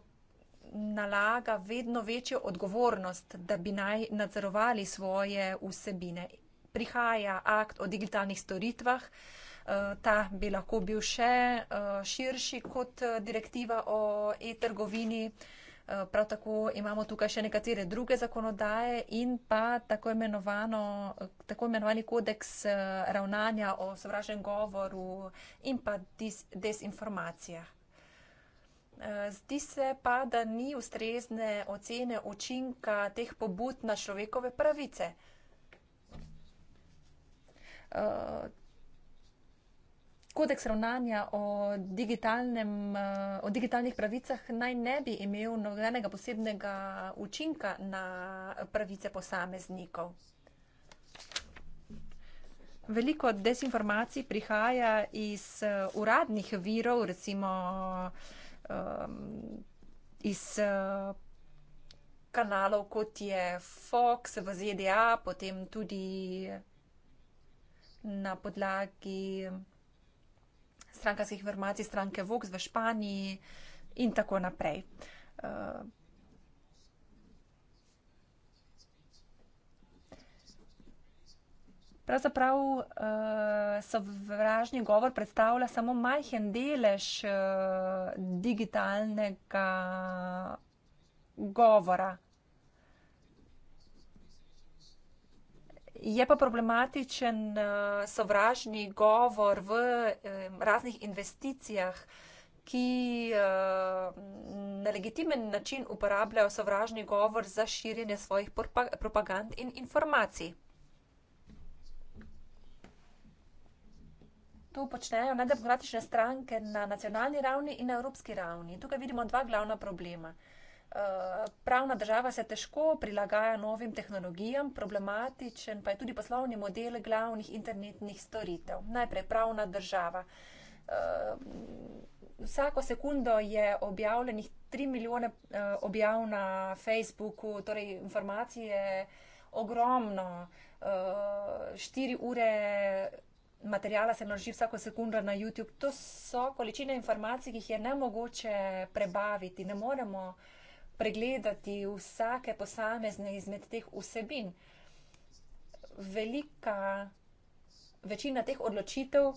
nalaga vedno večjo odgovornost, da bi naj nadzorovali svoje vsebine. Prihaja akt o digitalnih storitvah, ta bi lahko bil še eh, širši kot eh, direktiva o e-trgovini. Eh, prav tako imamo tukaj še nekatere druge zakonodaje in pa tako, tako imenovani kodeks ravnanja o sovražnem govoru in pa desinformacijah. Zdi se pa, da ni ustrezne ocene učinka teh pobud na človekove pravice kodeks ravnanja o, eh, o digitalnih pravicah naj ne bi imel nobenega posebnega učinka na pravice posameznikov. Veliko desinformacij prihaja iz eh, uradnih virov, recimo um, iz eh, kanalov, kot je Fox v ZDA, potem tudi na podlagi strankarskih informacij, stranke Vox v Španiji in tako naprej. Eh, pravzaprav eh, sovražni govor predstavlja samo majhen delež eh, digitalnega govora. Je pa problematičen eh, sovražni govor v eh, raznih investicijah, ki eh, na legitimen način uporabljajo sovražni govor za širjenje svojih propagand in informacij. To počnejo nedemokratične stranke na nacionalni ravni in na evropski ravni. Tukaj vidimo dva glavna problema pravna država se težko prilagaja novim tehnologijam, problematičen pa je tudi poslovni model glavnih internetnih storitev. Najprej pravna država. Uh, vsako sekundo je objavljenih 3 milijone uh, objav na Facebooku, torej informacije ogromno, uh, eh, 4 ure materijala se množi vsako sekundo na YouTube. To so količine informacij, ki jih je ne mogoče prebaviti, ne moremo uh, pregledati vsake posamezne izmed teh vsebin. Velika večina teh odločitev,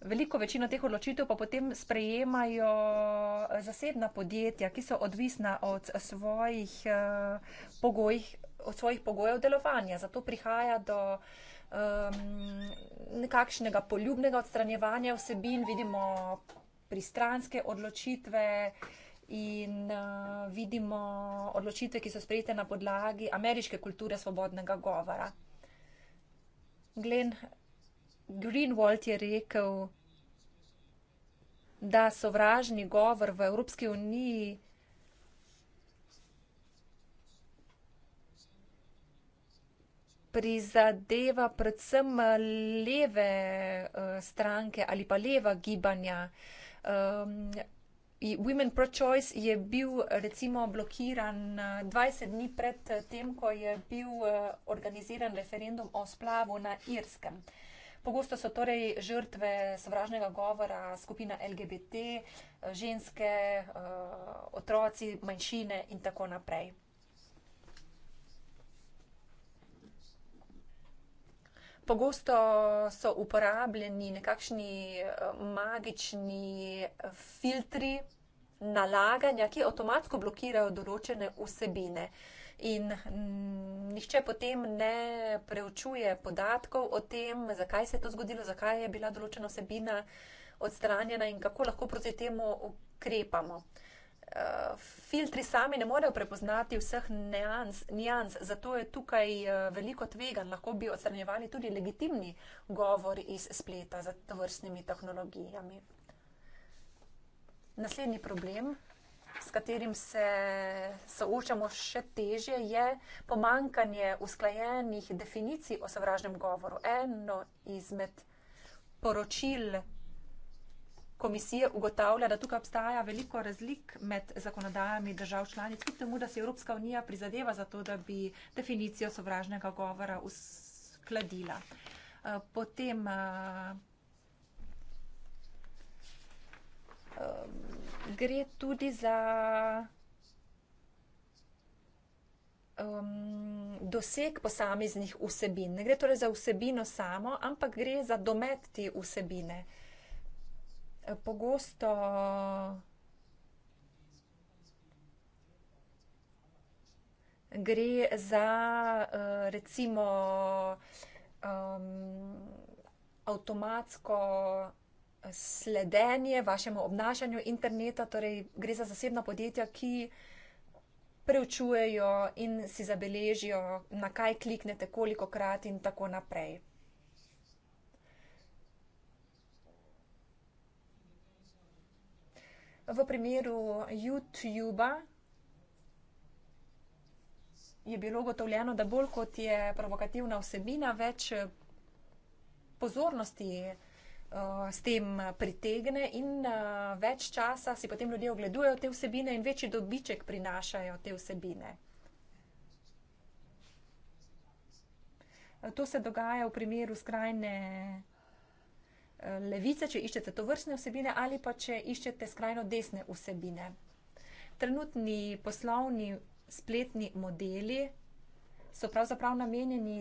veliko večino teh odločitev pa potem sprejemajo zasebna podjetja, ki so odvisna od svojih, uh, pogojih, od svojih pogojev delovanja. Zato prihaja do um, nekakšnega poljubnega odstranjevanja vsebin, vidimo pristranske odločitve. Uh, in uh, vidimo odločitve, ki so sprejete na podlagi ameriške kulture svobodnega govora. Glenn Greenwald je rekel, da sovražni govor v Evropski uniji prizadeva predvsem leve uh, stranke ali pa leva gibanja. Um, Women Pro Choice je bil recimo blokiran 20 eh, dni pred eh, tem, ko je bil eh, organiziran referendum o splavu na Irskem. Pogosto so torej žrtve sovražnega govora skupina LGBT, ženske, otroci, manjšine in tako naprej. pogosto so uporabljeni nekakšni eh, magični eh, filtri nalaganja, ki avtomatsko blokirajo določene vsebine. In mm, nihče potem ne preučuje podatkov o tem, zakaj se je to zgodilo, zakaj je bila določena osebina odstranjena in kako lahko proti temu ukrepamo. Uh, filtri sami ne morejo prepoznati vseh nijans, zato je tukaj eh, veliko tvegan, lahko bi odstranjevali tudi legitimni govor iz spleta za tovrstnimi tehnologijami. Naslednji problem, s katerim se soočamo še teže, je pomankanje usklajenih definicij o sovražnem govoru. Eno izmed poročil komisije ugotavlja, da tukaj obstaja veliko razlik med zakonodajami držav članic, kljub temu, da se Evropska unija prizadeva za to, da bi definicijo sovražnega govora uskladila. Eh, potem eh, eh, gre tudi za ehm, doseg posameznih vsebin. Ne gre torej za vsebino samo, ampak gre za domet te vsebine pogosto gre za eh, recimo avtomatsko sledenje vašemu obnašanju interneta, torej gre za zasebna podjetja, ki preučujejo in si zabeležijo, na kaj kliknete, kolikokrat in tako naprej. В примеру YouTube je bilo ugotovljeno, da bolj kot je provokativna vsebina, več eh, pozornosti eh, s tem pritegne in eh, več časa si potem ljudje ogledujejo te vsebine in večji dobiček prinašajo te vsebine. To se dogaja v primeru skrajne levice, če iščete to vrstne vsebine ali pa če iščete skrajno desne vsebine. Trenutni poslovni spletni modeli so pravzaprav namenjeni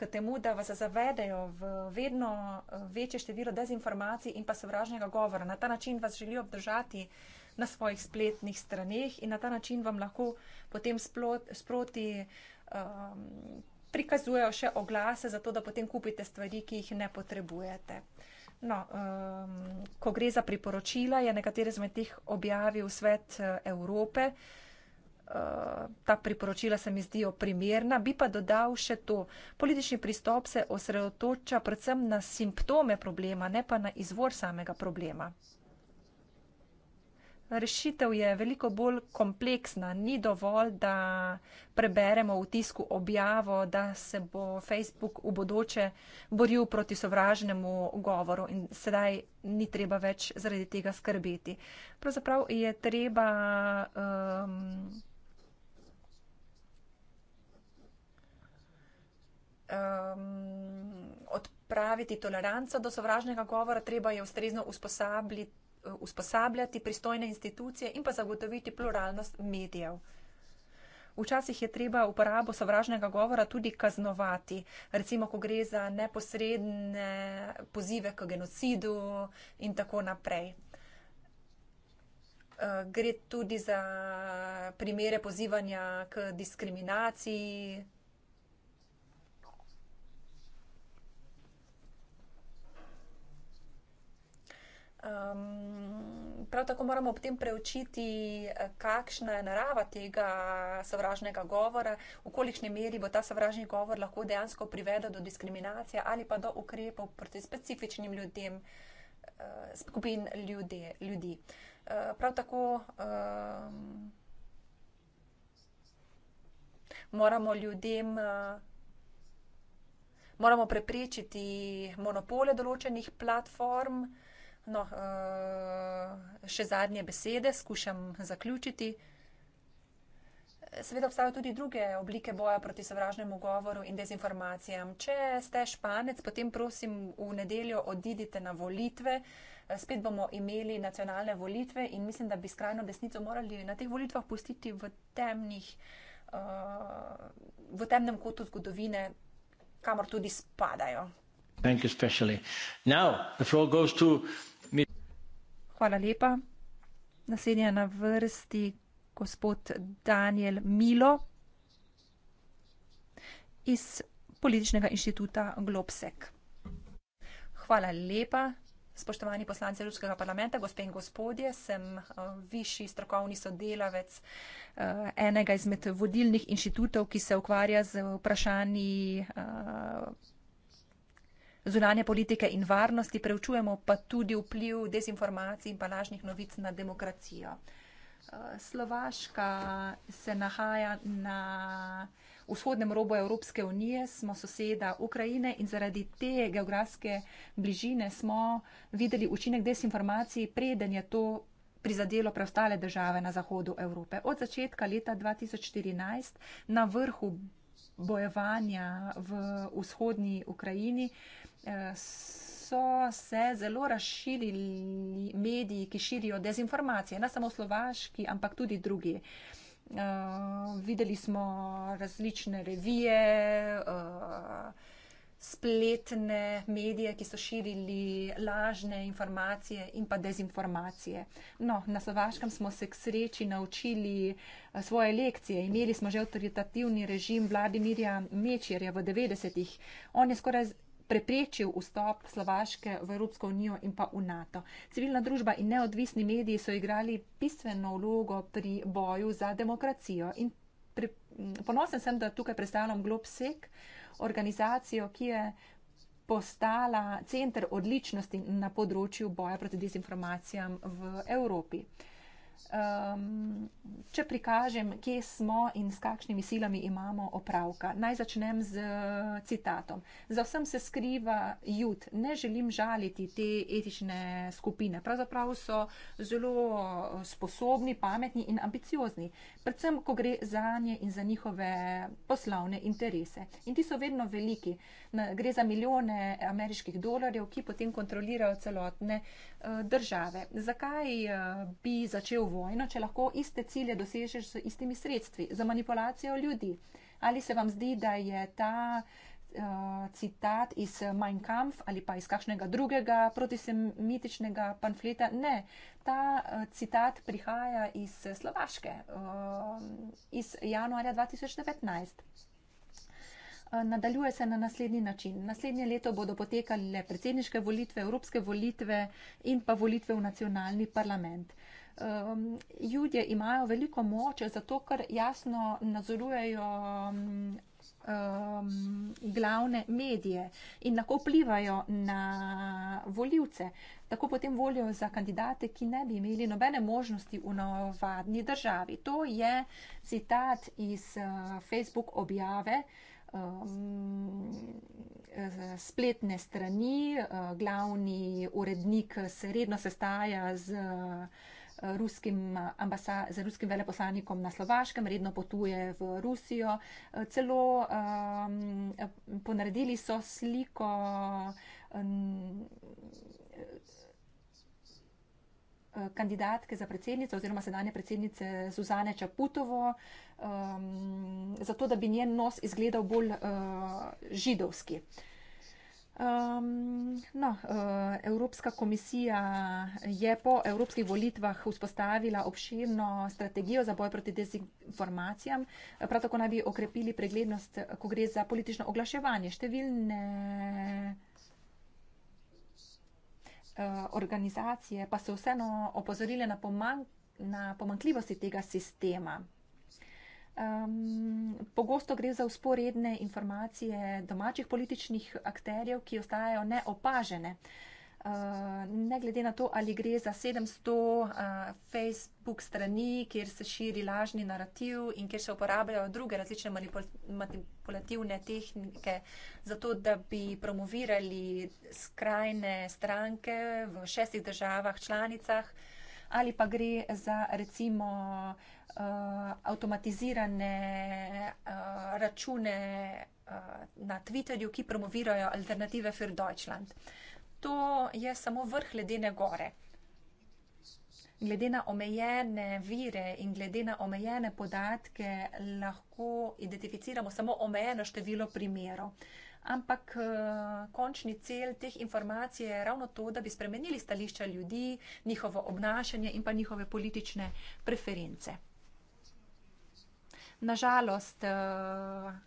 k temu, da vas zavedajo v vedno eh, večje število dezinformacij in pa sovražnega govora. Na ta način vas želijo obdržati na svojih spletnih straneh in na ta način vam lahko potem splot, sproti um, prikazujejo še oglase, zato da potem kupite stvari, ki jih ne potrebujete. No, um, ko gre za priporočila, je nekatere zmed tih objavil svet eh, Evrope. Uh, ta priporočila se mi zdijo primerna. Bi pa dodal še to. Politični pristop se osredotoča predvsem na simptome problema, ne pa na izvor samega problema rešitev je veliko bolj kompleksna. Ni dovolj, da preberemo v tisku objavo, da se bo Facebook v bodoče boril proti sovražnemu govoru in sedaj ni treba več zaradi tega skrbeti. Pravzaprav je treba. Um, um Odpraviti toleranco do sovražnega govora, treba je ustrezno usposabljati usposabljati pristojne institucije in pa zagotoviti pluralnost medijev. Včasih je treba uporabo sovražnega govora tudi kaznovati, recimo, ko gre za neposredne pozive k genocidu in tako naprej. Eh, gre tudi za primere pozivanja k diskriminaciji, Um, prav tako moramo ob tem preučiti, eh, kakšna je narava tega sovražnega govora, v kolikšni meri bo ta sovražni govor lahko dejansko privedel do diskriminacije ali pa do ukrepov proti specifičnim ljudem, uh, skupin ljude, ljudi. Uh, prav tako um, moramo ljudem. Uh, Moramo preprečiti monopole določenih platform, uh, No, eh, še zadnje besede, skušam zaključiti. Seveda obstajajo tudi druge oblike boja proti sovražnemu govoru in dezinformacijam. Če ste španec, potem prosim v nedeljo odidite na volitve. Eh, spet bomo imeli nacionalne volitve in mislim, da bi skrajno desnico morali na teh volitvah pustiti v, temnih, eh, v temnem kotu zgodovine, kamor tudi spadajo. Thank you specially. Now, the floor goes to. Hvala lepa. Naslednja na vrsti gospod Daniel Milo iz Političnega inštituta Globsek. Hvala lepa. Spoštovani poslanci Evropskega parlamenta, gospe in gospodje, sem eh, višji strokovni sodelavec eh, enega izmed vodilnih inštitutov, ki se ukvarja z vprašanji eh, zunanje politike in varnosti, preučujemo pa tudi vpliv dezinformacij in palažnih novic na demokracijo. Eh, Slovaška se nahaja na vzhodnem robu Evropske unije, smo soseda Ukrajine in zaradi te geografske bližine smo videli učinek desinformacij, preden je to prizadelo preostale države na zahodu Evrope. Od začetka leta 2014 na vrhu bojevanja v vzhodnji Ukrajini Eh, so se zelo razširili mediji, ki širijo dezinformacije, ne samo slovaški, ampak tudi drugi. Eh, videli smo različne revije, eh, spletne medije, ki so širili lažne informacije in pa dezinformacije. No, na Slovaškem smo se k sreči naučili svoje lekcije. Imeli smo že avtoritativni režim Vladimirja Mečerja v 90-ih. On je skoraj preprečil vstop Slovaške v Evropsko unijo in pa v NATO. Civilna družba in neodvisni mediji so igrali bistveno vlogo pri boju za demokracijo. Pri, ponosen sem, da tukaj predstavljam Globsek, organizacijo, ki je postala center odličnosti na področju boja proti dezinformacijam v Evropi um, če prikažem, kje smo in s kakšnimi silami imamo opravka. Naj začnem z eh, citatom. Za vsem se skriva jud. Ne želim žaliti te etične skupine. Pravzaprav so zelo eh, sposobni, pametni in ambiciozni. Predvsem, ko gre za nje in za njihove poslovne interese. In ti so vedno veliki. Gre za milijone ameriških dolarjev, ki potem kontrolirajo celotne Eh, države. Zakaj eh, bi začel vojno, če lahko iste cilje dosežeš s istimi sredstvi, za manipulacijo ljudi? Ali se vam zdi, da je ta uh, citat iz Mein Kampf ali pa iz kakšnega drugega protisemitičnega panfleta? Ne, ta uh, citat prihaja iz Slovaške, uh, iz januarja 2019 nadaljuje se na naslednji način. Naslednje leto bodo potekale predsedniške volitve, evropske volitve in pa volitve v nacionalni parlament. Um, ljudje imajo veliko moče zato, ker jasno nazorujejo um, um, glavne medije in lahko plivajo na voljivce. Tako potem volijo za kandidate, ki ne bi imeli nobene možnosti v navadni državi. To je citat iz uh, Facebook objave uh, spletne strani. Eh, glavni urednik se redno sestaja z eh, ruskim, ambasa, z ruskim veleposlanikom na Slovaškem, redno potuje v Rusijo. Eh, celo um, ponaredili so sliko. Um, Eh, kandidatke za predsednico oziroma sedanje predsednice Suzane Čaputovo, um, zato da bi njen nos izgledal bolj uh, židovski. Um, no, uh, Evropska komisija je po evropskih volitvah vzpostavila obširno strategijo za boj proti dezinformacijam. Prav tako naj bi okrepili preglednost, ko gre za politično oglaševanje. Številne Eh, organizacije pa so vseeno opozorile na, pomank na pomankljivosti tega sistema. Um, pogosto gre za usporedne informacije domačih političnih akterjev, ki ostajajo neopažene. Uh, Eh, ne glede na to, ali gre za 700 uh, eh, Facebook strani, kjer se širi lažni narativ in kjer se uporabljajo druge različne manipul manipulativne tehnike za to, da bi promovirali skrajne stranke v šestih državah, članicah, ali pa gre za recimo uh, avtomatizirane uh, račune na Twitterju, ki promovirajo alternative für Deutschland. Uh, to je samo vrh ledene gore. Glede na omejene vire in glede na omejene podatke lahko identificiramo samo omejeno število primerov. Ampak eh, končni cilj teh informacij je ravno to, da bi spremenili stališča ljudi, njihovo obnašanje in pa njihove politične preference. Nažalost, eh,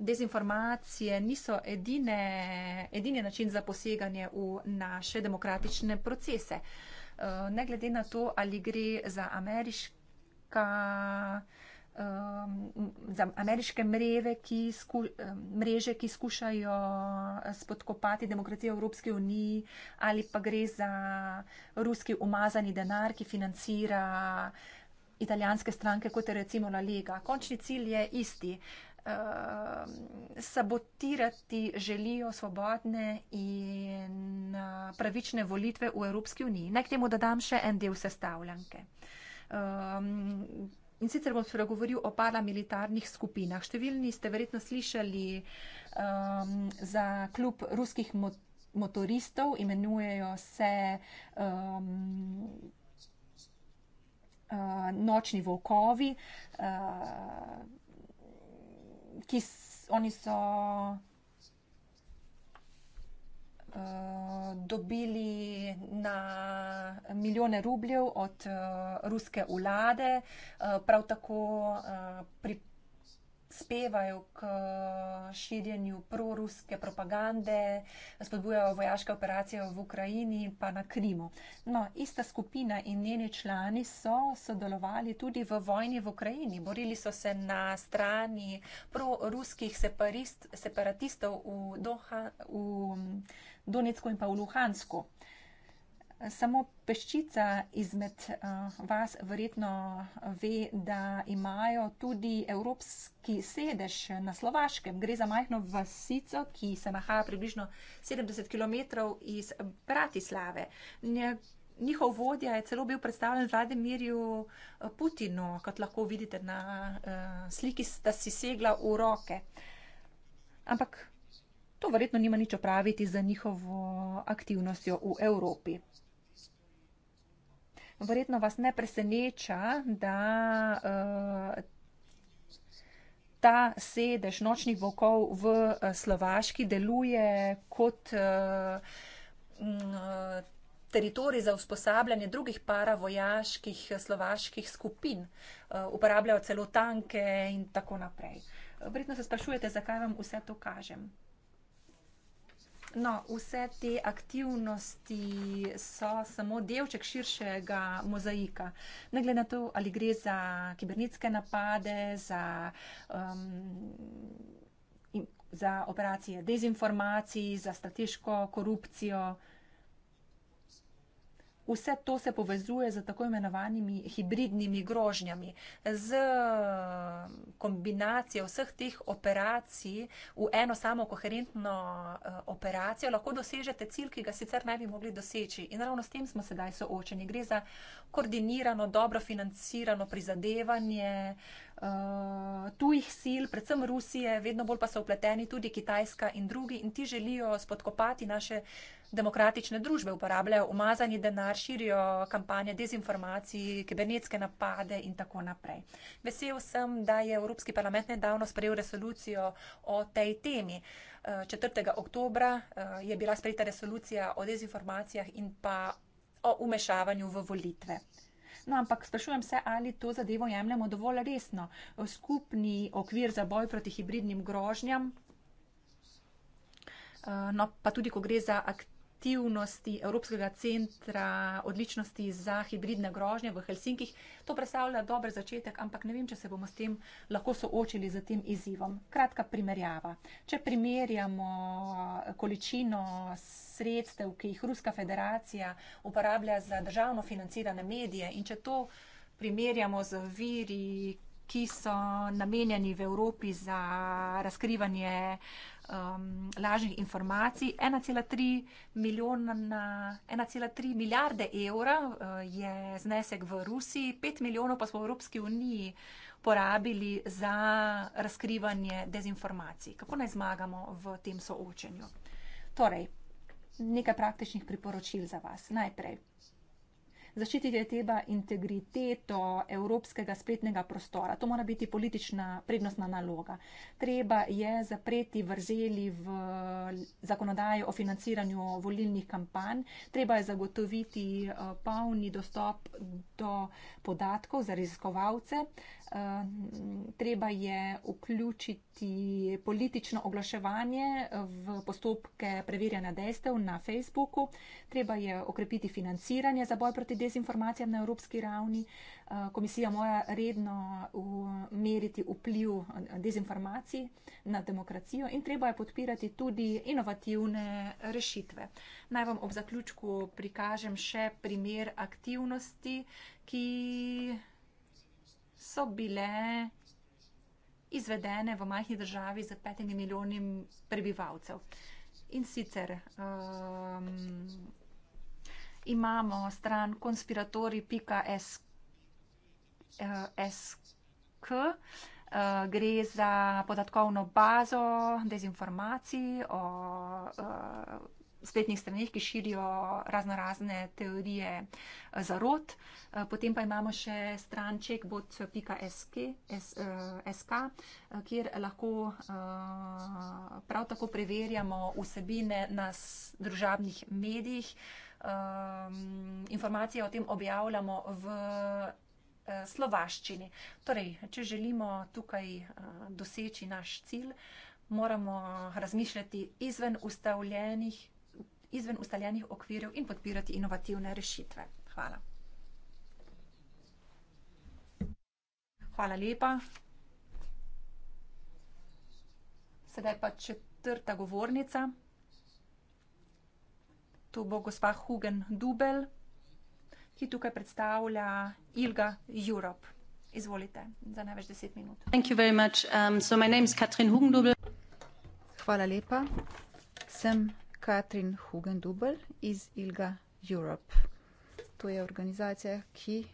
dezinformacije niso edine, edini način za poseganje v naše demokratične procese. Eh, ne glede na to, ali gre za ameriška. Za ameriške mreve, ki sku, mreže, ki skušajo eh, spodkopati demokracijo Evropske unije, ali pa gre za ruski umazani denar, ki financira italijanske stranke, kot je recimo La Lega. Končni cilj je isti. Uh, uh, sabotirati želijo svobodne in uh, pravične volitve v Evropski uniji. Naj k temu dodam še en del sestavljanke. Um, in sicer bom spregovoril o paramilitarnih skupinah. Številni ste verjetno slišali um, za klub ruskih mot motoristov, imenujejo se. Um, uh, Nočni volkovi, uh, ki oni so uh, dobili na milijone rubljev od uh, ruske vlade, uh, prav tako uh, pripravljajo spevajo k eh, širjenju proruske propagande, spodbujajo vojaške operacije v Ukrajini pa na Krimu. No, ista skupina in njeni člani so sodelovali tudi v vojni v Ukrajini. Borili so se na strani proruskih separatistov v, Doha, v mm, Donetsku in pa v Luhansku. Samo peščica izmed eh, vas verjetno ve, da imajo tudi evropski sedež na Slovaškem. Gre za majhno vasico, ki se nahaja približno 70 km iz Bratislave. Njihov vodja je celo bil predstavljen Vladimirju eh, Putinu, kot lahko vidite na eh, sliki, sta si segla v roke. Ampak to verjetno nima nič opraviti za njihovo aktivnostjo v Evropi. Verjetno vas ne preseneča, da eh, ta sedež nočnih vokov v eh, Slovaški deluje kot eh, teritorij za usposabljanje drugih paravojaških slovaških skupin. Uporabljajo celo tanke in tako naprej. Verjetno se sprašujete, zakaj vam vse to kažem. No, vse te aktivnosti so samo delček širšega mozaika. Ne glede na to, ali gre za kibernetske napade, za, um, in, za operacije dezinformacij, za strateško korupcijo. Vse to se povezuje z tako imenovanimi hibridnimi grožnjami, z eh, kombinacijo vseh teh operacij v eno samo koherentno eh, operacijo lahko dosežete cilj, ki ga sicer ne bi mogli doseči. In ravno s tem smo sedaj soočeni. Gre za koordinirano, dobro financirano prizadevanje eh, tujih sil, predvsem Rusije, vedno bolj pa so upleteni tudi Kitajska in drugi in ti želijo spodkopati naše demokratične družbe uporabljajo umazani denar, širijo kampanje dezinformacij, kibernetske napade in tako naprej. Vesel sem, da je Evropski parlament nedavno sprejel resolucijo o tej temi. 4. Eh, oktobra eh, je bila sprejeta resolucija o dezinformacijah in pa o umešavanju v volitve. No, ampak sprašujem se, ali to zadevo jemljemo dovolj resno. Skupni okvir za boj proti hibridnim grožnjam, eh, no, pa tudi, ko gre za aktivnost aktivnosti Evropskega centra odličnosti za hibridne grožnje v Helsinkih. To predstavlja dober začetek, ampak ne vem, če se bomo s tem lahko soočili z tem izzivom. Kratka primerjava. Če primerjamo eh, količino sredstev, ki jih Ruska federacija uporablja za državno financirane medije in če to primerjamo z viri, ki so namenjeni v Evropi za razkrivanje um, lažnih informacij. 1,3 milijona na 1,3 milijarde evra uh, je znesek v Rusiji, 5 milijonov pa smo v Evropski uniji porabili za razkrivanje dezinformacij. Kako naj zmagamo v tem soočenju? Torej, nekaj praktičnih priporočil za vas. Najprej. Zaščititi je treba integriteto evropskega spletnega prostora. To mora biti politična prednostna naloga. Treba je zapreti vrzeli v zakonodaji o financiranju volilnih kampanj. Treba je zagotoviti eh, polni dostop do podatkov za raziskovalce. Eh, treba je vključiti politično oglaševanje v postopke preverjanja dejstev na Facebooku, treba je okrepiti financiranje za boj proti dezinformacijam na evropski ravni. Eh, komisija mora redno meriti vpliv dezinformacij na demokracijo in treba je podpirati tudi inovativne rešitve. Naj vam ob zaključku prikažem še primer aktivnosti, ki so bile izvedene v majhni državi z petimi milijoni prebivalcev. In sicer um, imamo stran konspiratori.sk, eh, eh, gre za podatkovno bazo dezinformacij o uh, spletnih straneh, ki širijo razno razne teorije eh, zarot. Eh, potem pa imamo še stran checkbot.sk, eh, kjer lahko prav tako preverjamo vsebine na družabnih medijih. Ehm, informacije o tem objavljamo v. Slovaščini. Torej, če želimo tukaj doseči naš cilj, moramo razmišljati izven ustavljenih izven ustaljenih okvirjev in podpirati inovativne rešitve. Hvala. Hvala lepa. Sedaj pa četrta govornica. To bo gospa Hugen Dubel, ki tukaj predstavlja ILGA Europe. Izvolite, za največ deset minut. Thank you very much. Um, so my name is Katrin Hugendubel. Hvala lepa. Sem Katrin Hugendubel iz ILGA Europe. To je organizacija, ki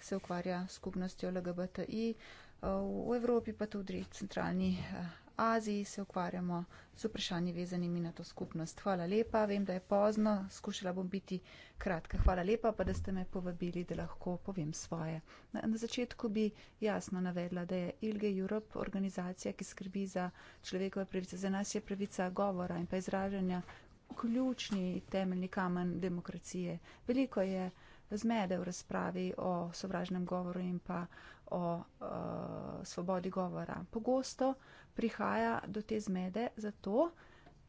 se ukvarja s skupnostjo LGBTI. V Evropi pa tudi v centralni eh, Aziji se ukvarjamo z vprašanji vezanimi na to skupnost. Hvala lepa, vem, da je pozno, skušala bom biti kratka. Hvala lepa pa, da ste me povabili, da lahko povem svoje. Na, na začetku bi jasno navedla, da je ILGE Europe organizacija, ki skrbi za človekove pravice. Za nas je pravica govora in pa izražanja ključni temeljni kamen demokracije. Veliko je zmede v razpravi o sovražnem govoru in pa o uh, svobodi govora. Pogosto prihaja do te zmede zato,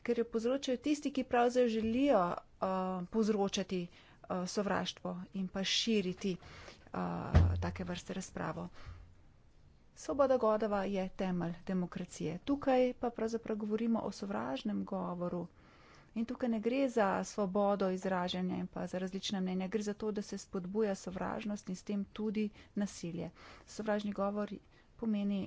ker jo povzročajo tisti, ki pravzaprav želijo uh, povzročati uh, sovraštvo in pa širiti uh, take vrste razpravo. Svoboda govora je temelj demokracije. Tukaj pa pravzaprav govorimo o sovražnem govoru. In tukaj ne gre za svobodo izražanja in pa za različne mnenja, gre za to, da se spodbuja sovražnost in s tem tudi nasilje. Sovražni govor pomeni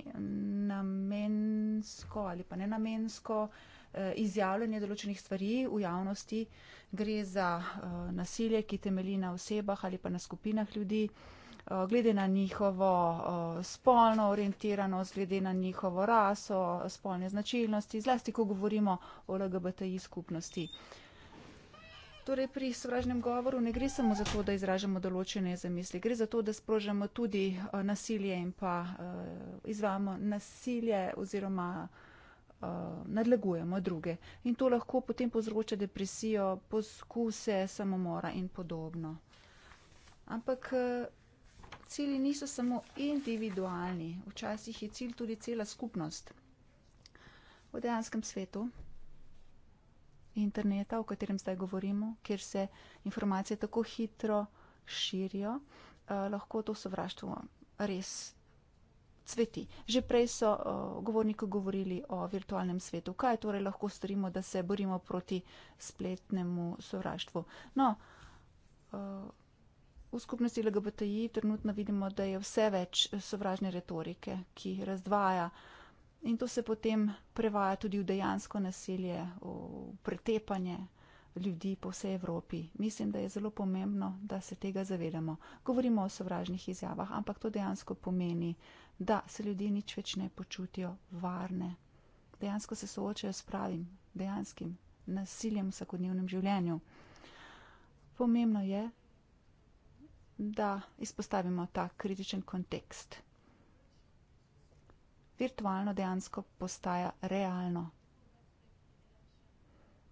namensko ali pa nenamensko eh, izjavljanje določenih stvari v javnosti. Gre za eh, nasilje, ki temeli na osebah ali pa na skupinah ljudi, eh, Eh, glede na njihovo eh, spolno orientiranost, glede na njihovo raso, spolne značilnosti, zlasti, ko govorimo o LGBTI skupnosti. Torej, pri sovražnem govoru ne gre samo za to, da izražamo določene zamisli, gre za to, da sprožamo tudi eh, nasilje in pa izvamo nasilje oziroma nadlegujemo druge. In to lahko potem povzroča depresijo, poskuse samomora in podobno. Ampak cilji niso samo individualni, včasih je cilj tudi cela skupnost. V dejanskem svetu interneta, o katerem zdaj govorimo, kjer se informacije tako hitro širijo, eh, lahko to sovraštvo res cveti. Že prej so eh, govorniki govorili o virtualnem svetu. Kaj torej lahko storimo, da se borimo proti spletnemu sovraštvu? No, eh, V skupnosti LGBTI trenutno vidimo, da je vse več sovražne retorike, ki razdvaja in to se potem prevaja tudi v dejansko nasilje, v pretepanje ljudi po vsej Evropi. Mislim, da je zelo pomembno, da se tega zavedamo. Govorimo o sovražnih izjavah, ampak to dejansko pomeni, da se ljudje nič več ne počutijo varne. Dejansko se soočajo s pravim, dejanskim nasiljem v vsakodnevnem življenju. Pomembno je, da izpostavimo ta kritičen kontekst. Virtualno dejansko postaja realno.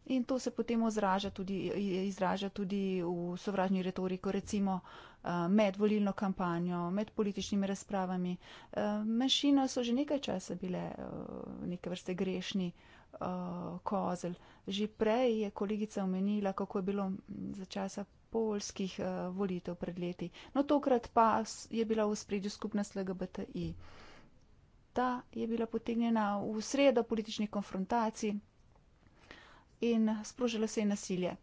In to se potem ozraža tudi, izraža tudi v sovražni retoriko, recimo eh, med volilno kampanjo, med političnimi razpravami. Eh, Manjšina so že nekaj časa bile eh, neke vrste grešni kozel. Že prej je kolegica omenila, kako je bilo za časa poljskih uh, eh, volitev pred leti. No, tokrat pa je bila v spredju skupnost LGBTI. Ta je bila potegnjena v sredo političnih konfrontacij in sprožila se je nasilje.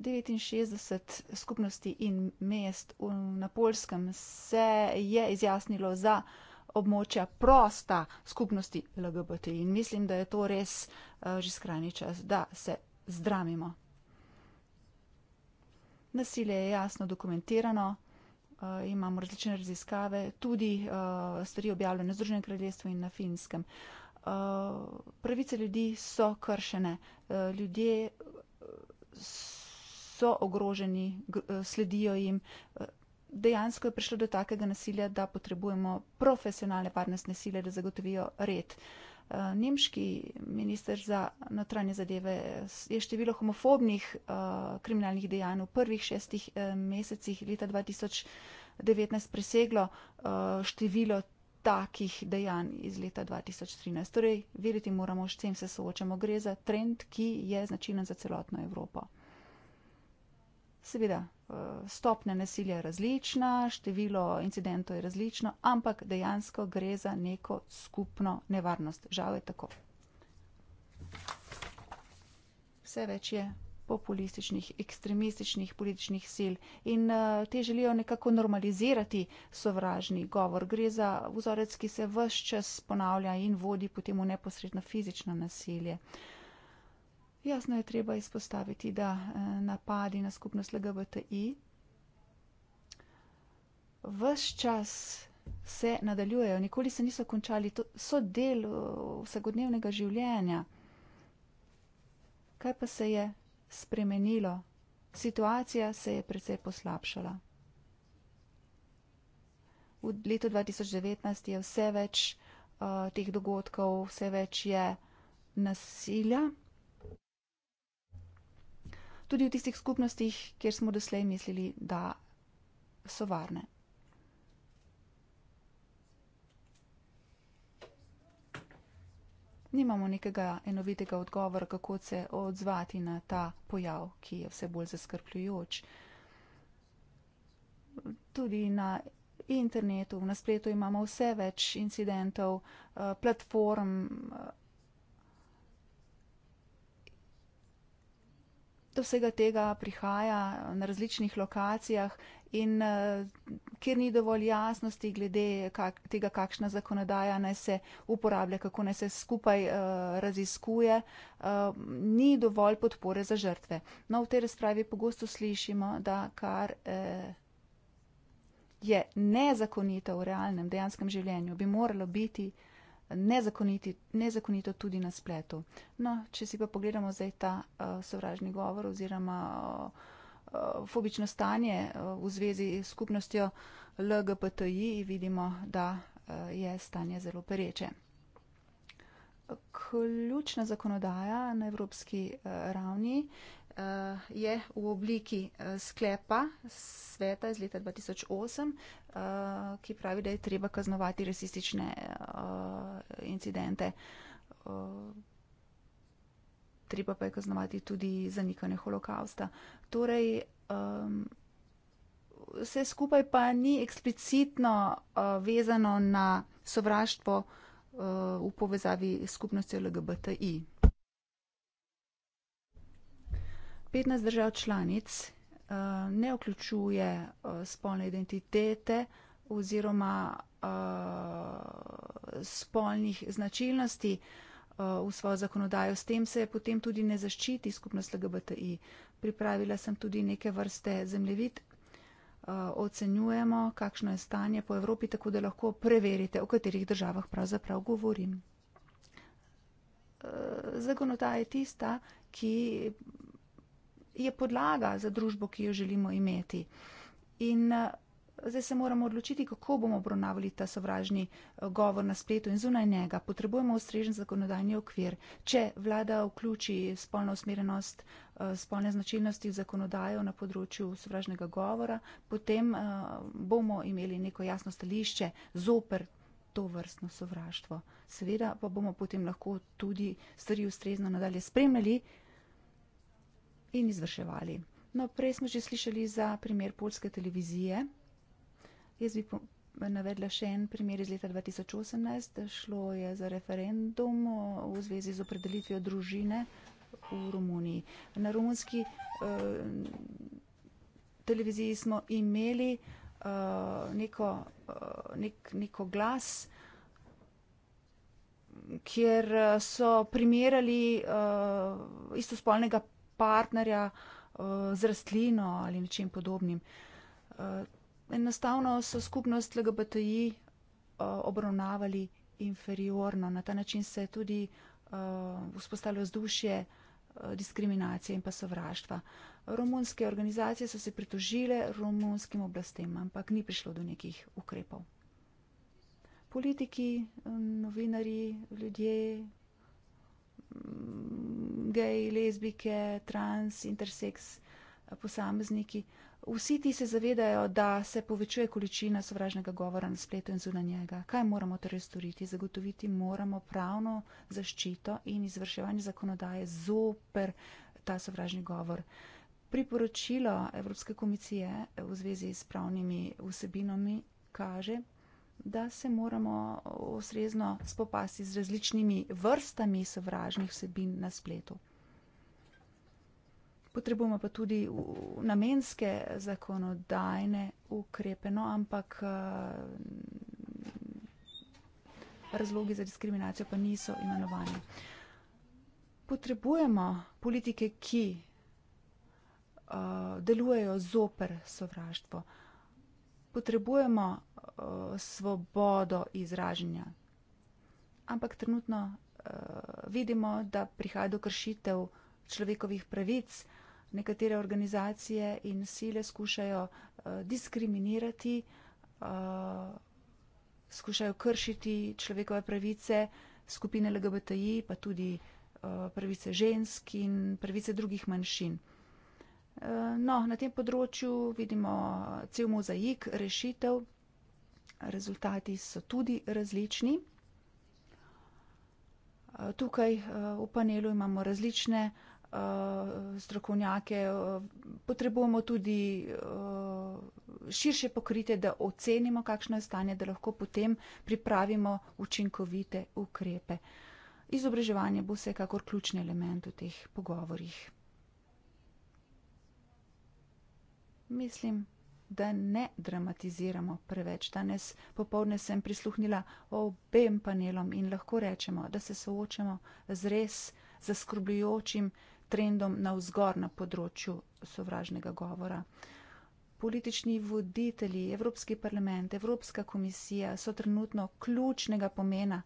69 skupnosti in mest v, na polskem se je izjasnilo za območja prosta skupnosti LGBTI in mislim, da je to res uh, že skrajni čas, da se zdramimo. Nasilje je jasno dokumentirano, uh, imamo različne raziskave, tudi uh, stvari objavljene v Združenem kraljestvu in na Finskem. Uh, pravice ljudi so kršene, uh, ljudje so ogroženi, sledijo jim. Dejansko je prišlo do takega nasilja, da potrebujemo profesionalne varnostne sile, da zagotovijo red. Uh, Eh, nemški minister za notranje zadeve, je število homofobnih eh, kriminalnih dejanj v prvih šestih eh, mesecih leta 2019 preseglo število takih dejanj iz leta 2013. Torej, veriti moramo, s čim se soočamo. Gre za trend, ki je značilen za celotno Evropo. Seveda, eh, stopnja nasilja je različna, število incidentov je različno, ampak dejansko gre za neko skupno nevarnost. Žal je tako. Vse več je populističnih, ekstremističnih političnih sil in eh, te želijo nekako normalizirati sovražni govor. Gre za vzorec, ki se vse čas ponavlja in vodi potem v neposredno fizično nasilje. Jasno je treba izpostaviti, da eh, napadi na skupnost LGBTI vse čas se nadaljujejo, nikoli se niso končali, to so del eh, vsakodnevnega življenja. Kaj pa se je spremenilo? Situacija se je precej poslabšala. V letu 2019 je vse več uh, teh dogodkov, vse več je nasilja, tudi v tistih skupnostih, kjer smo doslej mislili, da so varne. Nimamo nekega enovitega odgovora, kako se odzvati na ta pojav, ki je vse bolj zaskrpljujoč. Tudi na internetu, na spletu imamo vse več incidentov, eh, platform, eh, do vsega tega prihaja na različnih lokacijah in uh, kjer ni dovolj jasnosti glede kak, tega, kakšna zakonodaja naj se uporablja, kako naj se skupaj uh, raziskuje, uh, ni dovolj podpore za žrtve. No, v tej razpravi pogosto slišimo, da kar. Uh, Je nezakonito v realnem, dejanskem življenju, bi moralo biti uh, nezakoniti, nezakonito tudi na spletu. No, če si pa pogledamo zdaj ta uh, sovražni govor oziroma uh, uh, fobično stanje uh, v zvezi s skupnostjo LGBTI, vidimo, da uh, je stanje zelo pereče. Ključna zakonodaja na evropski uh, ravni uh, je v obliki uh, sklepa sveta iz leta 2008, uh, eh, ki pravi, da je treba kaznovati rasistične uh, incidente. Uh, treba pa je kaznovati tudi zanikanje holokausta. Torej, um, vse skupaj pa ni eksplicitno uh, vezano na sovraštvo uh, v povezavi skupnosti LGBTI. 15 držav članic uh, ne vključuje uh, spolne identitete oziroma uh, spolnih značilnosti uh, v svojo zakonodajo. S tem se potem tudi ne zaščiti skupnost LGBTI. Pripravila sem tudi neke vrste zemljevid. Uh, ocenjujemo, kakšno je stanje po Evropi, tako da lahko preverite, o katerih državah pravzaprav govorim. Uh, zakonodaja je tista, ki je podlaga za družbo, ki jo želimo imeti. In eh, zdaj se moramo odločiti, kako bomo obravnavali ta sovražni eh, govor na spletu in zunaj njega. Potrebujemo ustrežen zakonodajni okvir. Če vlada vključi spolno usmerenost, eh, spolne značilnosti v zakonodajo na področju sovražnega govora, potem bomo imeli neko jasno stališče zoper to vrstno sovraštvo. Seveda pa bomo potem lahko tudi stvari ustrezno nadalje spremljali in izvrševali. No, prej smo že slišali za primer polske televizije. Jaz bi navedla še en primer iz leta 2018. Šlo je za referendum v zvezi z opredelitvijo družine v Romuniji. Na romunski eh, televiziji smo imeli eh, neko, eh, nek, neko glas, kjer eh, so primerjali eh, istospolnega partnerja eh, z rastlino ali nečim podobnim. Eh, enostavno so skupnost LGBTI eh, obravnavali inferiorno. Na ta način se je tudi vzpostavilo vzdušje diskriminacije in pa sovraštva. Romunske organizacije so se pritožile romunskim oblastem, ampak ni prišlo do nekih ukrepov. Politiki, novinari, ljudje, gej, lezbike, trans, interseks, eh, posamezniki. Vsi ti se zavedajo, da se povečuje količina sovražnega govora na spletu in zunaj njega. Kaj moramo torej storiti? Zagotoviti moramo pravno zaščito in izvrševanje zakonodaje zoper ta sovražni govor. Priporočilo Evropske komisije v zvezi s pravnimi vsebinami kaže, da se moramo osrezno spopasti z različnimi vrstami sovražnih vsebin na spletu. Potrebujemo pa tudi namenske zakonodajne ukrepe, no ampak eh, razlogi za diskriminacijo pa niso imenovani. Potrebujemo politike, ki uh, delujejo zoper sovraštvo. Uh, potrebujemo uh, svobodo izražanja. Ampak trenutno uh, vidimo, da prihaja do kršitev človekovih pravic. Nekatere organizacije in sile skušajo uh, diskriminirati, uh, skušajo kršiti človekove pravice skupine LGBTI, pa tudi uh, pravice žensk in pravice drugih manjšin. No, na tem področju vidimo cel mozaik rešitev. Rezultati so tudi različni. Tukaj v panelu imamo različne eh, strokovnjake. Potrebujemo tudi eh, širše pokrite, da ocenimo, kakšno je stanje, da lahko potem pripravimo učinkovite ukrepe. Izobraževanje bo vsekakor ključni element v teh pogovorjih. mislim, da ne dramatiziramo preveč. Danes popovdne sem prisluhnila obem panelom in lahko rečemo, da se soočamo z res zaskrbljujočim trendom na vzgor na področju sovražnega govora. Politični voditelji, Evropski parlament, Evropska komisija so trenutno ključnega pomena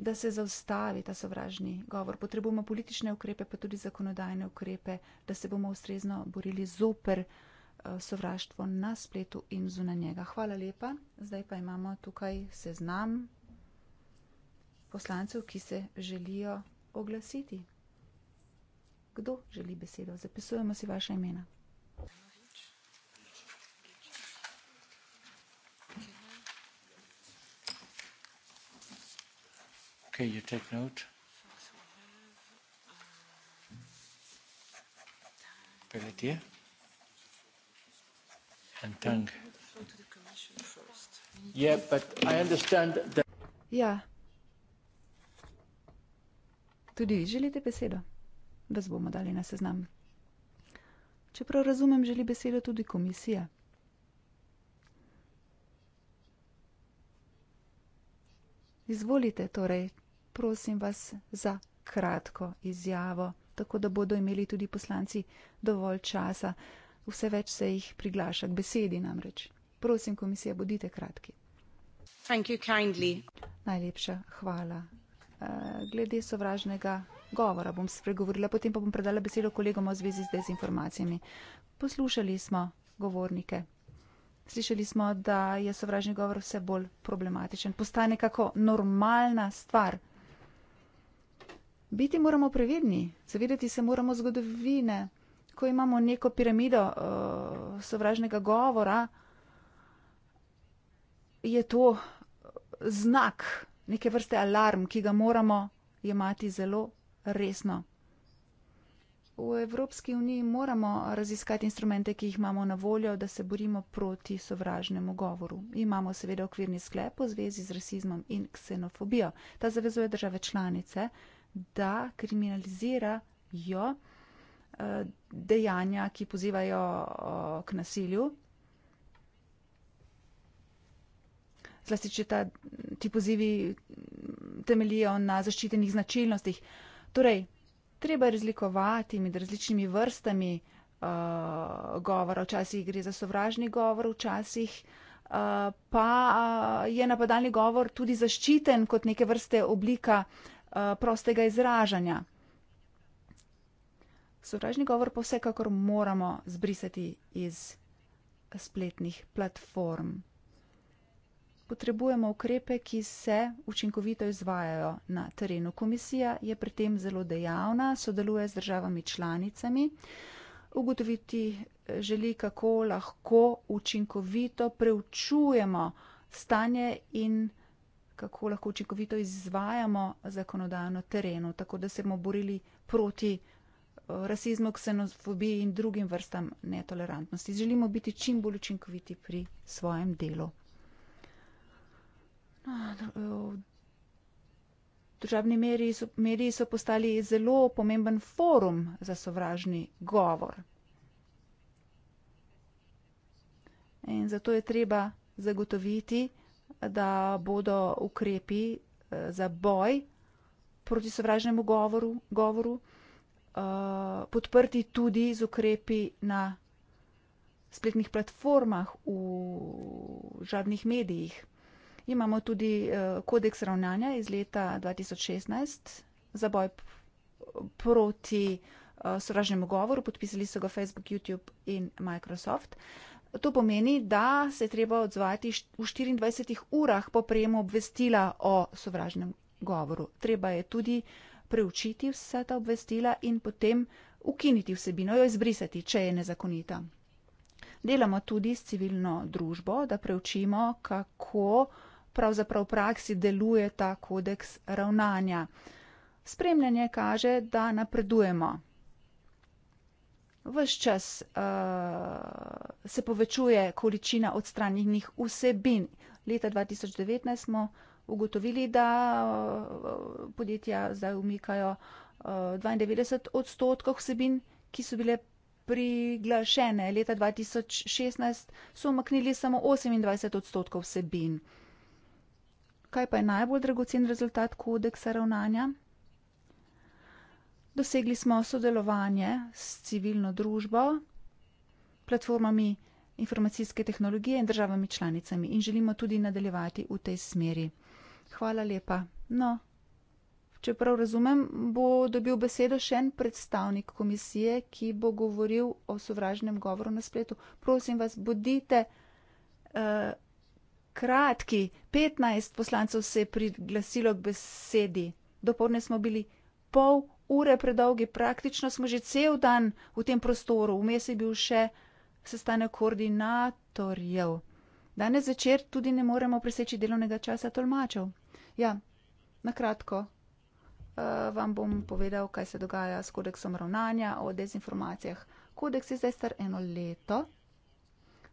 da se zaustavi ta sovražni govor. Potrebujemo politične ukrepe, pa tudi zakonodajne ukrepe, da se bomo ustrezno borili zoper eh, sovraštvo na spletu in zunanje njega. Hvala lepa. Zdaj pa imamo tukaj seznam poslancev, ki se želijo oglasiti. Kdo želi besedo? Zapisujemo si vaše imena. Okay, you take note. Good idea. And tongue. Yeah, but I understand that. Yeah. Ja. Tudi vi želite besedo? Vas bomo dali na seznam. Čeprav razumem, želi besedo tudi komisija. Izvolite torej prosim vas za kratko izjavo, tako da bodo imeli tudi poslanci dovolj časa. Vse več se jih priglaša k besedi namreč. Prosim, komisija, bodite kratki. Najlepša hvala. Eh, glede sovražnega govora bom spregovorila, potem pa bom predala besedo kolegom o zvezi z dezinformacijami. Poslušali smo govornike. Slišali smo, da je sovražni govor vse bolj problematičen. Postane kako normalna stvar biti moramo previdni, zavedati se moramo zgodovine. Ko imamo neko piramido uh, sovražnega govora, je to eh, znak, neke vrste alarm, ki ga moramo jemati zelo resno. V Evropski uniji moramo raziskati instrumente, ki jih imamo na voljo, da se borimo proti sovražnemu govoru. Imamo seveda okvirni sklep v zvezi z rasizmom in ksenofobijo. Ta zavezuje države članice da kriminalizirajo eh, dejanja, ki pozivajo eh, k nasilju. Zlasti, če ta, ti pozivi mm, temelijo na zaščitenih značilnostih. Torej, treba je razlikovati med različnimi vrstami uh, govora. Včasih gre za sovražni govor, včasih uh, pa je napadalni govor tudi zaščiten kot neke vrste oblika uh, Eh, prostega izražanja. Sovražni govor pa vsekakor moramo zbrisati iz spletnih platform. Potrebujemo ukrepe, ki se učinkovito izvajajo na terenu. Komisija je pri tem zelo dejavna, sodeluje z državami članicami, ugotoviti eh, želi, kako lahko učinkovito preučujemo stanje in kako lahko učinkovito izvajamo zakonodajno terenu, tako da se bomo borili proti eh, rasizmu, ksenofobiji in drugim vrstam netolerantnosti. Želimo biti čim bolj učinkoviti pri svojem delu. No, eh, Državni meriji so, meriji so postali zelo pomemben forum za sovražni govor. In zato je treba zagotoviti, da bodo ukrepi eh, za boj proti sovražnemu govoru, govoru eh, podprti tudi z ukrepi na spletnih platformah, v žarnih medijih. Imamo tudi eh, kodeks ravnanja iz leta dva tisoč šestnajst za boj proti sovražnemu govoru, podpisali so ga Facebook, Youtube in Microsoft. To pomeni, da se je treba odzvati v 24 urah po prejemu obvestila o sovražnem govoru. Treba je tudi preučiti vsa ta obvestila in potem ukiniti vsebino, jo izbrisati, če je nezakonita. Delamo tudi s civilno družbo, da preučimo, kako pravzaprav v praksi deluje ta kodeks ravnanja. Spremljanje kaže, da napredujemo. Ves čas uh, se povečuje količina odstranjenih vsebin. Leta 2019 smo ugotovili, da uh, podjetja zdaj umikajo uh, eh, 92 odstotkov vsebin, ki so bile priglašene. Leta 2016 so umaknili samo 28 odstotkov vsebin. Kaj pa je najbolj dragocen rezultat kodeksa ravnanja? Dosegli smo sodelovanje s civilno družbo, platformami informacijske tehnologije in državami članicami in želimo tudi nadaljevati v tej smeri. Hvala lepa. No, če prav razumem, bo dobil besedo še en predstavnik komisije, ki bo govoril o sovražnem govoru na spletu. Prosim vas, bodite uh, kratki. 15 poslancev se je priglasilo k besedi. Dopolne smo bili pol ure predolgi, praktično smo že cel dan v tem prostoru, vmes je bil še sestanek koordinatorjev. Danes večer tudi ne moremo preseči delovnega časa tolmačev. Ja, na kratko uh, vam bom povedal, kaj se dogaja s kodeksom ravnanja o dezinformacijah. Kodeks je zdaj star eno leto.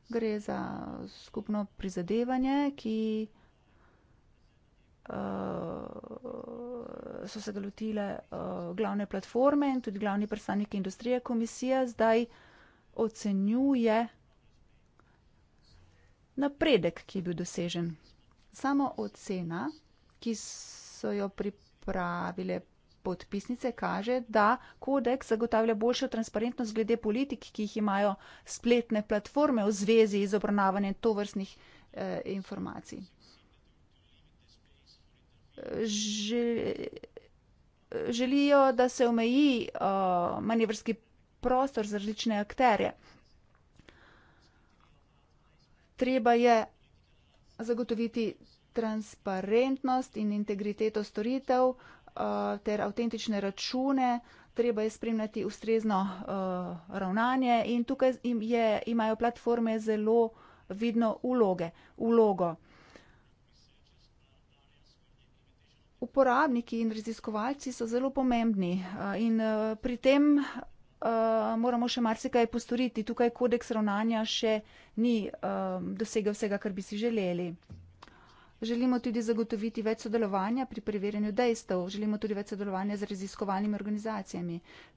Gre za skupno prizadevanje, ki uh, so se ga lotile uh, glavne platforme in tudi glavni predstavniki industrije. Komisija zdaj ocenjuje napredek, ki je bil dosežen. Samo ocena, ki so jo pripravile podpisnice, kaže, da kodeks zagotavlja boljšo transparentnost glede politik, ki jih imajo spletne platforme v zvezi z obravnavanjem tovrstnih eh, informacij že, želijo, da se omeji uh, manevrski prostor za različne akterje. Treba je zagotoviti transparentnost in integriteto storitev uh, ter avtentične račune. Treba je spremljati ustrezno uh, ravnanje in tukaj im je, imajo platforme zelo vidno uloge, ulogo. uporabniki in raziskovalci so zelo pomembni eh, in eh, pri tem eh, moramo še marsikaj postoriti. Tukaj kodeks ravnanja še ni dosegel vsega, kar bi si želeli. Želimo tudi zagotoviti več sodelovanja pri preverjanju dejstev, želimo tudi več sodelovanja z raziskovalnimi organizacijami.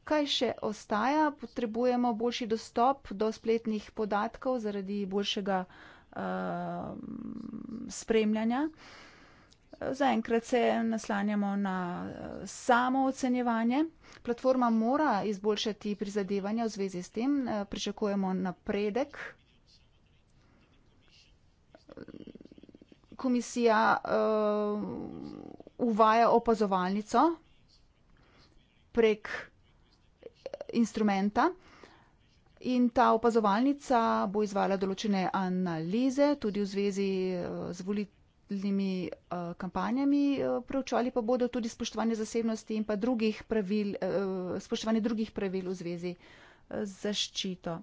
Kaj še ostaja? Potrebujemo boljši dostop do spletnih podatkov zaradi boljšega uh, spremljanja. Uh, Zaenkrat se naslanjamo na eh, samo ocenjevanje. Platforma mora izboljšati prizadevanja v zvezi s tem, eh, pričakujemo napredek. Komisija uh, uvaja opazovalnico prek instrumenta in ta opazovalnica bo izvala določene analize tudi v zvezi z volitvami različnimi uh, eh, kampanjami uh, eh, preučevali pa bodo tudi spoštovanje zasebnosti in pa drugih pravil, uh, spoštovanje drugih pravil v zvezi z zaščito.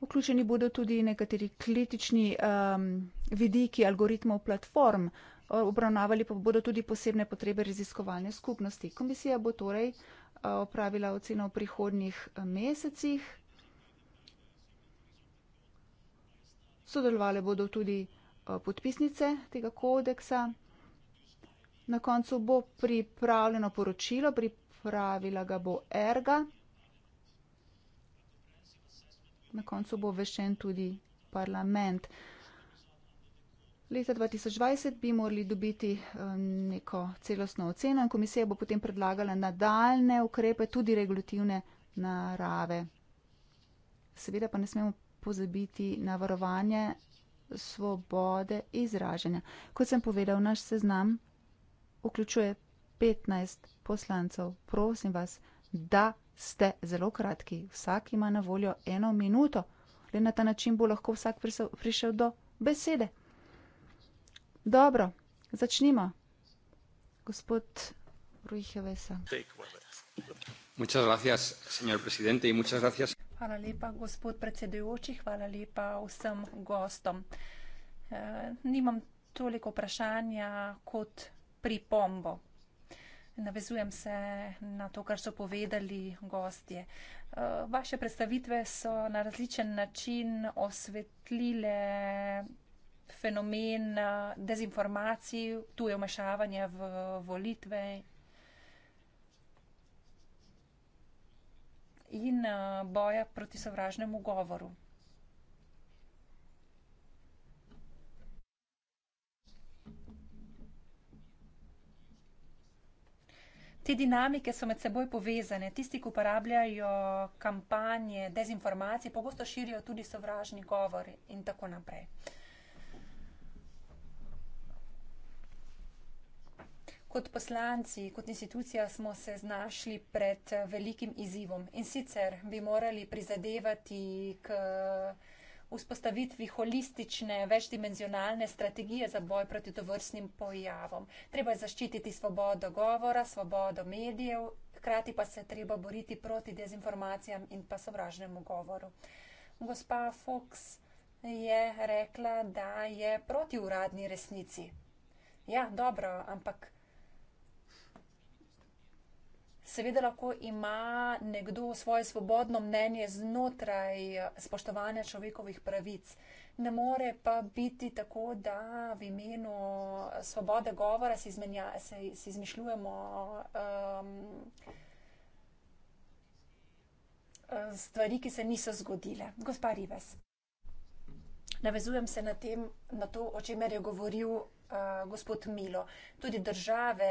Vključeni bodo tudi nekateri kritični um, vidiki algoritmov platform, obravnavali pa bodo tudi posebne potrebe raziskovalne skupnosti. Komisija bo torej opravila uh, oceno v prihodnjih mesecih. Sodelovali bodo tudi uh, Eh, podpisnice tega kodeksa. Na koncu bo pripravljeno poročilo, pripravila ga bo Erga. Na koncu bo vešen tudi parlament. Leta 2020 bi morali dobiti eh, neko celostno oceno in komisija bo potem predlagala nadaljne ukrepe, tudi regulativne narave. Seveda pa ne smemo pozabiti na varovanje svobode izražanja. Kot sem povedal, naš seznam vključuje 15 poslancev. Prosim vas, da ste zelo kratki. Vsak ima na voljo eno minuto. Le na ta način bo lahko vsak prišel do besede. Dobro, začnimo. Gospod Rujhevesa. Muchas gracias, señor presidente, y muchas gracias. Hvala lepa, gospod predsedujoči, hvala lepa vsem gostom. Eh, nimam toliko vprašanja kot pripombo. Navezujem se na to, kar so povedali gostje. Eh, vaše predstavitve so na različen način osvetlile fenomen eh, dezinformacij, tuje vmešavanje v volitve in eh, boja proti sovražnemu govoru. Te dinamike so med seboj povezane. Tisti, ki uporabljajo kampanje dezinformacij, pogosto širijo tudi sovražni govor in tako naprej. kot poslanci, kot institucija smo se znašli pred eh, velikim izzivom in sicer bi morali prizadevati k eh, vzpostavitvi holistične, večdimenzionalne strategije za boj proti tovrstnim pojavom. Treba je zaščititi svobodo govora, svobodo medijev, hkrati pa se treba boriti proti dezinformacijam in pa sovražnemu govoru. Gospa Fox je rekla, da je proti uradni resnici. Ja, dobro, ampak Seveda lahko ima nekdo svoje svobodno mnenje znotraj eh, spoštovanja človekovih pravic. Ne more pa biti tako, da v imenu eh, svobode govora si, izmenja, se, si izmišljujemo um, stvari, ki se niso zgodile. Gospa Rives, navezujem se na, tem, na to, o čemer je govoril Eh, gospod Milo. Tudi države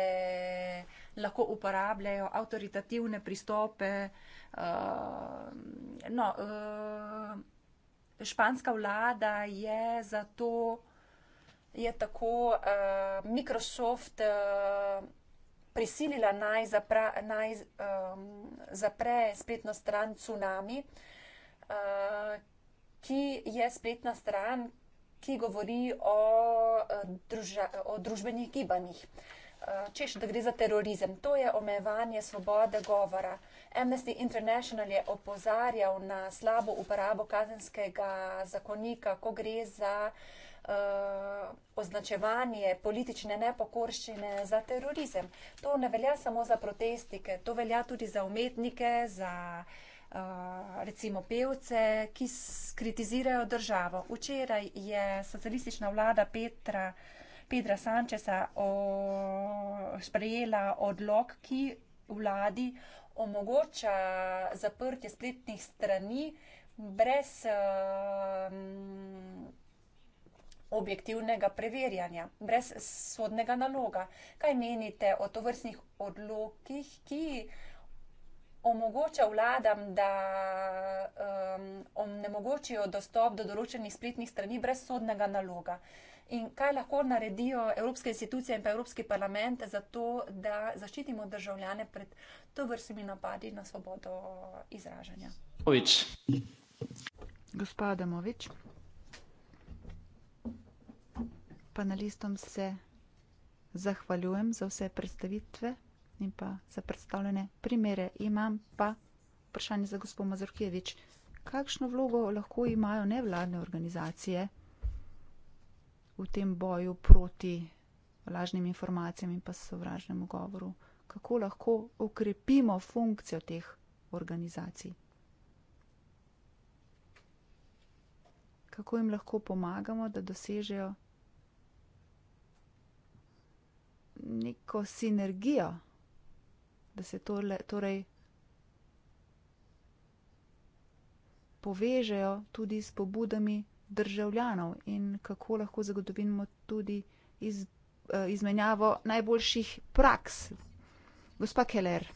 lahko uporabljajo avtoritativne pristope. Uh, no, uh, španska vlada je zato, je tako uh, Microsoft. Uh, prisilila naj, zapra, naj um, zapre spletno stran Tsunami, uh, ki je spletna stran, ki govori o, eh, druža, o družbenih gibanjih. Eh, češ, da gre za terorizem, to je omejevanje svobode govora. Amnesty International je opozarjal na slabo uporabo kazenskega zakonika, ko gre za uh, označevanje politične nepokorščine za terorizem. To ne velja samo za protestike, to velja tudi za umetnike, za uh, Eh, recimo pevce, ki kritizirajo državo. Včeraj je socialistična vlada Petra, Pedra Sančesa sprejela odlog, ki vladi omogoča zaprtje spletnih strani brez um, objektivnega preverjanja, brez sodnega naloga. Kaj menite o tovrstnih odlokih, ki uh, omogoča vladam, da um, omnemogočijo dostop do določenih spletnih strani brez sodnega naloga. In kaj lahko naredijo evropske institucije in pa Evropski parlament za to, da zaščitimo državljane pred to vrstimi napadi na svobodo izražanja? Ovič. Gospod Damovič, panelistom se zahvaljujem za vse predstavitve in pa za predstavljene primere. Imam pa vprašanje za gospod Mazurkevič. Kakšno vlogo lahko imajo nevladne organizacije v tem boju proti lažnim informacijam in pa sovražnemu govoru? Kako lahko okrepimo funkcijo teh organizacij? Kako jim lahko pomagamo, da dosežejo neko sinergijo? da se tole, torej povežejo tudi s pobudami državljanov in kako lahko zagotovimo tudi iz, eh, izmenjavo najboljših praks. Gospa Keller.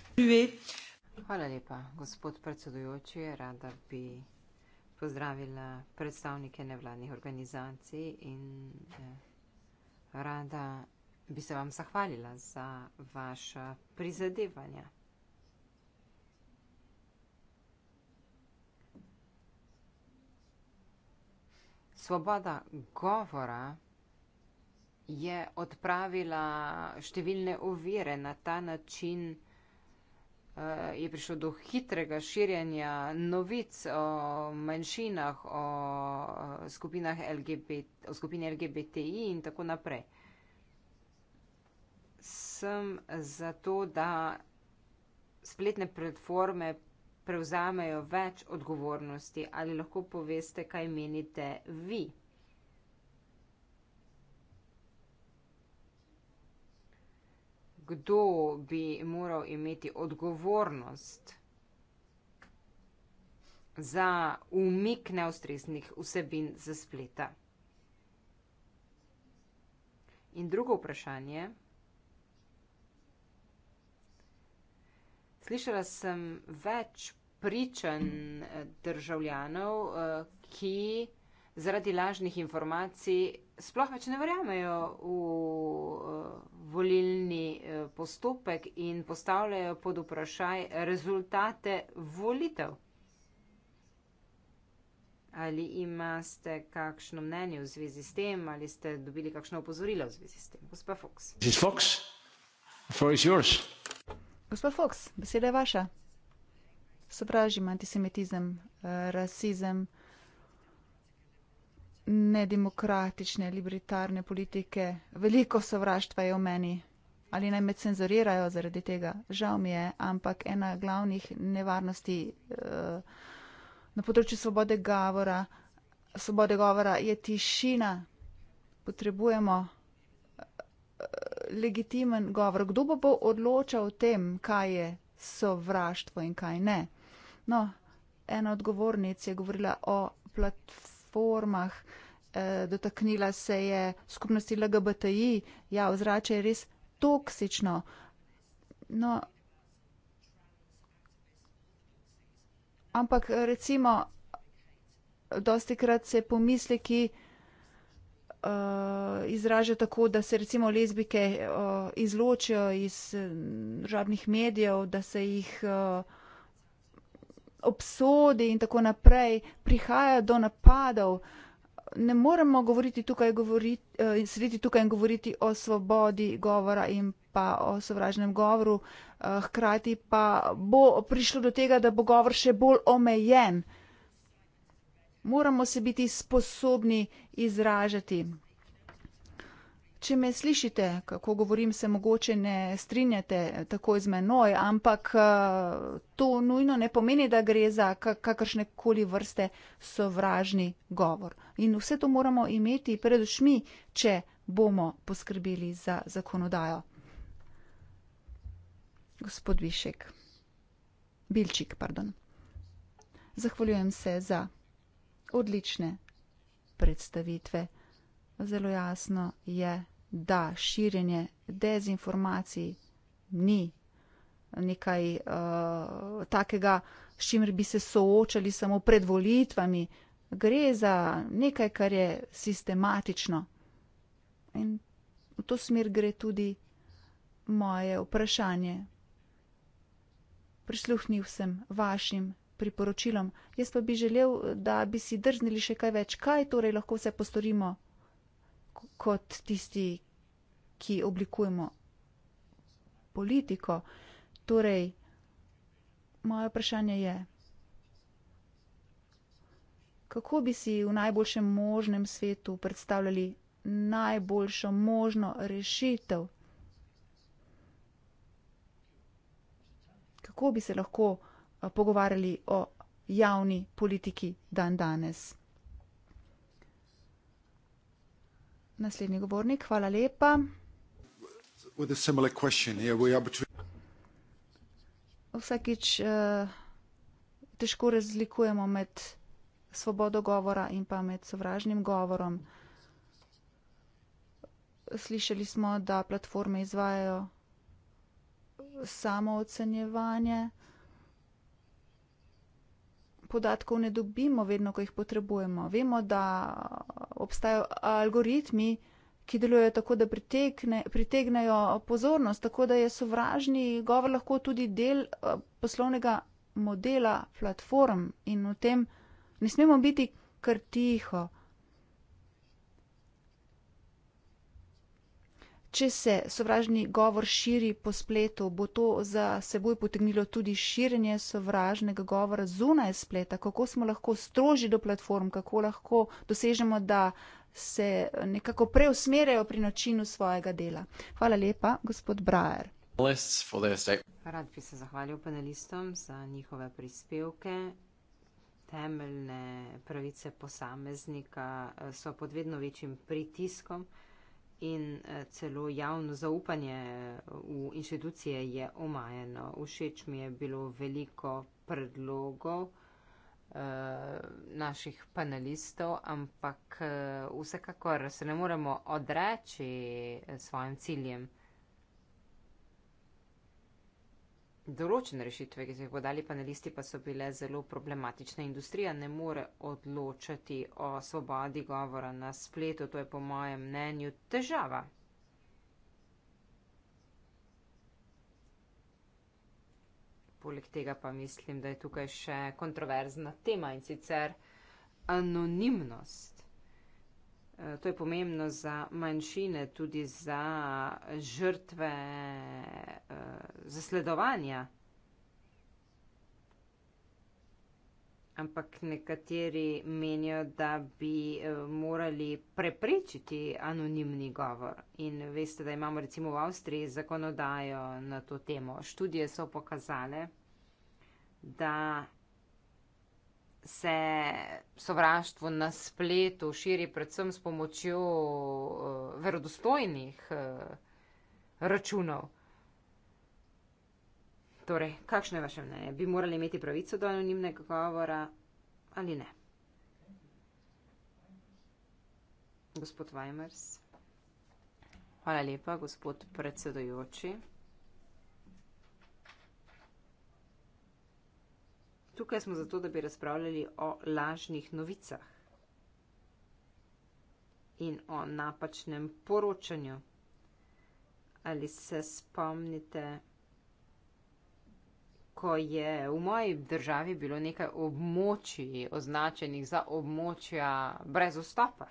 Hvala lepa, gospod predsedujoči. Rada bi pozdravila predstavnike nevladnih organizacij in eh, rada bi se vam zahvalila za vaše prizadevanja. Svoboda govora je odpravila številne ovire na ta način. Eh, je prišlo do hitrega širjanja novic o manjšinah, o, eh, skupinah LGBT, o skupini LGBTI in tako naprej predvsem zato, da spletne platforme prevzamejo več odgovornosti. Ali lahko poveste, kaj menite vi? Kdo bi moral imeti odgovornost za umik neustreznih vsebin za spleta? In drugo vprašanje. Slišala sem več pričanj eh, državljanov, eh, ki zaradi lažnih informacij sploh več ne verjamejo v eh, volilni postopek in postavljajo pod vprašaj rezultate volitev. Ali imate kakšno mnenje v zvezi s tem, ali ste dobili kakšno opozorilo v zvezi s tem? Gospa Fox. This is Fox. The floor is yours. Gospod Fox, beseda je vaša. Sovražim antisemitizem, rasizem, nedemokratične, libertarne politike. Veliko sovraštva je v meni. Ali naj me cenzurirajo zaradi tega? Žal mi je, ampak ena glavnih nevarnosti eh, na področju svobode govora, svobode govora je tišina. Potrebujemo legitimen govor. Kdo bo, bo odločal o tem, kaj je sovraštvo in kaj ne? No, ena odgovornic je govorila o platformah, e, dotaknila se je skupnosti LGBTI, ja, ozrače je res toksično. No, ampak recimo, dosti krat se pomisli, ki uh, izraža tako, da se recimo lezbike uh, eh, izločijo iz državnih eh, medijev, da se jih uh, obsodi in tako naprej, prihaja do napadov. Ne moremo govoriti tukaj, govoriti, uh, sediti tukaj in govoriti o svobodi govora in pa o sovražnem govoru, uh, hkrati pa bo prišlo do tega, da bo govor še bolj omejen. Uh, moramo se biti sposobni izražati. Če me slišite, kako govorim, se mogoče ne strinjate tako z menoj, ampak eh, to nujno ne pomeni, da gre za kakršne koli vrste sovražni govor. In vse to moramo imeti pred očmi, če bomo poskrbeli za zakonodajo. Gospod Višek, Bilčik, pardon. Zahvaljujem se za odlične predstavitve. Zelo jasno je, da širjenje dezinformacij ni nekaj uh, takega, s čimer bi se soočali samo pred volitvami. Gre za nekaj, kar je sistematično. In v to smer gre tudi moje vprašanje. Prisluhnil sem vašim priporočilom. Jaz pa bi želel, da bi si drznili še kaj več, kaj torej lahko vse postorimo kot tisti, ki oblikujemo politiko. Torej, moje vprašanje je, kako bi si v najboljšem možnem svetu predstavljali najboljšo možno rešitev? Kako bi se lahko Eh, pogovarjali o javni politiki dan danes. Naslednji govornik, hvala lepa. Vsakič uh, težko razlikujemo med svobodo govora in pa med sovražnim govorom. Slišali smo, da platforme izvajajo samo ocenjevanje podatkov ne dobimo vedno, ko jih potrebujemo. Vemo, da obstajajo algoritmi, ki delujejo tako, da pritekne, pritegnejo pozornost, tako da je sovražni govor lahko tudi del eh, poslovnega modela platform in v tem ne smemo biti kar tiho. če se sovražni govor širi po spletu, bo to za seboj potegnilo tudi širjenje sovražnega govora zunaj spleta? Kako smo lahko stroži do platform, kako lahko dosežemo, da se nekako preusmerjajo pri načinu svojega dela? Hvala lepa, gospod Brajer. Rad bi se zahvalil panelistom za njihove prispevke. Temeljne pravice posameznika eh, so pod vedno večjim pritiskom in eh, celo javno zaupanje eh, v inštitucije je omajeno. Všeč mi je bilo veliko predlogov eh, naših panelistov, ampak vsekakor se ne moremo odreči svojim ciljem. določene rešitve, ki so jih podali panelisti, pa so bile zelo problematične. Industrija ne more odločati o svobodi govora na spletu, to je po mojem mnenju težava. Poleg tega pa mislim, da je tukaj še kontroverzna tema in sicer anonimnost. Eh, to je pomembno za manjšine, tudi za žrtve eh, zasledovanja. Ampak nekateri menijo, da bi eh, morali preprečiti anonimni govor. In veste, da imamo recimo v Avstriji zakonodajo na to temo. Študije so pokazale, da se sovraštvo na spletu širi predvsem s pomočjo uh, verodostojnih uh, računov. Torej, kakšno je vaše mnenje? Bi morali imeti pravico do anonimnega govora ali ne? Gospod Weimers. Hvala lepa, gospod predsedojoči. Tukaj smo zato, da bi razpravljali o lažnih novicah in o napačnem poročanju. Ali se spomnite, ko je v moji državi bilo nekaj območij označenih za območja brez vstopa?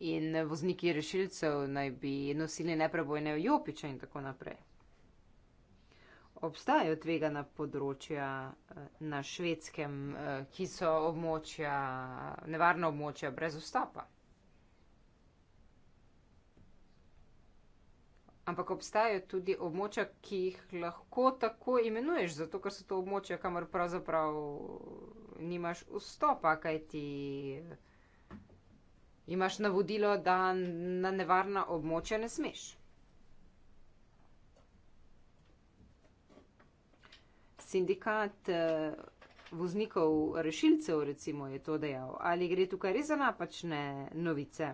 in vozniki rešilcev naj bi nosili neprebojne jopiče in tako naprej. Obstajajo tvegana področja eh, na švedskem, eh, ki so območja, nevarna območja brez vstopa. Ampak obstajajo tudi območja, ki jih lahko tako imenuješ, zato ker so to območja, kamor pravzaprav eh, nimaš vstopa, kaj ti imaš navodilo, da na nevarna območja ne smeš. Sindikat eh, voznikov rešilcev recimo je to dejal. Ali gre tukaj res za napačne novice?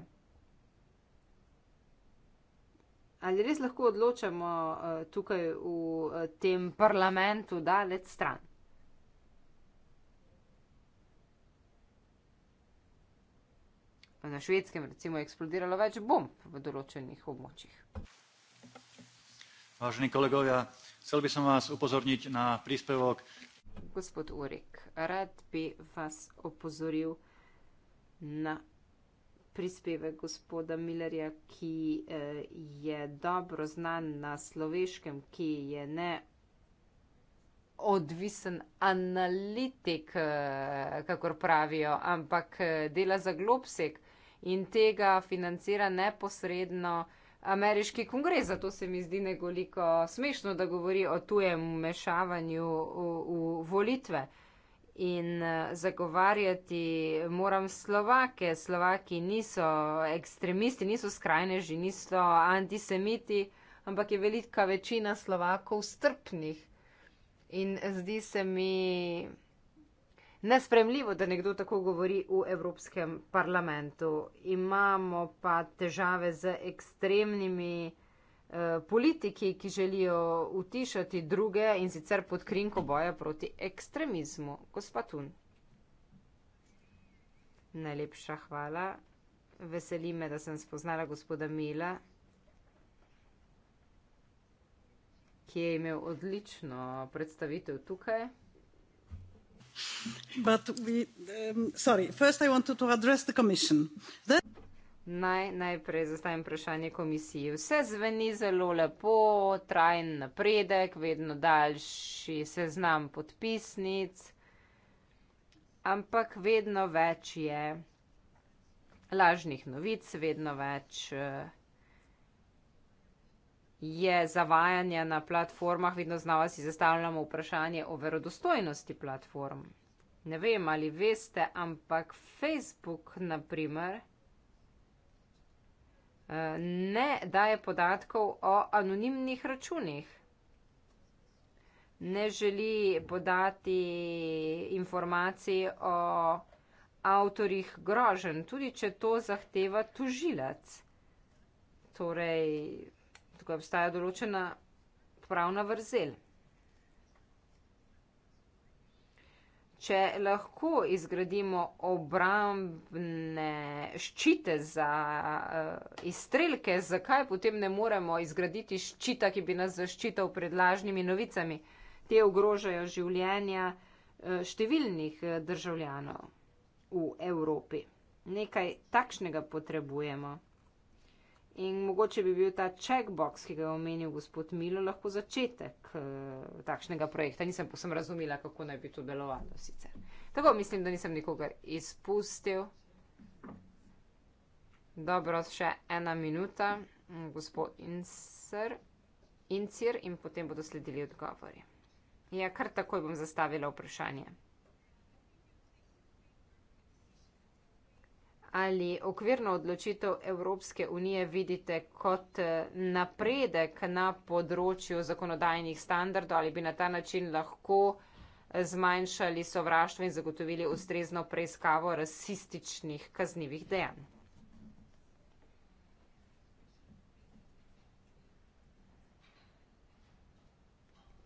Ali res lahko odločamo eh, tukaj v eh, tem parlamentu daleč stran? na švedskem recimo eksplodiralo več bomb v določenih območjih. Vážení kolegovia, chcel by som vás upozorniť na príspevok. Gospod Urik, rád by vás opozoril na prispevek gospoda Millerja, ki eh, je dobro znan na sloveškem, ki je ne odvisen analitik, eh, kakor pravijo, ampak eh, dela za globsek in tega financira neposredno ameriški kongres. Zato se mi zdi nekoliko smešno, da govori o tujem vmešavanju v, v volitve. In eh, zagovarjati moram Slovake. Slovaki niso ekstremisti, niso skrajneži, niso antisemiti, ampak je velika večina Slovakov strpnih. In zdi se mi, nespremljivo, da nekdo tako govori v Evropskem parlamentu. Imamo pa težave z ekstremnimi eh, politiki, ki želijo utišati druge in sicer pod krinko boja proti ekstremizmu. Gospa Tun. Najlepša hvala. Veseli me, da sem spoznala gospoda Mila. ki je imel odlično predstavitev tukaj. Um, Naj najprej zastavim vprašanje komisiji. Vse zveni zelo lepo, trajen napredek, vedno daljši seznam podpisnic, ampak vedno več je lažnih novic, vedno več. Uh, je zavajanje na platformah, vedno znova si zastavljamo vprašanje o verodostojnosti platform. Ne vem, ali veste, ampak Facebook, na primer, eh, ne daje podatkov o anonimnih računih. Ne želi podati informacij o avtorjih groženj, tudi če to zahteva tužilec. Torej, tukaj obstaja določena pravna vrzel. Če lahko izgradimo obrambne ščite za uh, izstrelke, zakaj potem ne moremo izgraditi ščita, ki bi nas zaščitil pred lažnimi novicami? Te ogrožajo življenja uh, številnih eh, državljanov v Evropi. Nekaj takšnega potrebujemo. In mogoče bi bil ta checkbox, ki ga je omenil gospod Milo, lahko začetek e, takšnega projekta. Nisem posem razumela, kako naj bi to delovalo sicer. Tako mislim, da nisem nikogar izpustil. Dobro, še ena minuta, mm, gospod Incer, Incir, in potem bodo sledili odgovori. Ja, kar takoj bom zastavila vprašanje. ali okvirno odločitev Evropske unije vidite kot eh, napredek na področju zakonodajnih standardov ali bi na ta način lahko eh, zmanjšali sovraštvo in zagotovili ustrezno preiskavo rasističnih kaznjivih dejanj?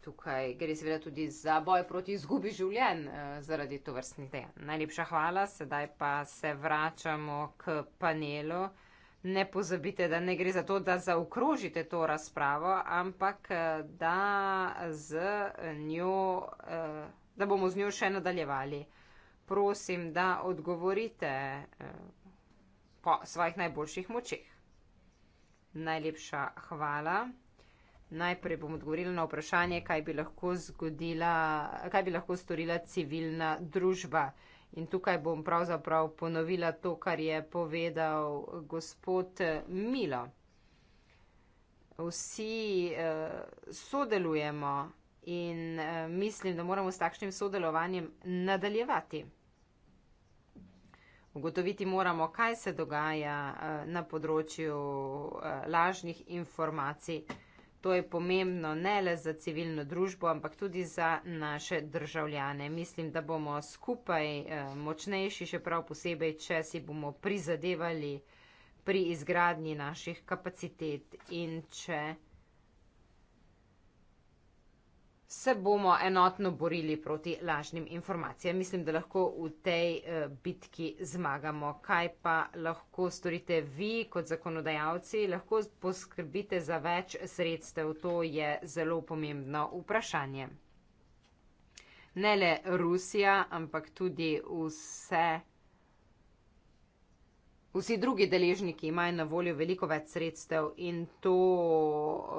tukaj gre seveda tudi za boj proti izgubi življenj eh, zaradi to vrstnih dejanj. Najlepša hvala, sedaj pa se vračamo k panelu. Ne pozabite, da ne gre za to, da zaokrožite to razpravo, ampak eh, da, njo, eh, da bomo z njo še nadaljevali. Prosim, da odgovorite po svojih najboljših močeh. Najlepša hvala. Najprej bom odgovorila na vprašanje, kaj bi lahko zgodila, kaj bi lahko storila civilna družba. In tukaj bom pravzaprav ponovila to, kar je povedal gospod Milo. Vsi eh, sodelujemo in eh, mislim, da moramo s takšnim sodelovanjem nadaljevati. Ugotoviti moramo, kaj se dogaja eh, na področju eh, lažnih informacij. Eh, To je pomembno ne le za civilno družbo, ampak tudi za naše državljane. Mislim, da bomo skupaj eh, močnejši, še prav posebej, če si bomo prizadevali pri izgradnji naših kapacitet in če se bomo enotno borili proti lažnim informacijam. Mislim, da lahko v tej eh, bitki zmagamo. Kaj pa lahko storite vi kot zakonodajalci? Lahko poskrbite za več sredstev. To je zelo pomembno vprašanje. Ne le Rusija, ampak tudi vse. Vsi drugi deležniki imajo na voljo veliko več sredstev in to.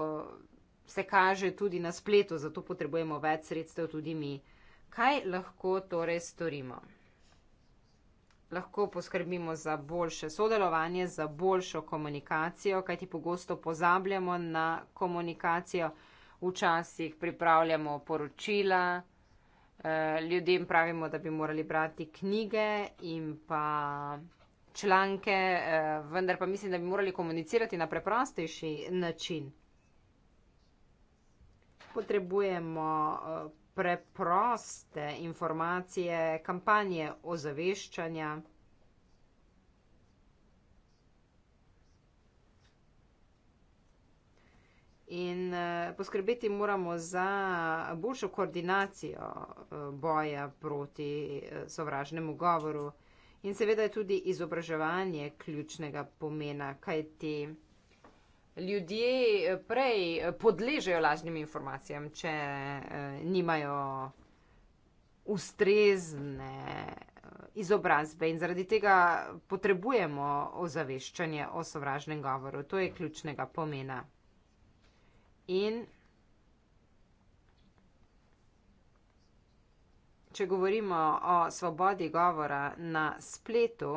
Uh, se kaže tudi na spletu, zato potrebujemo več sredstev tudi mi. Kaj lahko torej storimo? Lahko poskrbimo za boljše sodelovanje, za boljšo komunikacijo, kajti pogosto pozabljamo na komunikacijo, včasih pripravljamo poročila, eh, ljudem pravimo, da bi morali brati knjige in pa članke, eh, vendar pa mislim, da bi morali komunicirati na preprostejši način potrebujemo eh, preproste informacije, kampanje ozaveščanja. In eh, poskrbeti moramo za boljšo koordinacijo eh, boja proti sovražnemu govoru. In seveda je tudi izobraževanje ključnega pomena, kaj ti ljudje eh, prej eh, podležejo lažnim informacijam, če eh, nimajo ustrezne izobrazbe in zaradi tega potrebujemo ozaveščanje o sovražnem govoru. To je ključnega pomena. In če govorimo o svobodi govora na spletu,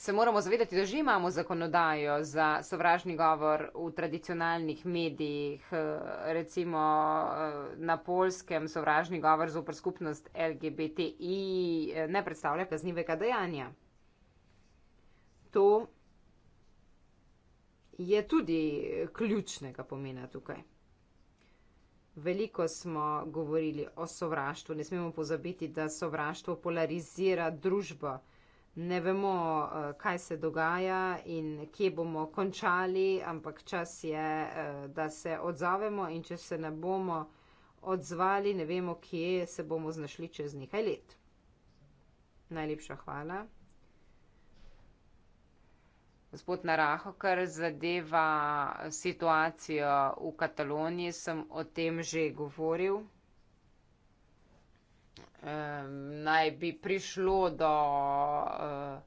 se moramo zavedati, da že imamo zakonodajo za sovražni govor v tradicionalnih medijih, eh, recimo eh, na polskem sovražni govor z opr skupnost LGBTI eh, ne predstavlja kaznivega dejanja. To je tudi ključnega pomena tukaj. Veliko smo govorili o sovraštvu, ne smemo pozabiti, da sovraštvo polarizira družbo ne vemo, eh, kaj se dogaja in kje bomo končali, ampak čas je, eh, da se odzovemo in če se ne bomo odzvali, ne vemo, kje se bomo znašli čez nekaj let. Najlepša hvala. Gospod Naraho, kar zadeva situacijo v Kataloniji, sem o tem že govoril um, naj bi prišlo do uh,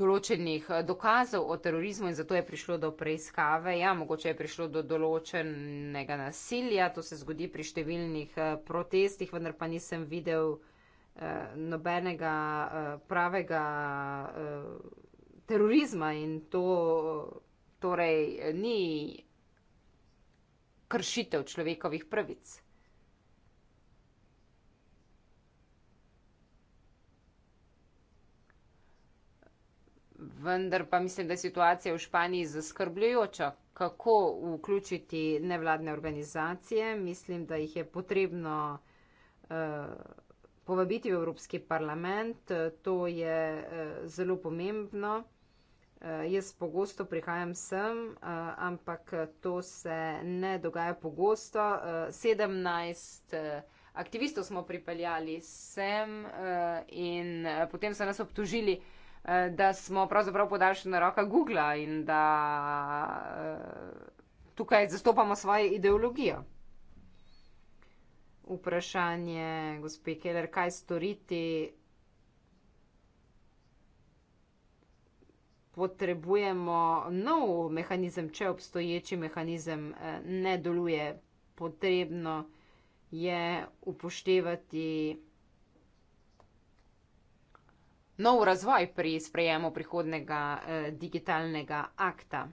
določenih eh, dokazov o terorizmu in zato je prišlo do preiskave. Ja, mogoče je prišlo do določenega nasilja, to se zgodi pri številnih uh, protestih, vendar pa nisem videl nobenega pravega terorizma in to torej ni kršitev človekovih pravic. vendar pa mislim, da je situacija v Španiji zaskrbljujoča. Kako vključiti nevladne organizacije? Mislim, da jih je potrebno uh, povabiti v Evropski parlament. To je uh, zelo pomembno. Uh, jaz pogosto prihajam sem, uh, ampak to se ne dogaja pogosto. Uh, 17 uh, aktivistov smo pripeljali sem uh, in uh, potem so nas obtožili, Eh, da smo pravzaprav podaljšana roka Google in da eh, tukaj zastopamo svojo ideologijo. Vprašanje, gospe Keller, kaj storiti? Potrebujemo nov mehanizem, če obstoječi mehanizem eh, ne deluje. Potrebno je upoštevati nov razvoj pri sprejemu prihodnega eh, digitalnega akta.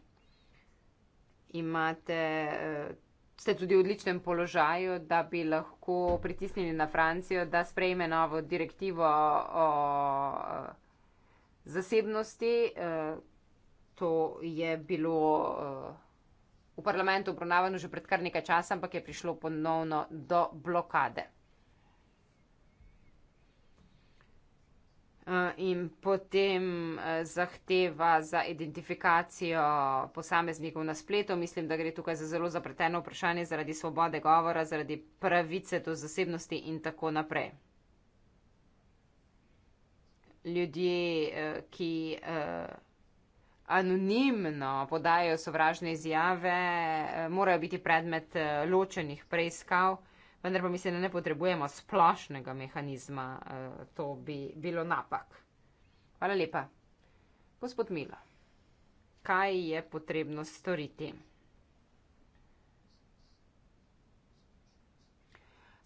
Imate, eh, ste tudi v odličnem položaju, da bi lahko pritisnili na Francijo, da sprejme novo direktivo o eh, zasebnosti. Eh, to je bilo. Eh, V parlamentu obravnavano že pred kar nekaj časa, ampak je prišlo ponovno do blokade. Eh, in potem eh, zahteva za identifikacijo posameznikov na spletu. Mislim, da gre tukaj za zelo zapreteno vprašanje zaradi svobode govora, zaradi pravice do zasebnosti in tako naprej. Ljudje, eh, ki anonimno podajo sovražne izjave, morajo biti predmet ločenih preiskav vendar pa mislim, da ne potrebujemo splošnega mehanizma, eh, to bi bilo napak. Hvala lepa. Gospod Mila, kaj je potrebno storiti?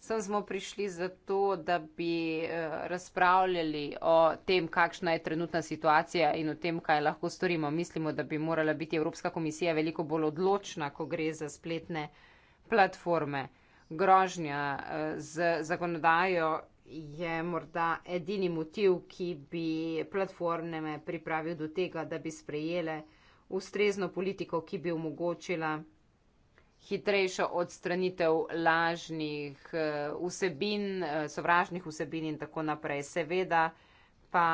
Sem smo prišli zato, da bi eh, razpravljali o tem, kakšna je trenutna situacija in o tem, kaj lahko storimo. Mislimo, da bi morala biti Evropska komisija veliko bolj odločna, ko gre za spletne platforme grožnja eh, z zakonodajo je morda edini motiv, ki bi platforme pripravil do tega, da bi sprejele ustrezno politiko, ki bi omogočila hitrejšo odstranitev lažnih eh, vsebin, eh, sovražnih vsebin in tako naprej. Seveda pa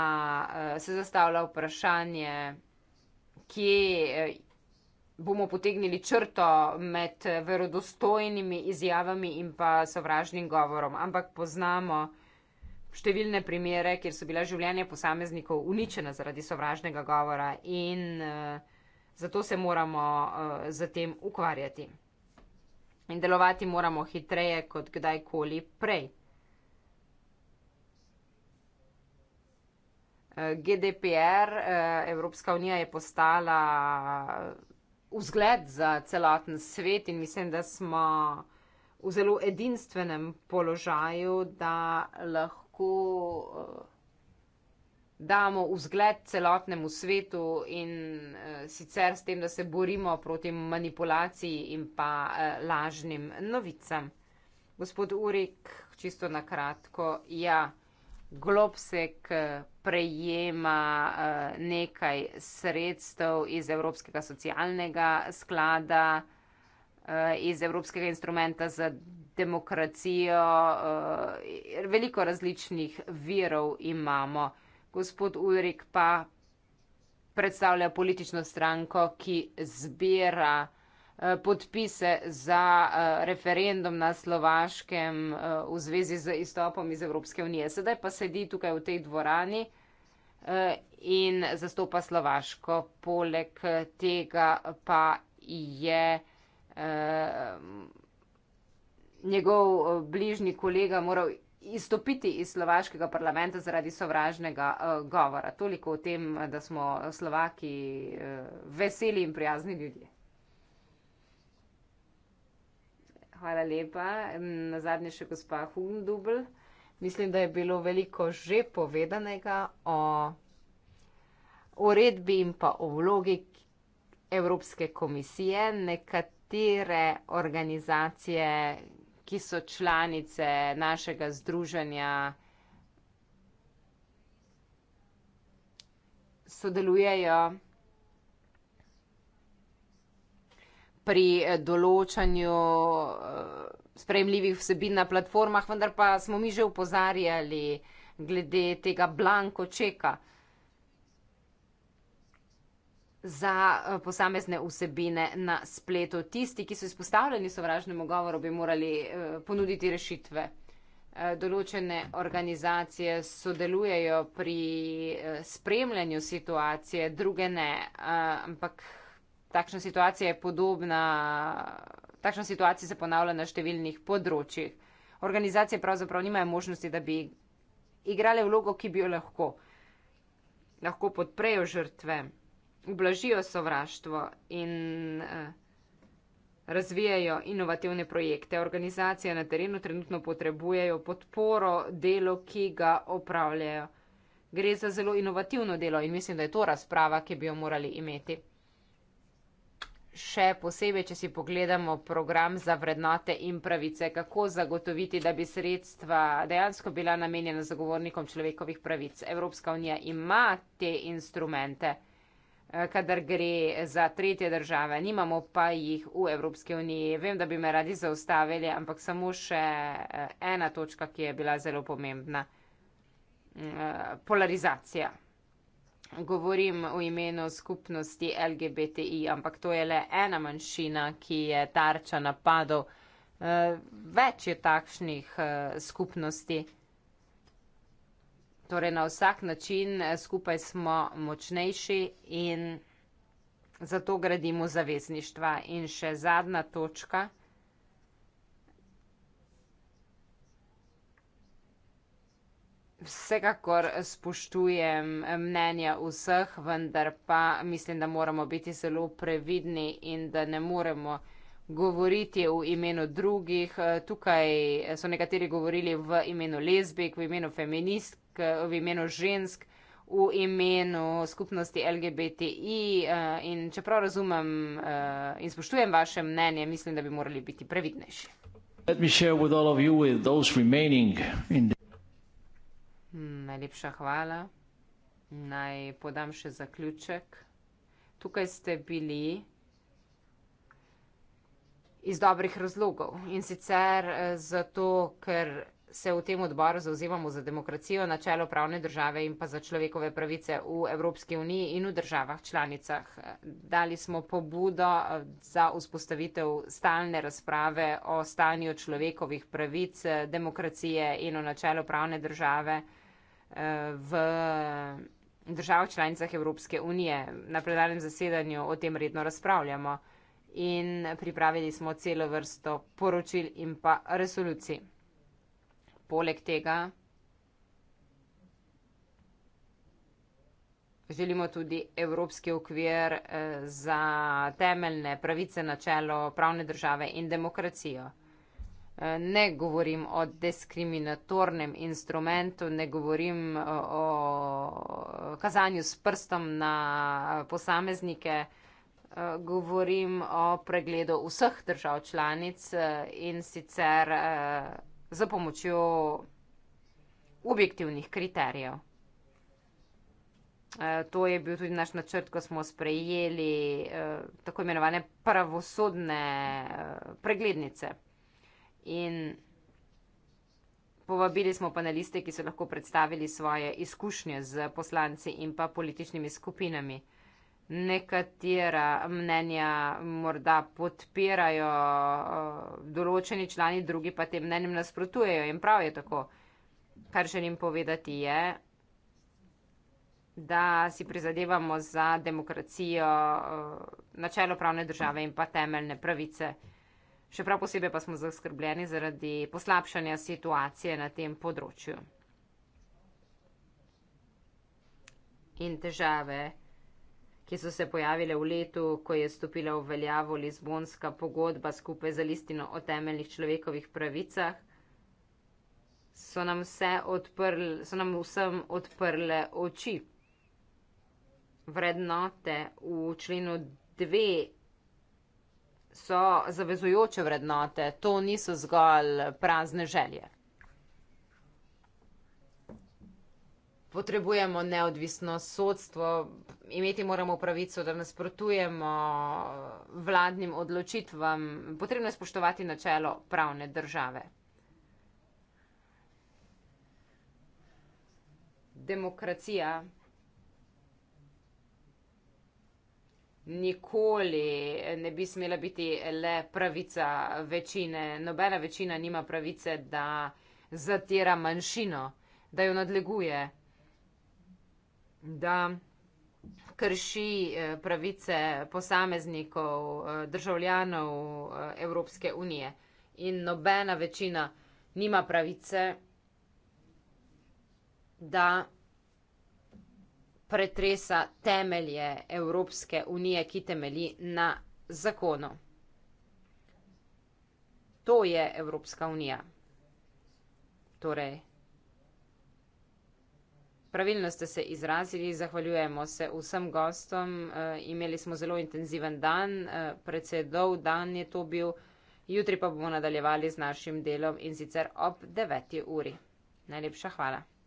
se zastavlja vprašanje, kje bomo potegnili črto med verodostojnimi izjavami in pa sovražnim govorom, ampak poznamo številne primere, kjer so bila življenja posameznikov uničena zaradi sovražnega govora in eh, zato se moramo eh, z tem ukvarjati. In delovati moramo hitreje kot kdajkoli prej. Eh, GDPR, Evropska unija je postala vzgled za celoten svet in mislim, da smo v zelo edinstvenem položaju, da lahko eh, damo vzgled celotnemu svetu in eh, sicer s tem, da se borimo proti manipulaciji in pa eh, lažnim novicam. Gospod Urik, čisto na kratko, ja. Globsek eh, prejema eh, nekaj sredstev iz Evropskega socialnega sklada, eh, iz Evropskega instrumenta za demokracijo. Veliko različnih virov imamo. Gospod Ulrik pa predstavlja politično stranko, ki zbira Eh, podpise za eh, referendum na Slovaškem eh, v zvezi z izstopom iz Evropske unije. Sedaj pa sedi tukaj v tej dvorani in zastopa Slovaško. Poleg tega pa je njegov bližnji kolega moral izstopiti iz slovaškega parlamenta zaradi sovražnega govora. Toliko o tem, da smo Slovaki veseli in prijazni ljudje. Hvala lepa. Mm, Na zadnje še gospa Hundubl. Mislim, da je bilo veliko že povedanega o uredbi in pa o vlogi Evropske komisije. Nekatere organizacije, ki so članice našega združenja, sodelujejo. pri eh, določanju eh, sprejemljivih vsebin na platformah, vendar pa smo mi že upozarjali glede tega blanko čeka za eh, posamezne vsebine na spletu. Tisti, ki so izpostavljeni sovražnemu govoru, bi morali ponuditi rešitve. Določene organizacije sodelujejo pri spremljanju situacije, druge ne, ampak takšna situacija je podobna, takšna situacija se ponavlja na številnih področjih. Organizacije pravzaprav nimajo možnosti, da bi igrale vlogo, ki bi jo lahko. Lahko podprejo žrtve, ublažijo sovraštvo in eh, razvijajo inovativne projekte. Organizacije na terenu trenutno potrebujejo podporo delo, ki ga opravljajo. Gre za zelo inovativno delo in mislim, da je to razprava, ki bi jo morali imeti še posebej, če si pogledamo program za vrednote in pravice, kako zagotoviti, da bi sredstva dejansko bila namenjena zagovornikom človekovih pravic. Evropska unija ima te instrumente, eh, kadar gre za tretje države, nimamo pa jih v Evropski uniji. Vem, da bi me radi zaustavili, ampak samo še eh, ena točka, ki je bila zelo pomembna. Mm, eh, polarizacija govorim v imenu skupnosti LGBTI, ampak to je le ena manjšina, ki je tarča napadov. Eh, več je takšnih eh, skupnosti. Torej, na vsak način eh, skupaj smo močnejši in zato gradimo zavezništva. In še zadnja točka. Vsekakor spoštujem mnenja vseh, vendar pa mislim, da moramo biti zelo previdni in da ne moremo govoriti v imenu drugih. Tukaj so nekateri govorili v imenu lezbik, v imenu feministk, v imenu žensk, v imenu skupnosti LGBTI eh, in čeprav razumem eh, in spoštujem vaše mnenje, mislim, da bi morali biti previdnejši. Najlepša hvala. Naj podam še zaključek. Tukaj ste bili iz dobrih razlogov in sicer eh, zato, ker se v tem odboru zauzemamo za demokracijo, načelo pravne države in pa za človekove pravice v Evropski uniji in v državah članicah. Dali smo pobudo eh, za vzpostavitev stalne razprave o stanju človekovih pravic, eh, demokracije in o načelu pravne države v državah članicah Evropske unije na plenarnem zasedanju o tem redno razpravljamo in pripravili smo celo vrsto poročil in pa resolucij. Poleg tega želimo tudi Evropski okvir eh, za temeljne pravice na čelo pravne države in demokracijo. Eh, ne govorim o diskriminatornem instrumentu, ne govorim eh, o kazanju s prstom na eh, posameznike, govorim o pregledu vseh držav članic in sicer za pomočjo objektivnih kriterijev. To je bil tudi naš načrt, ko smo sprejeli tako imenovane pravosodne preglednice in povabili smo paneliste, ki so lahko predstavili svoje izkušnje z poslanci in pa političnimi skupinami. Nekatera mnenja morda podpirajo eh, določeni člani, drugi pa tem mnenjem nasprotujejo in prav je tako. Kar želim povedati je, da si prizadevamo za demokracijo, eh, načelo pravne države in pa temeljne pravice. Še prav posebej pa smo zaskrbljeni zaradi poslabšanja situacije na tem področju. In težave, ki so se pojavile v letu, ko je stopila v veljavo Lizbonska pogodba skupaj za listino o temeljnih človekovih pravicah, so nam, odprle, so nam vsem odprle oči. Vrednote v členu 2 so zavezujoče vrednote, to niso zgolj prazne želje. Potrebujemo neodvisno sodstvo, imeti moramo pravico, da nasprotujemo vladnim odločitvam. Potrebno je spoštovati načelo pravne države. Demokracija nikoli ne bi smela biti le pravica večine. Nobena večina nima pravice, da zatira manjšino, da jo nadleguje, da krši eh, pravice posameznikov, eh, državljanov eh, Evropske unije. In nobena večina nima pravice, da pretresa temelje Evropske unije, ki temelji na zakonu. To je Evropska unija. Torej, pravilno ste se izrazili, zahvaljujemo se vsem gostom. E, imeli smo zelo intenziven dan, e, eh, predvsej dolg dan je to bil. Jutri pa bomo nadaljevali z našim delom in sicer ob 9. uri. Najlepša hvala.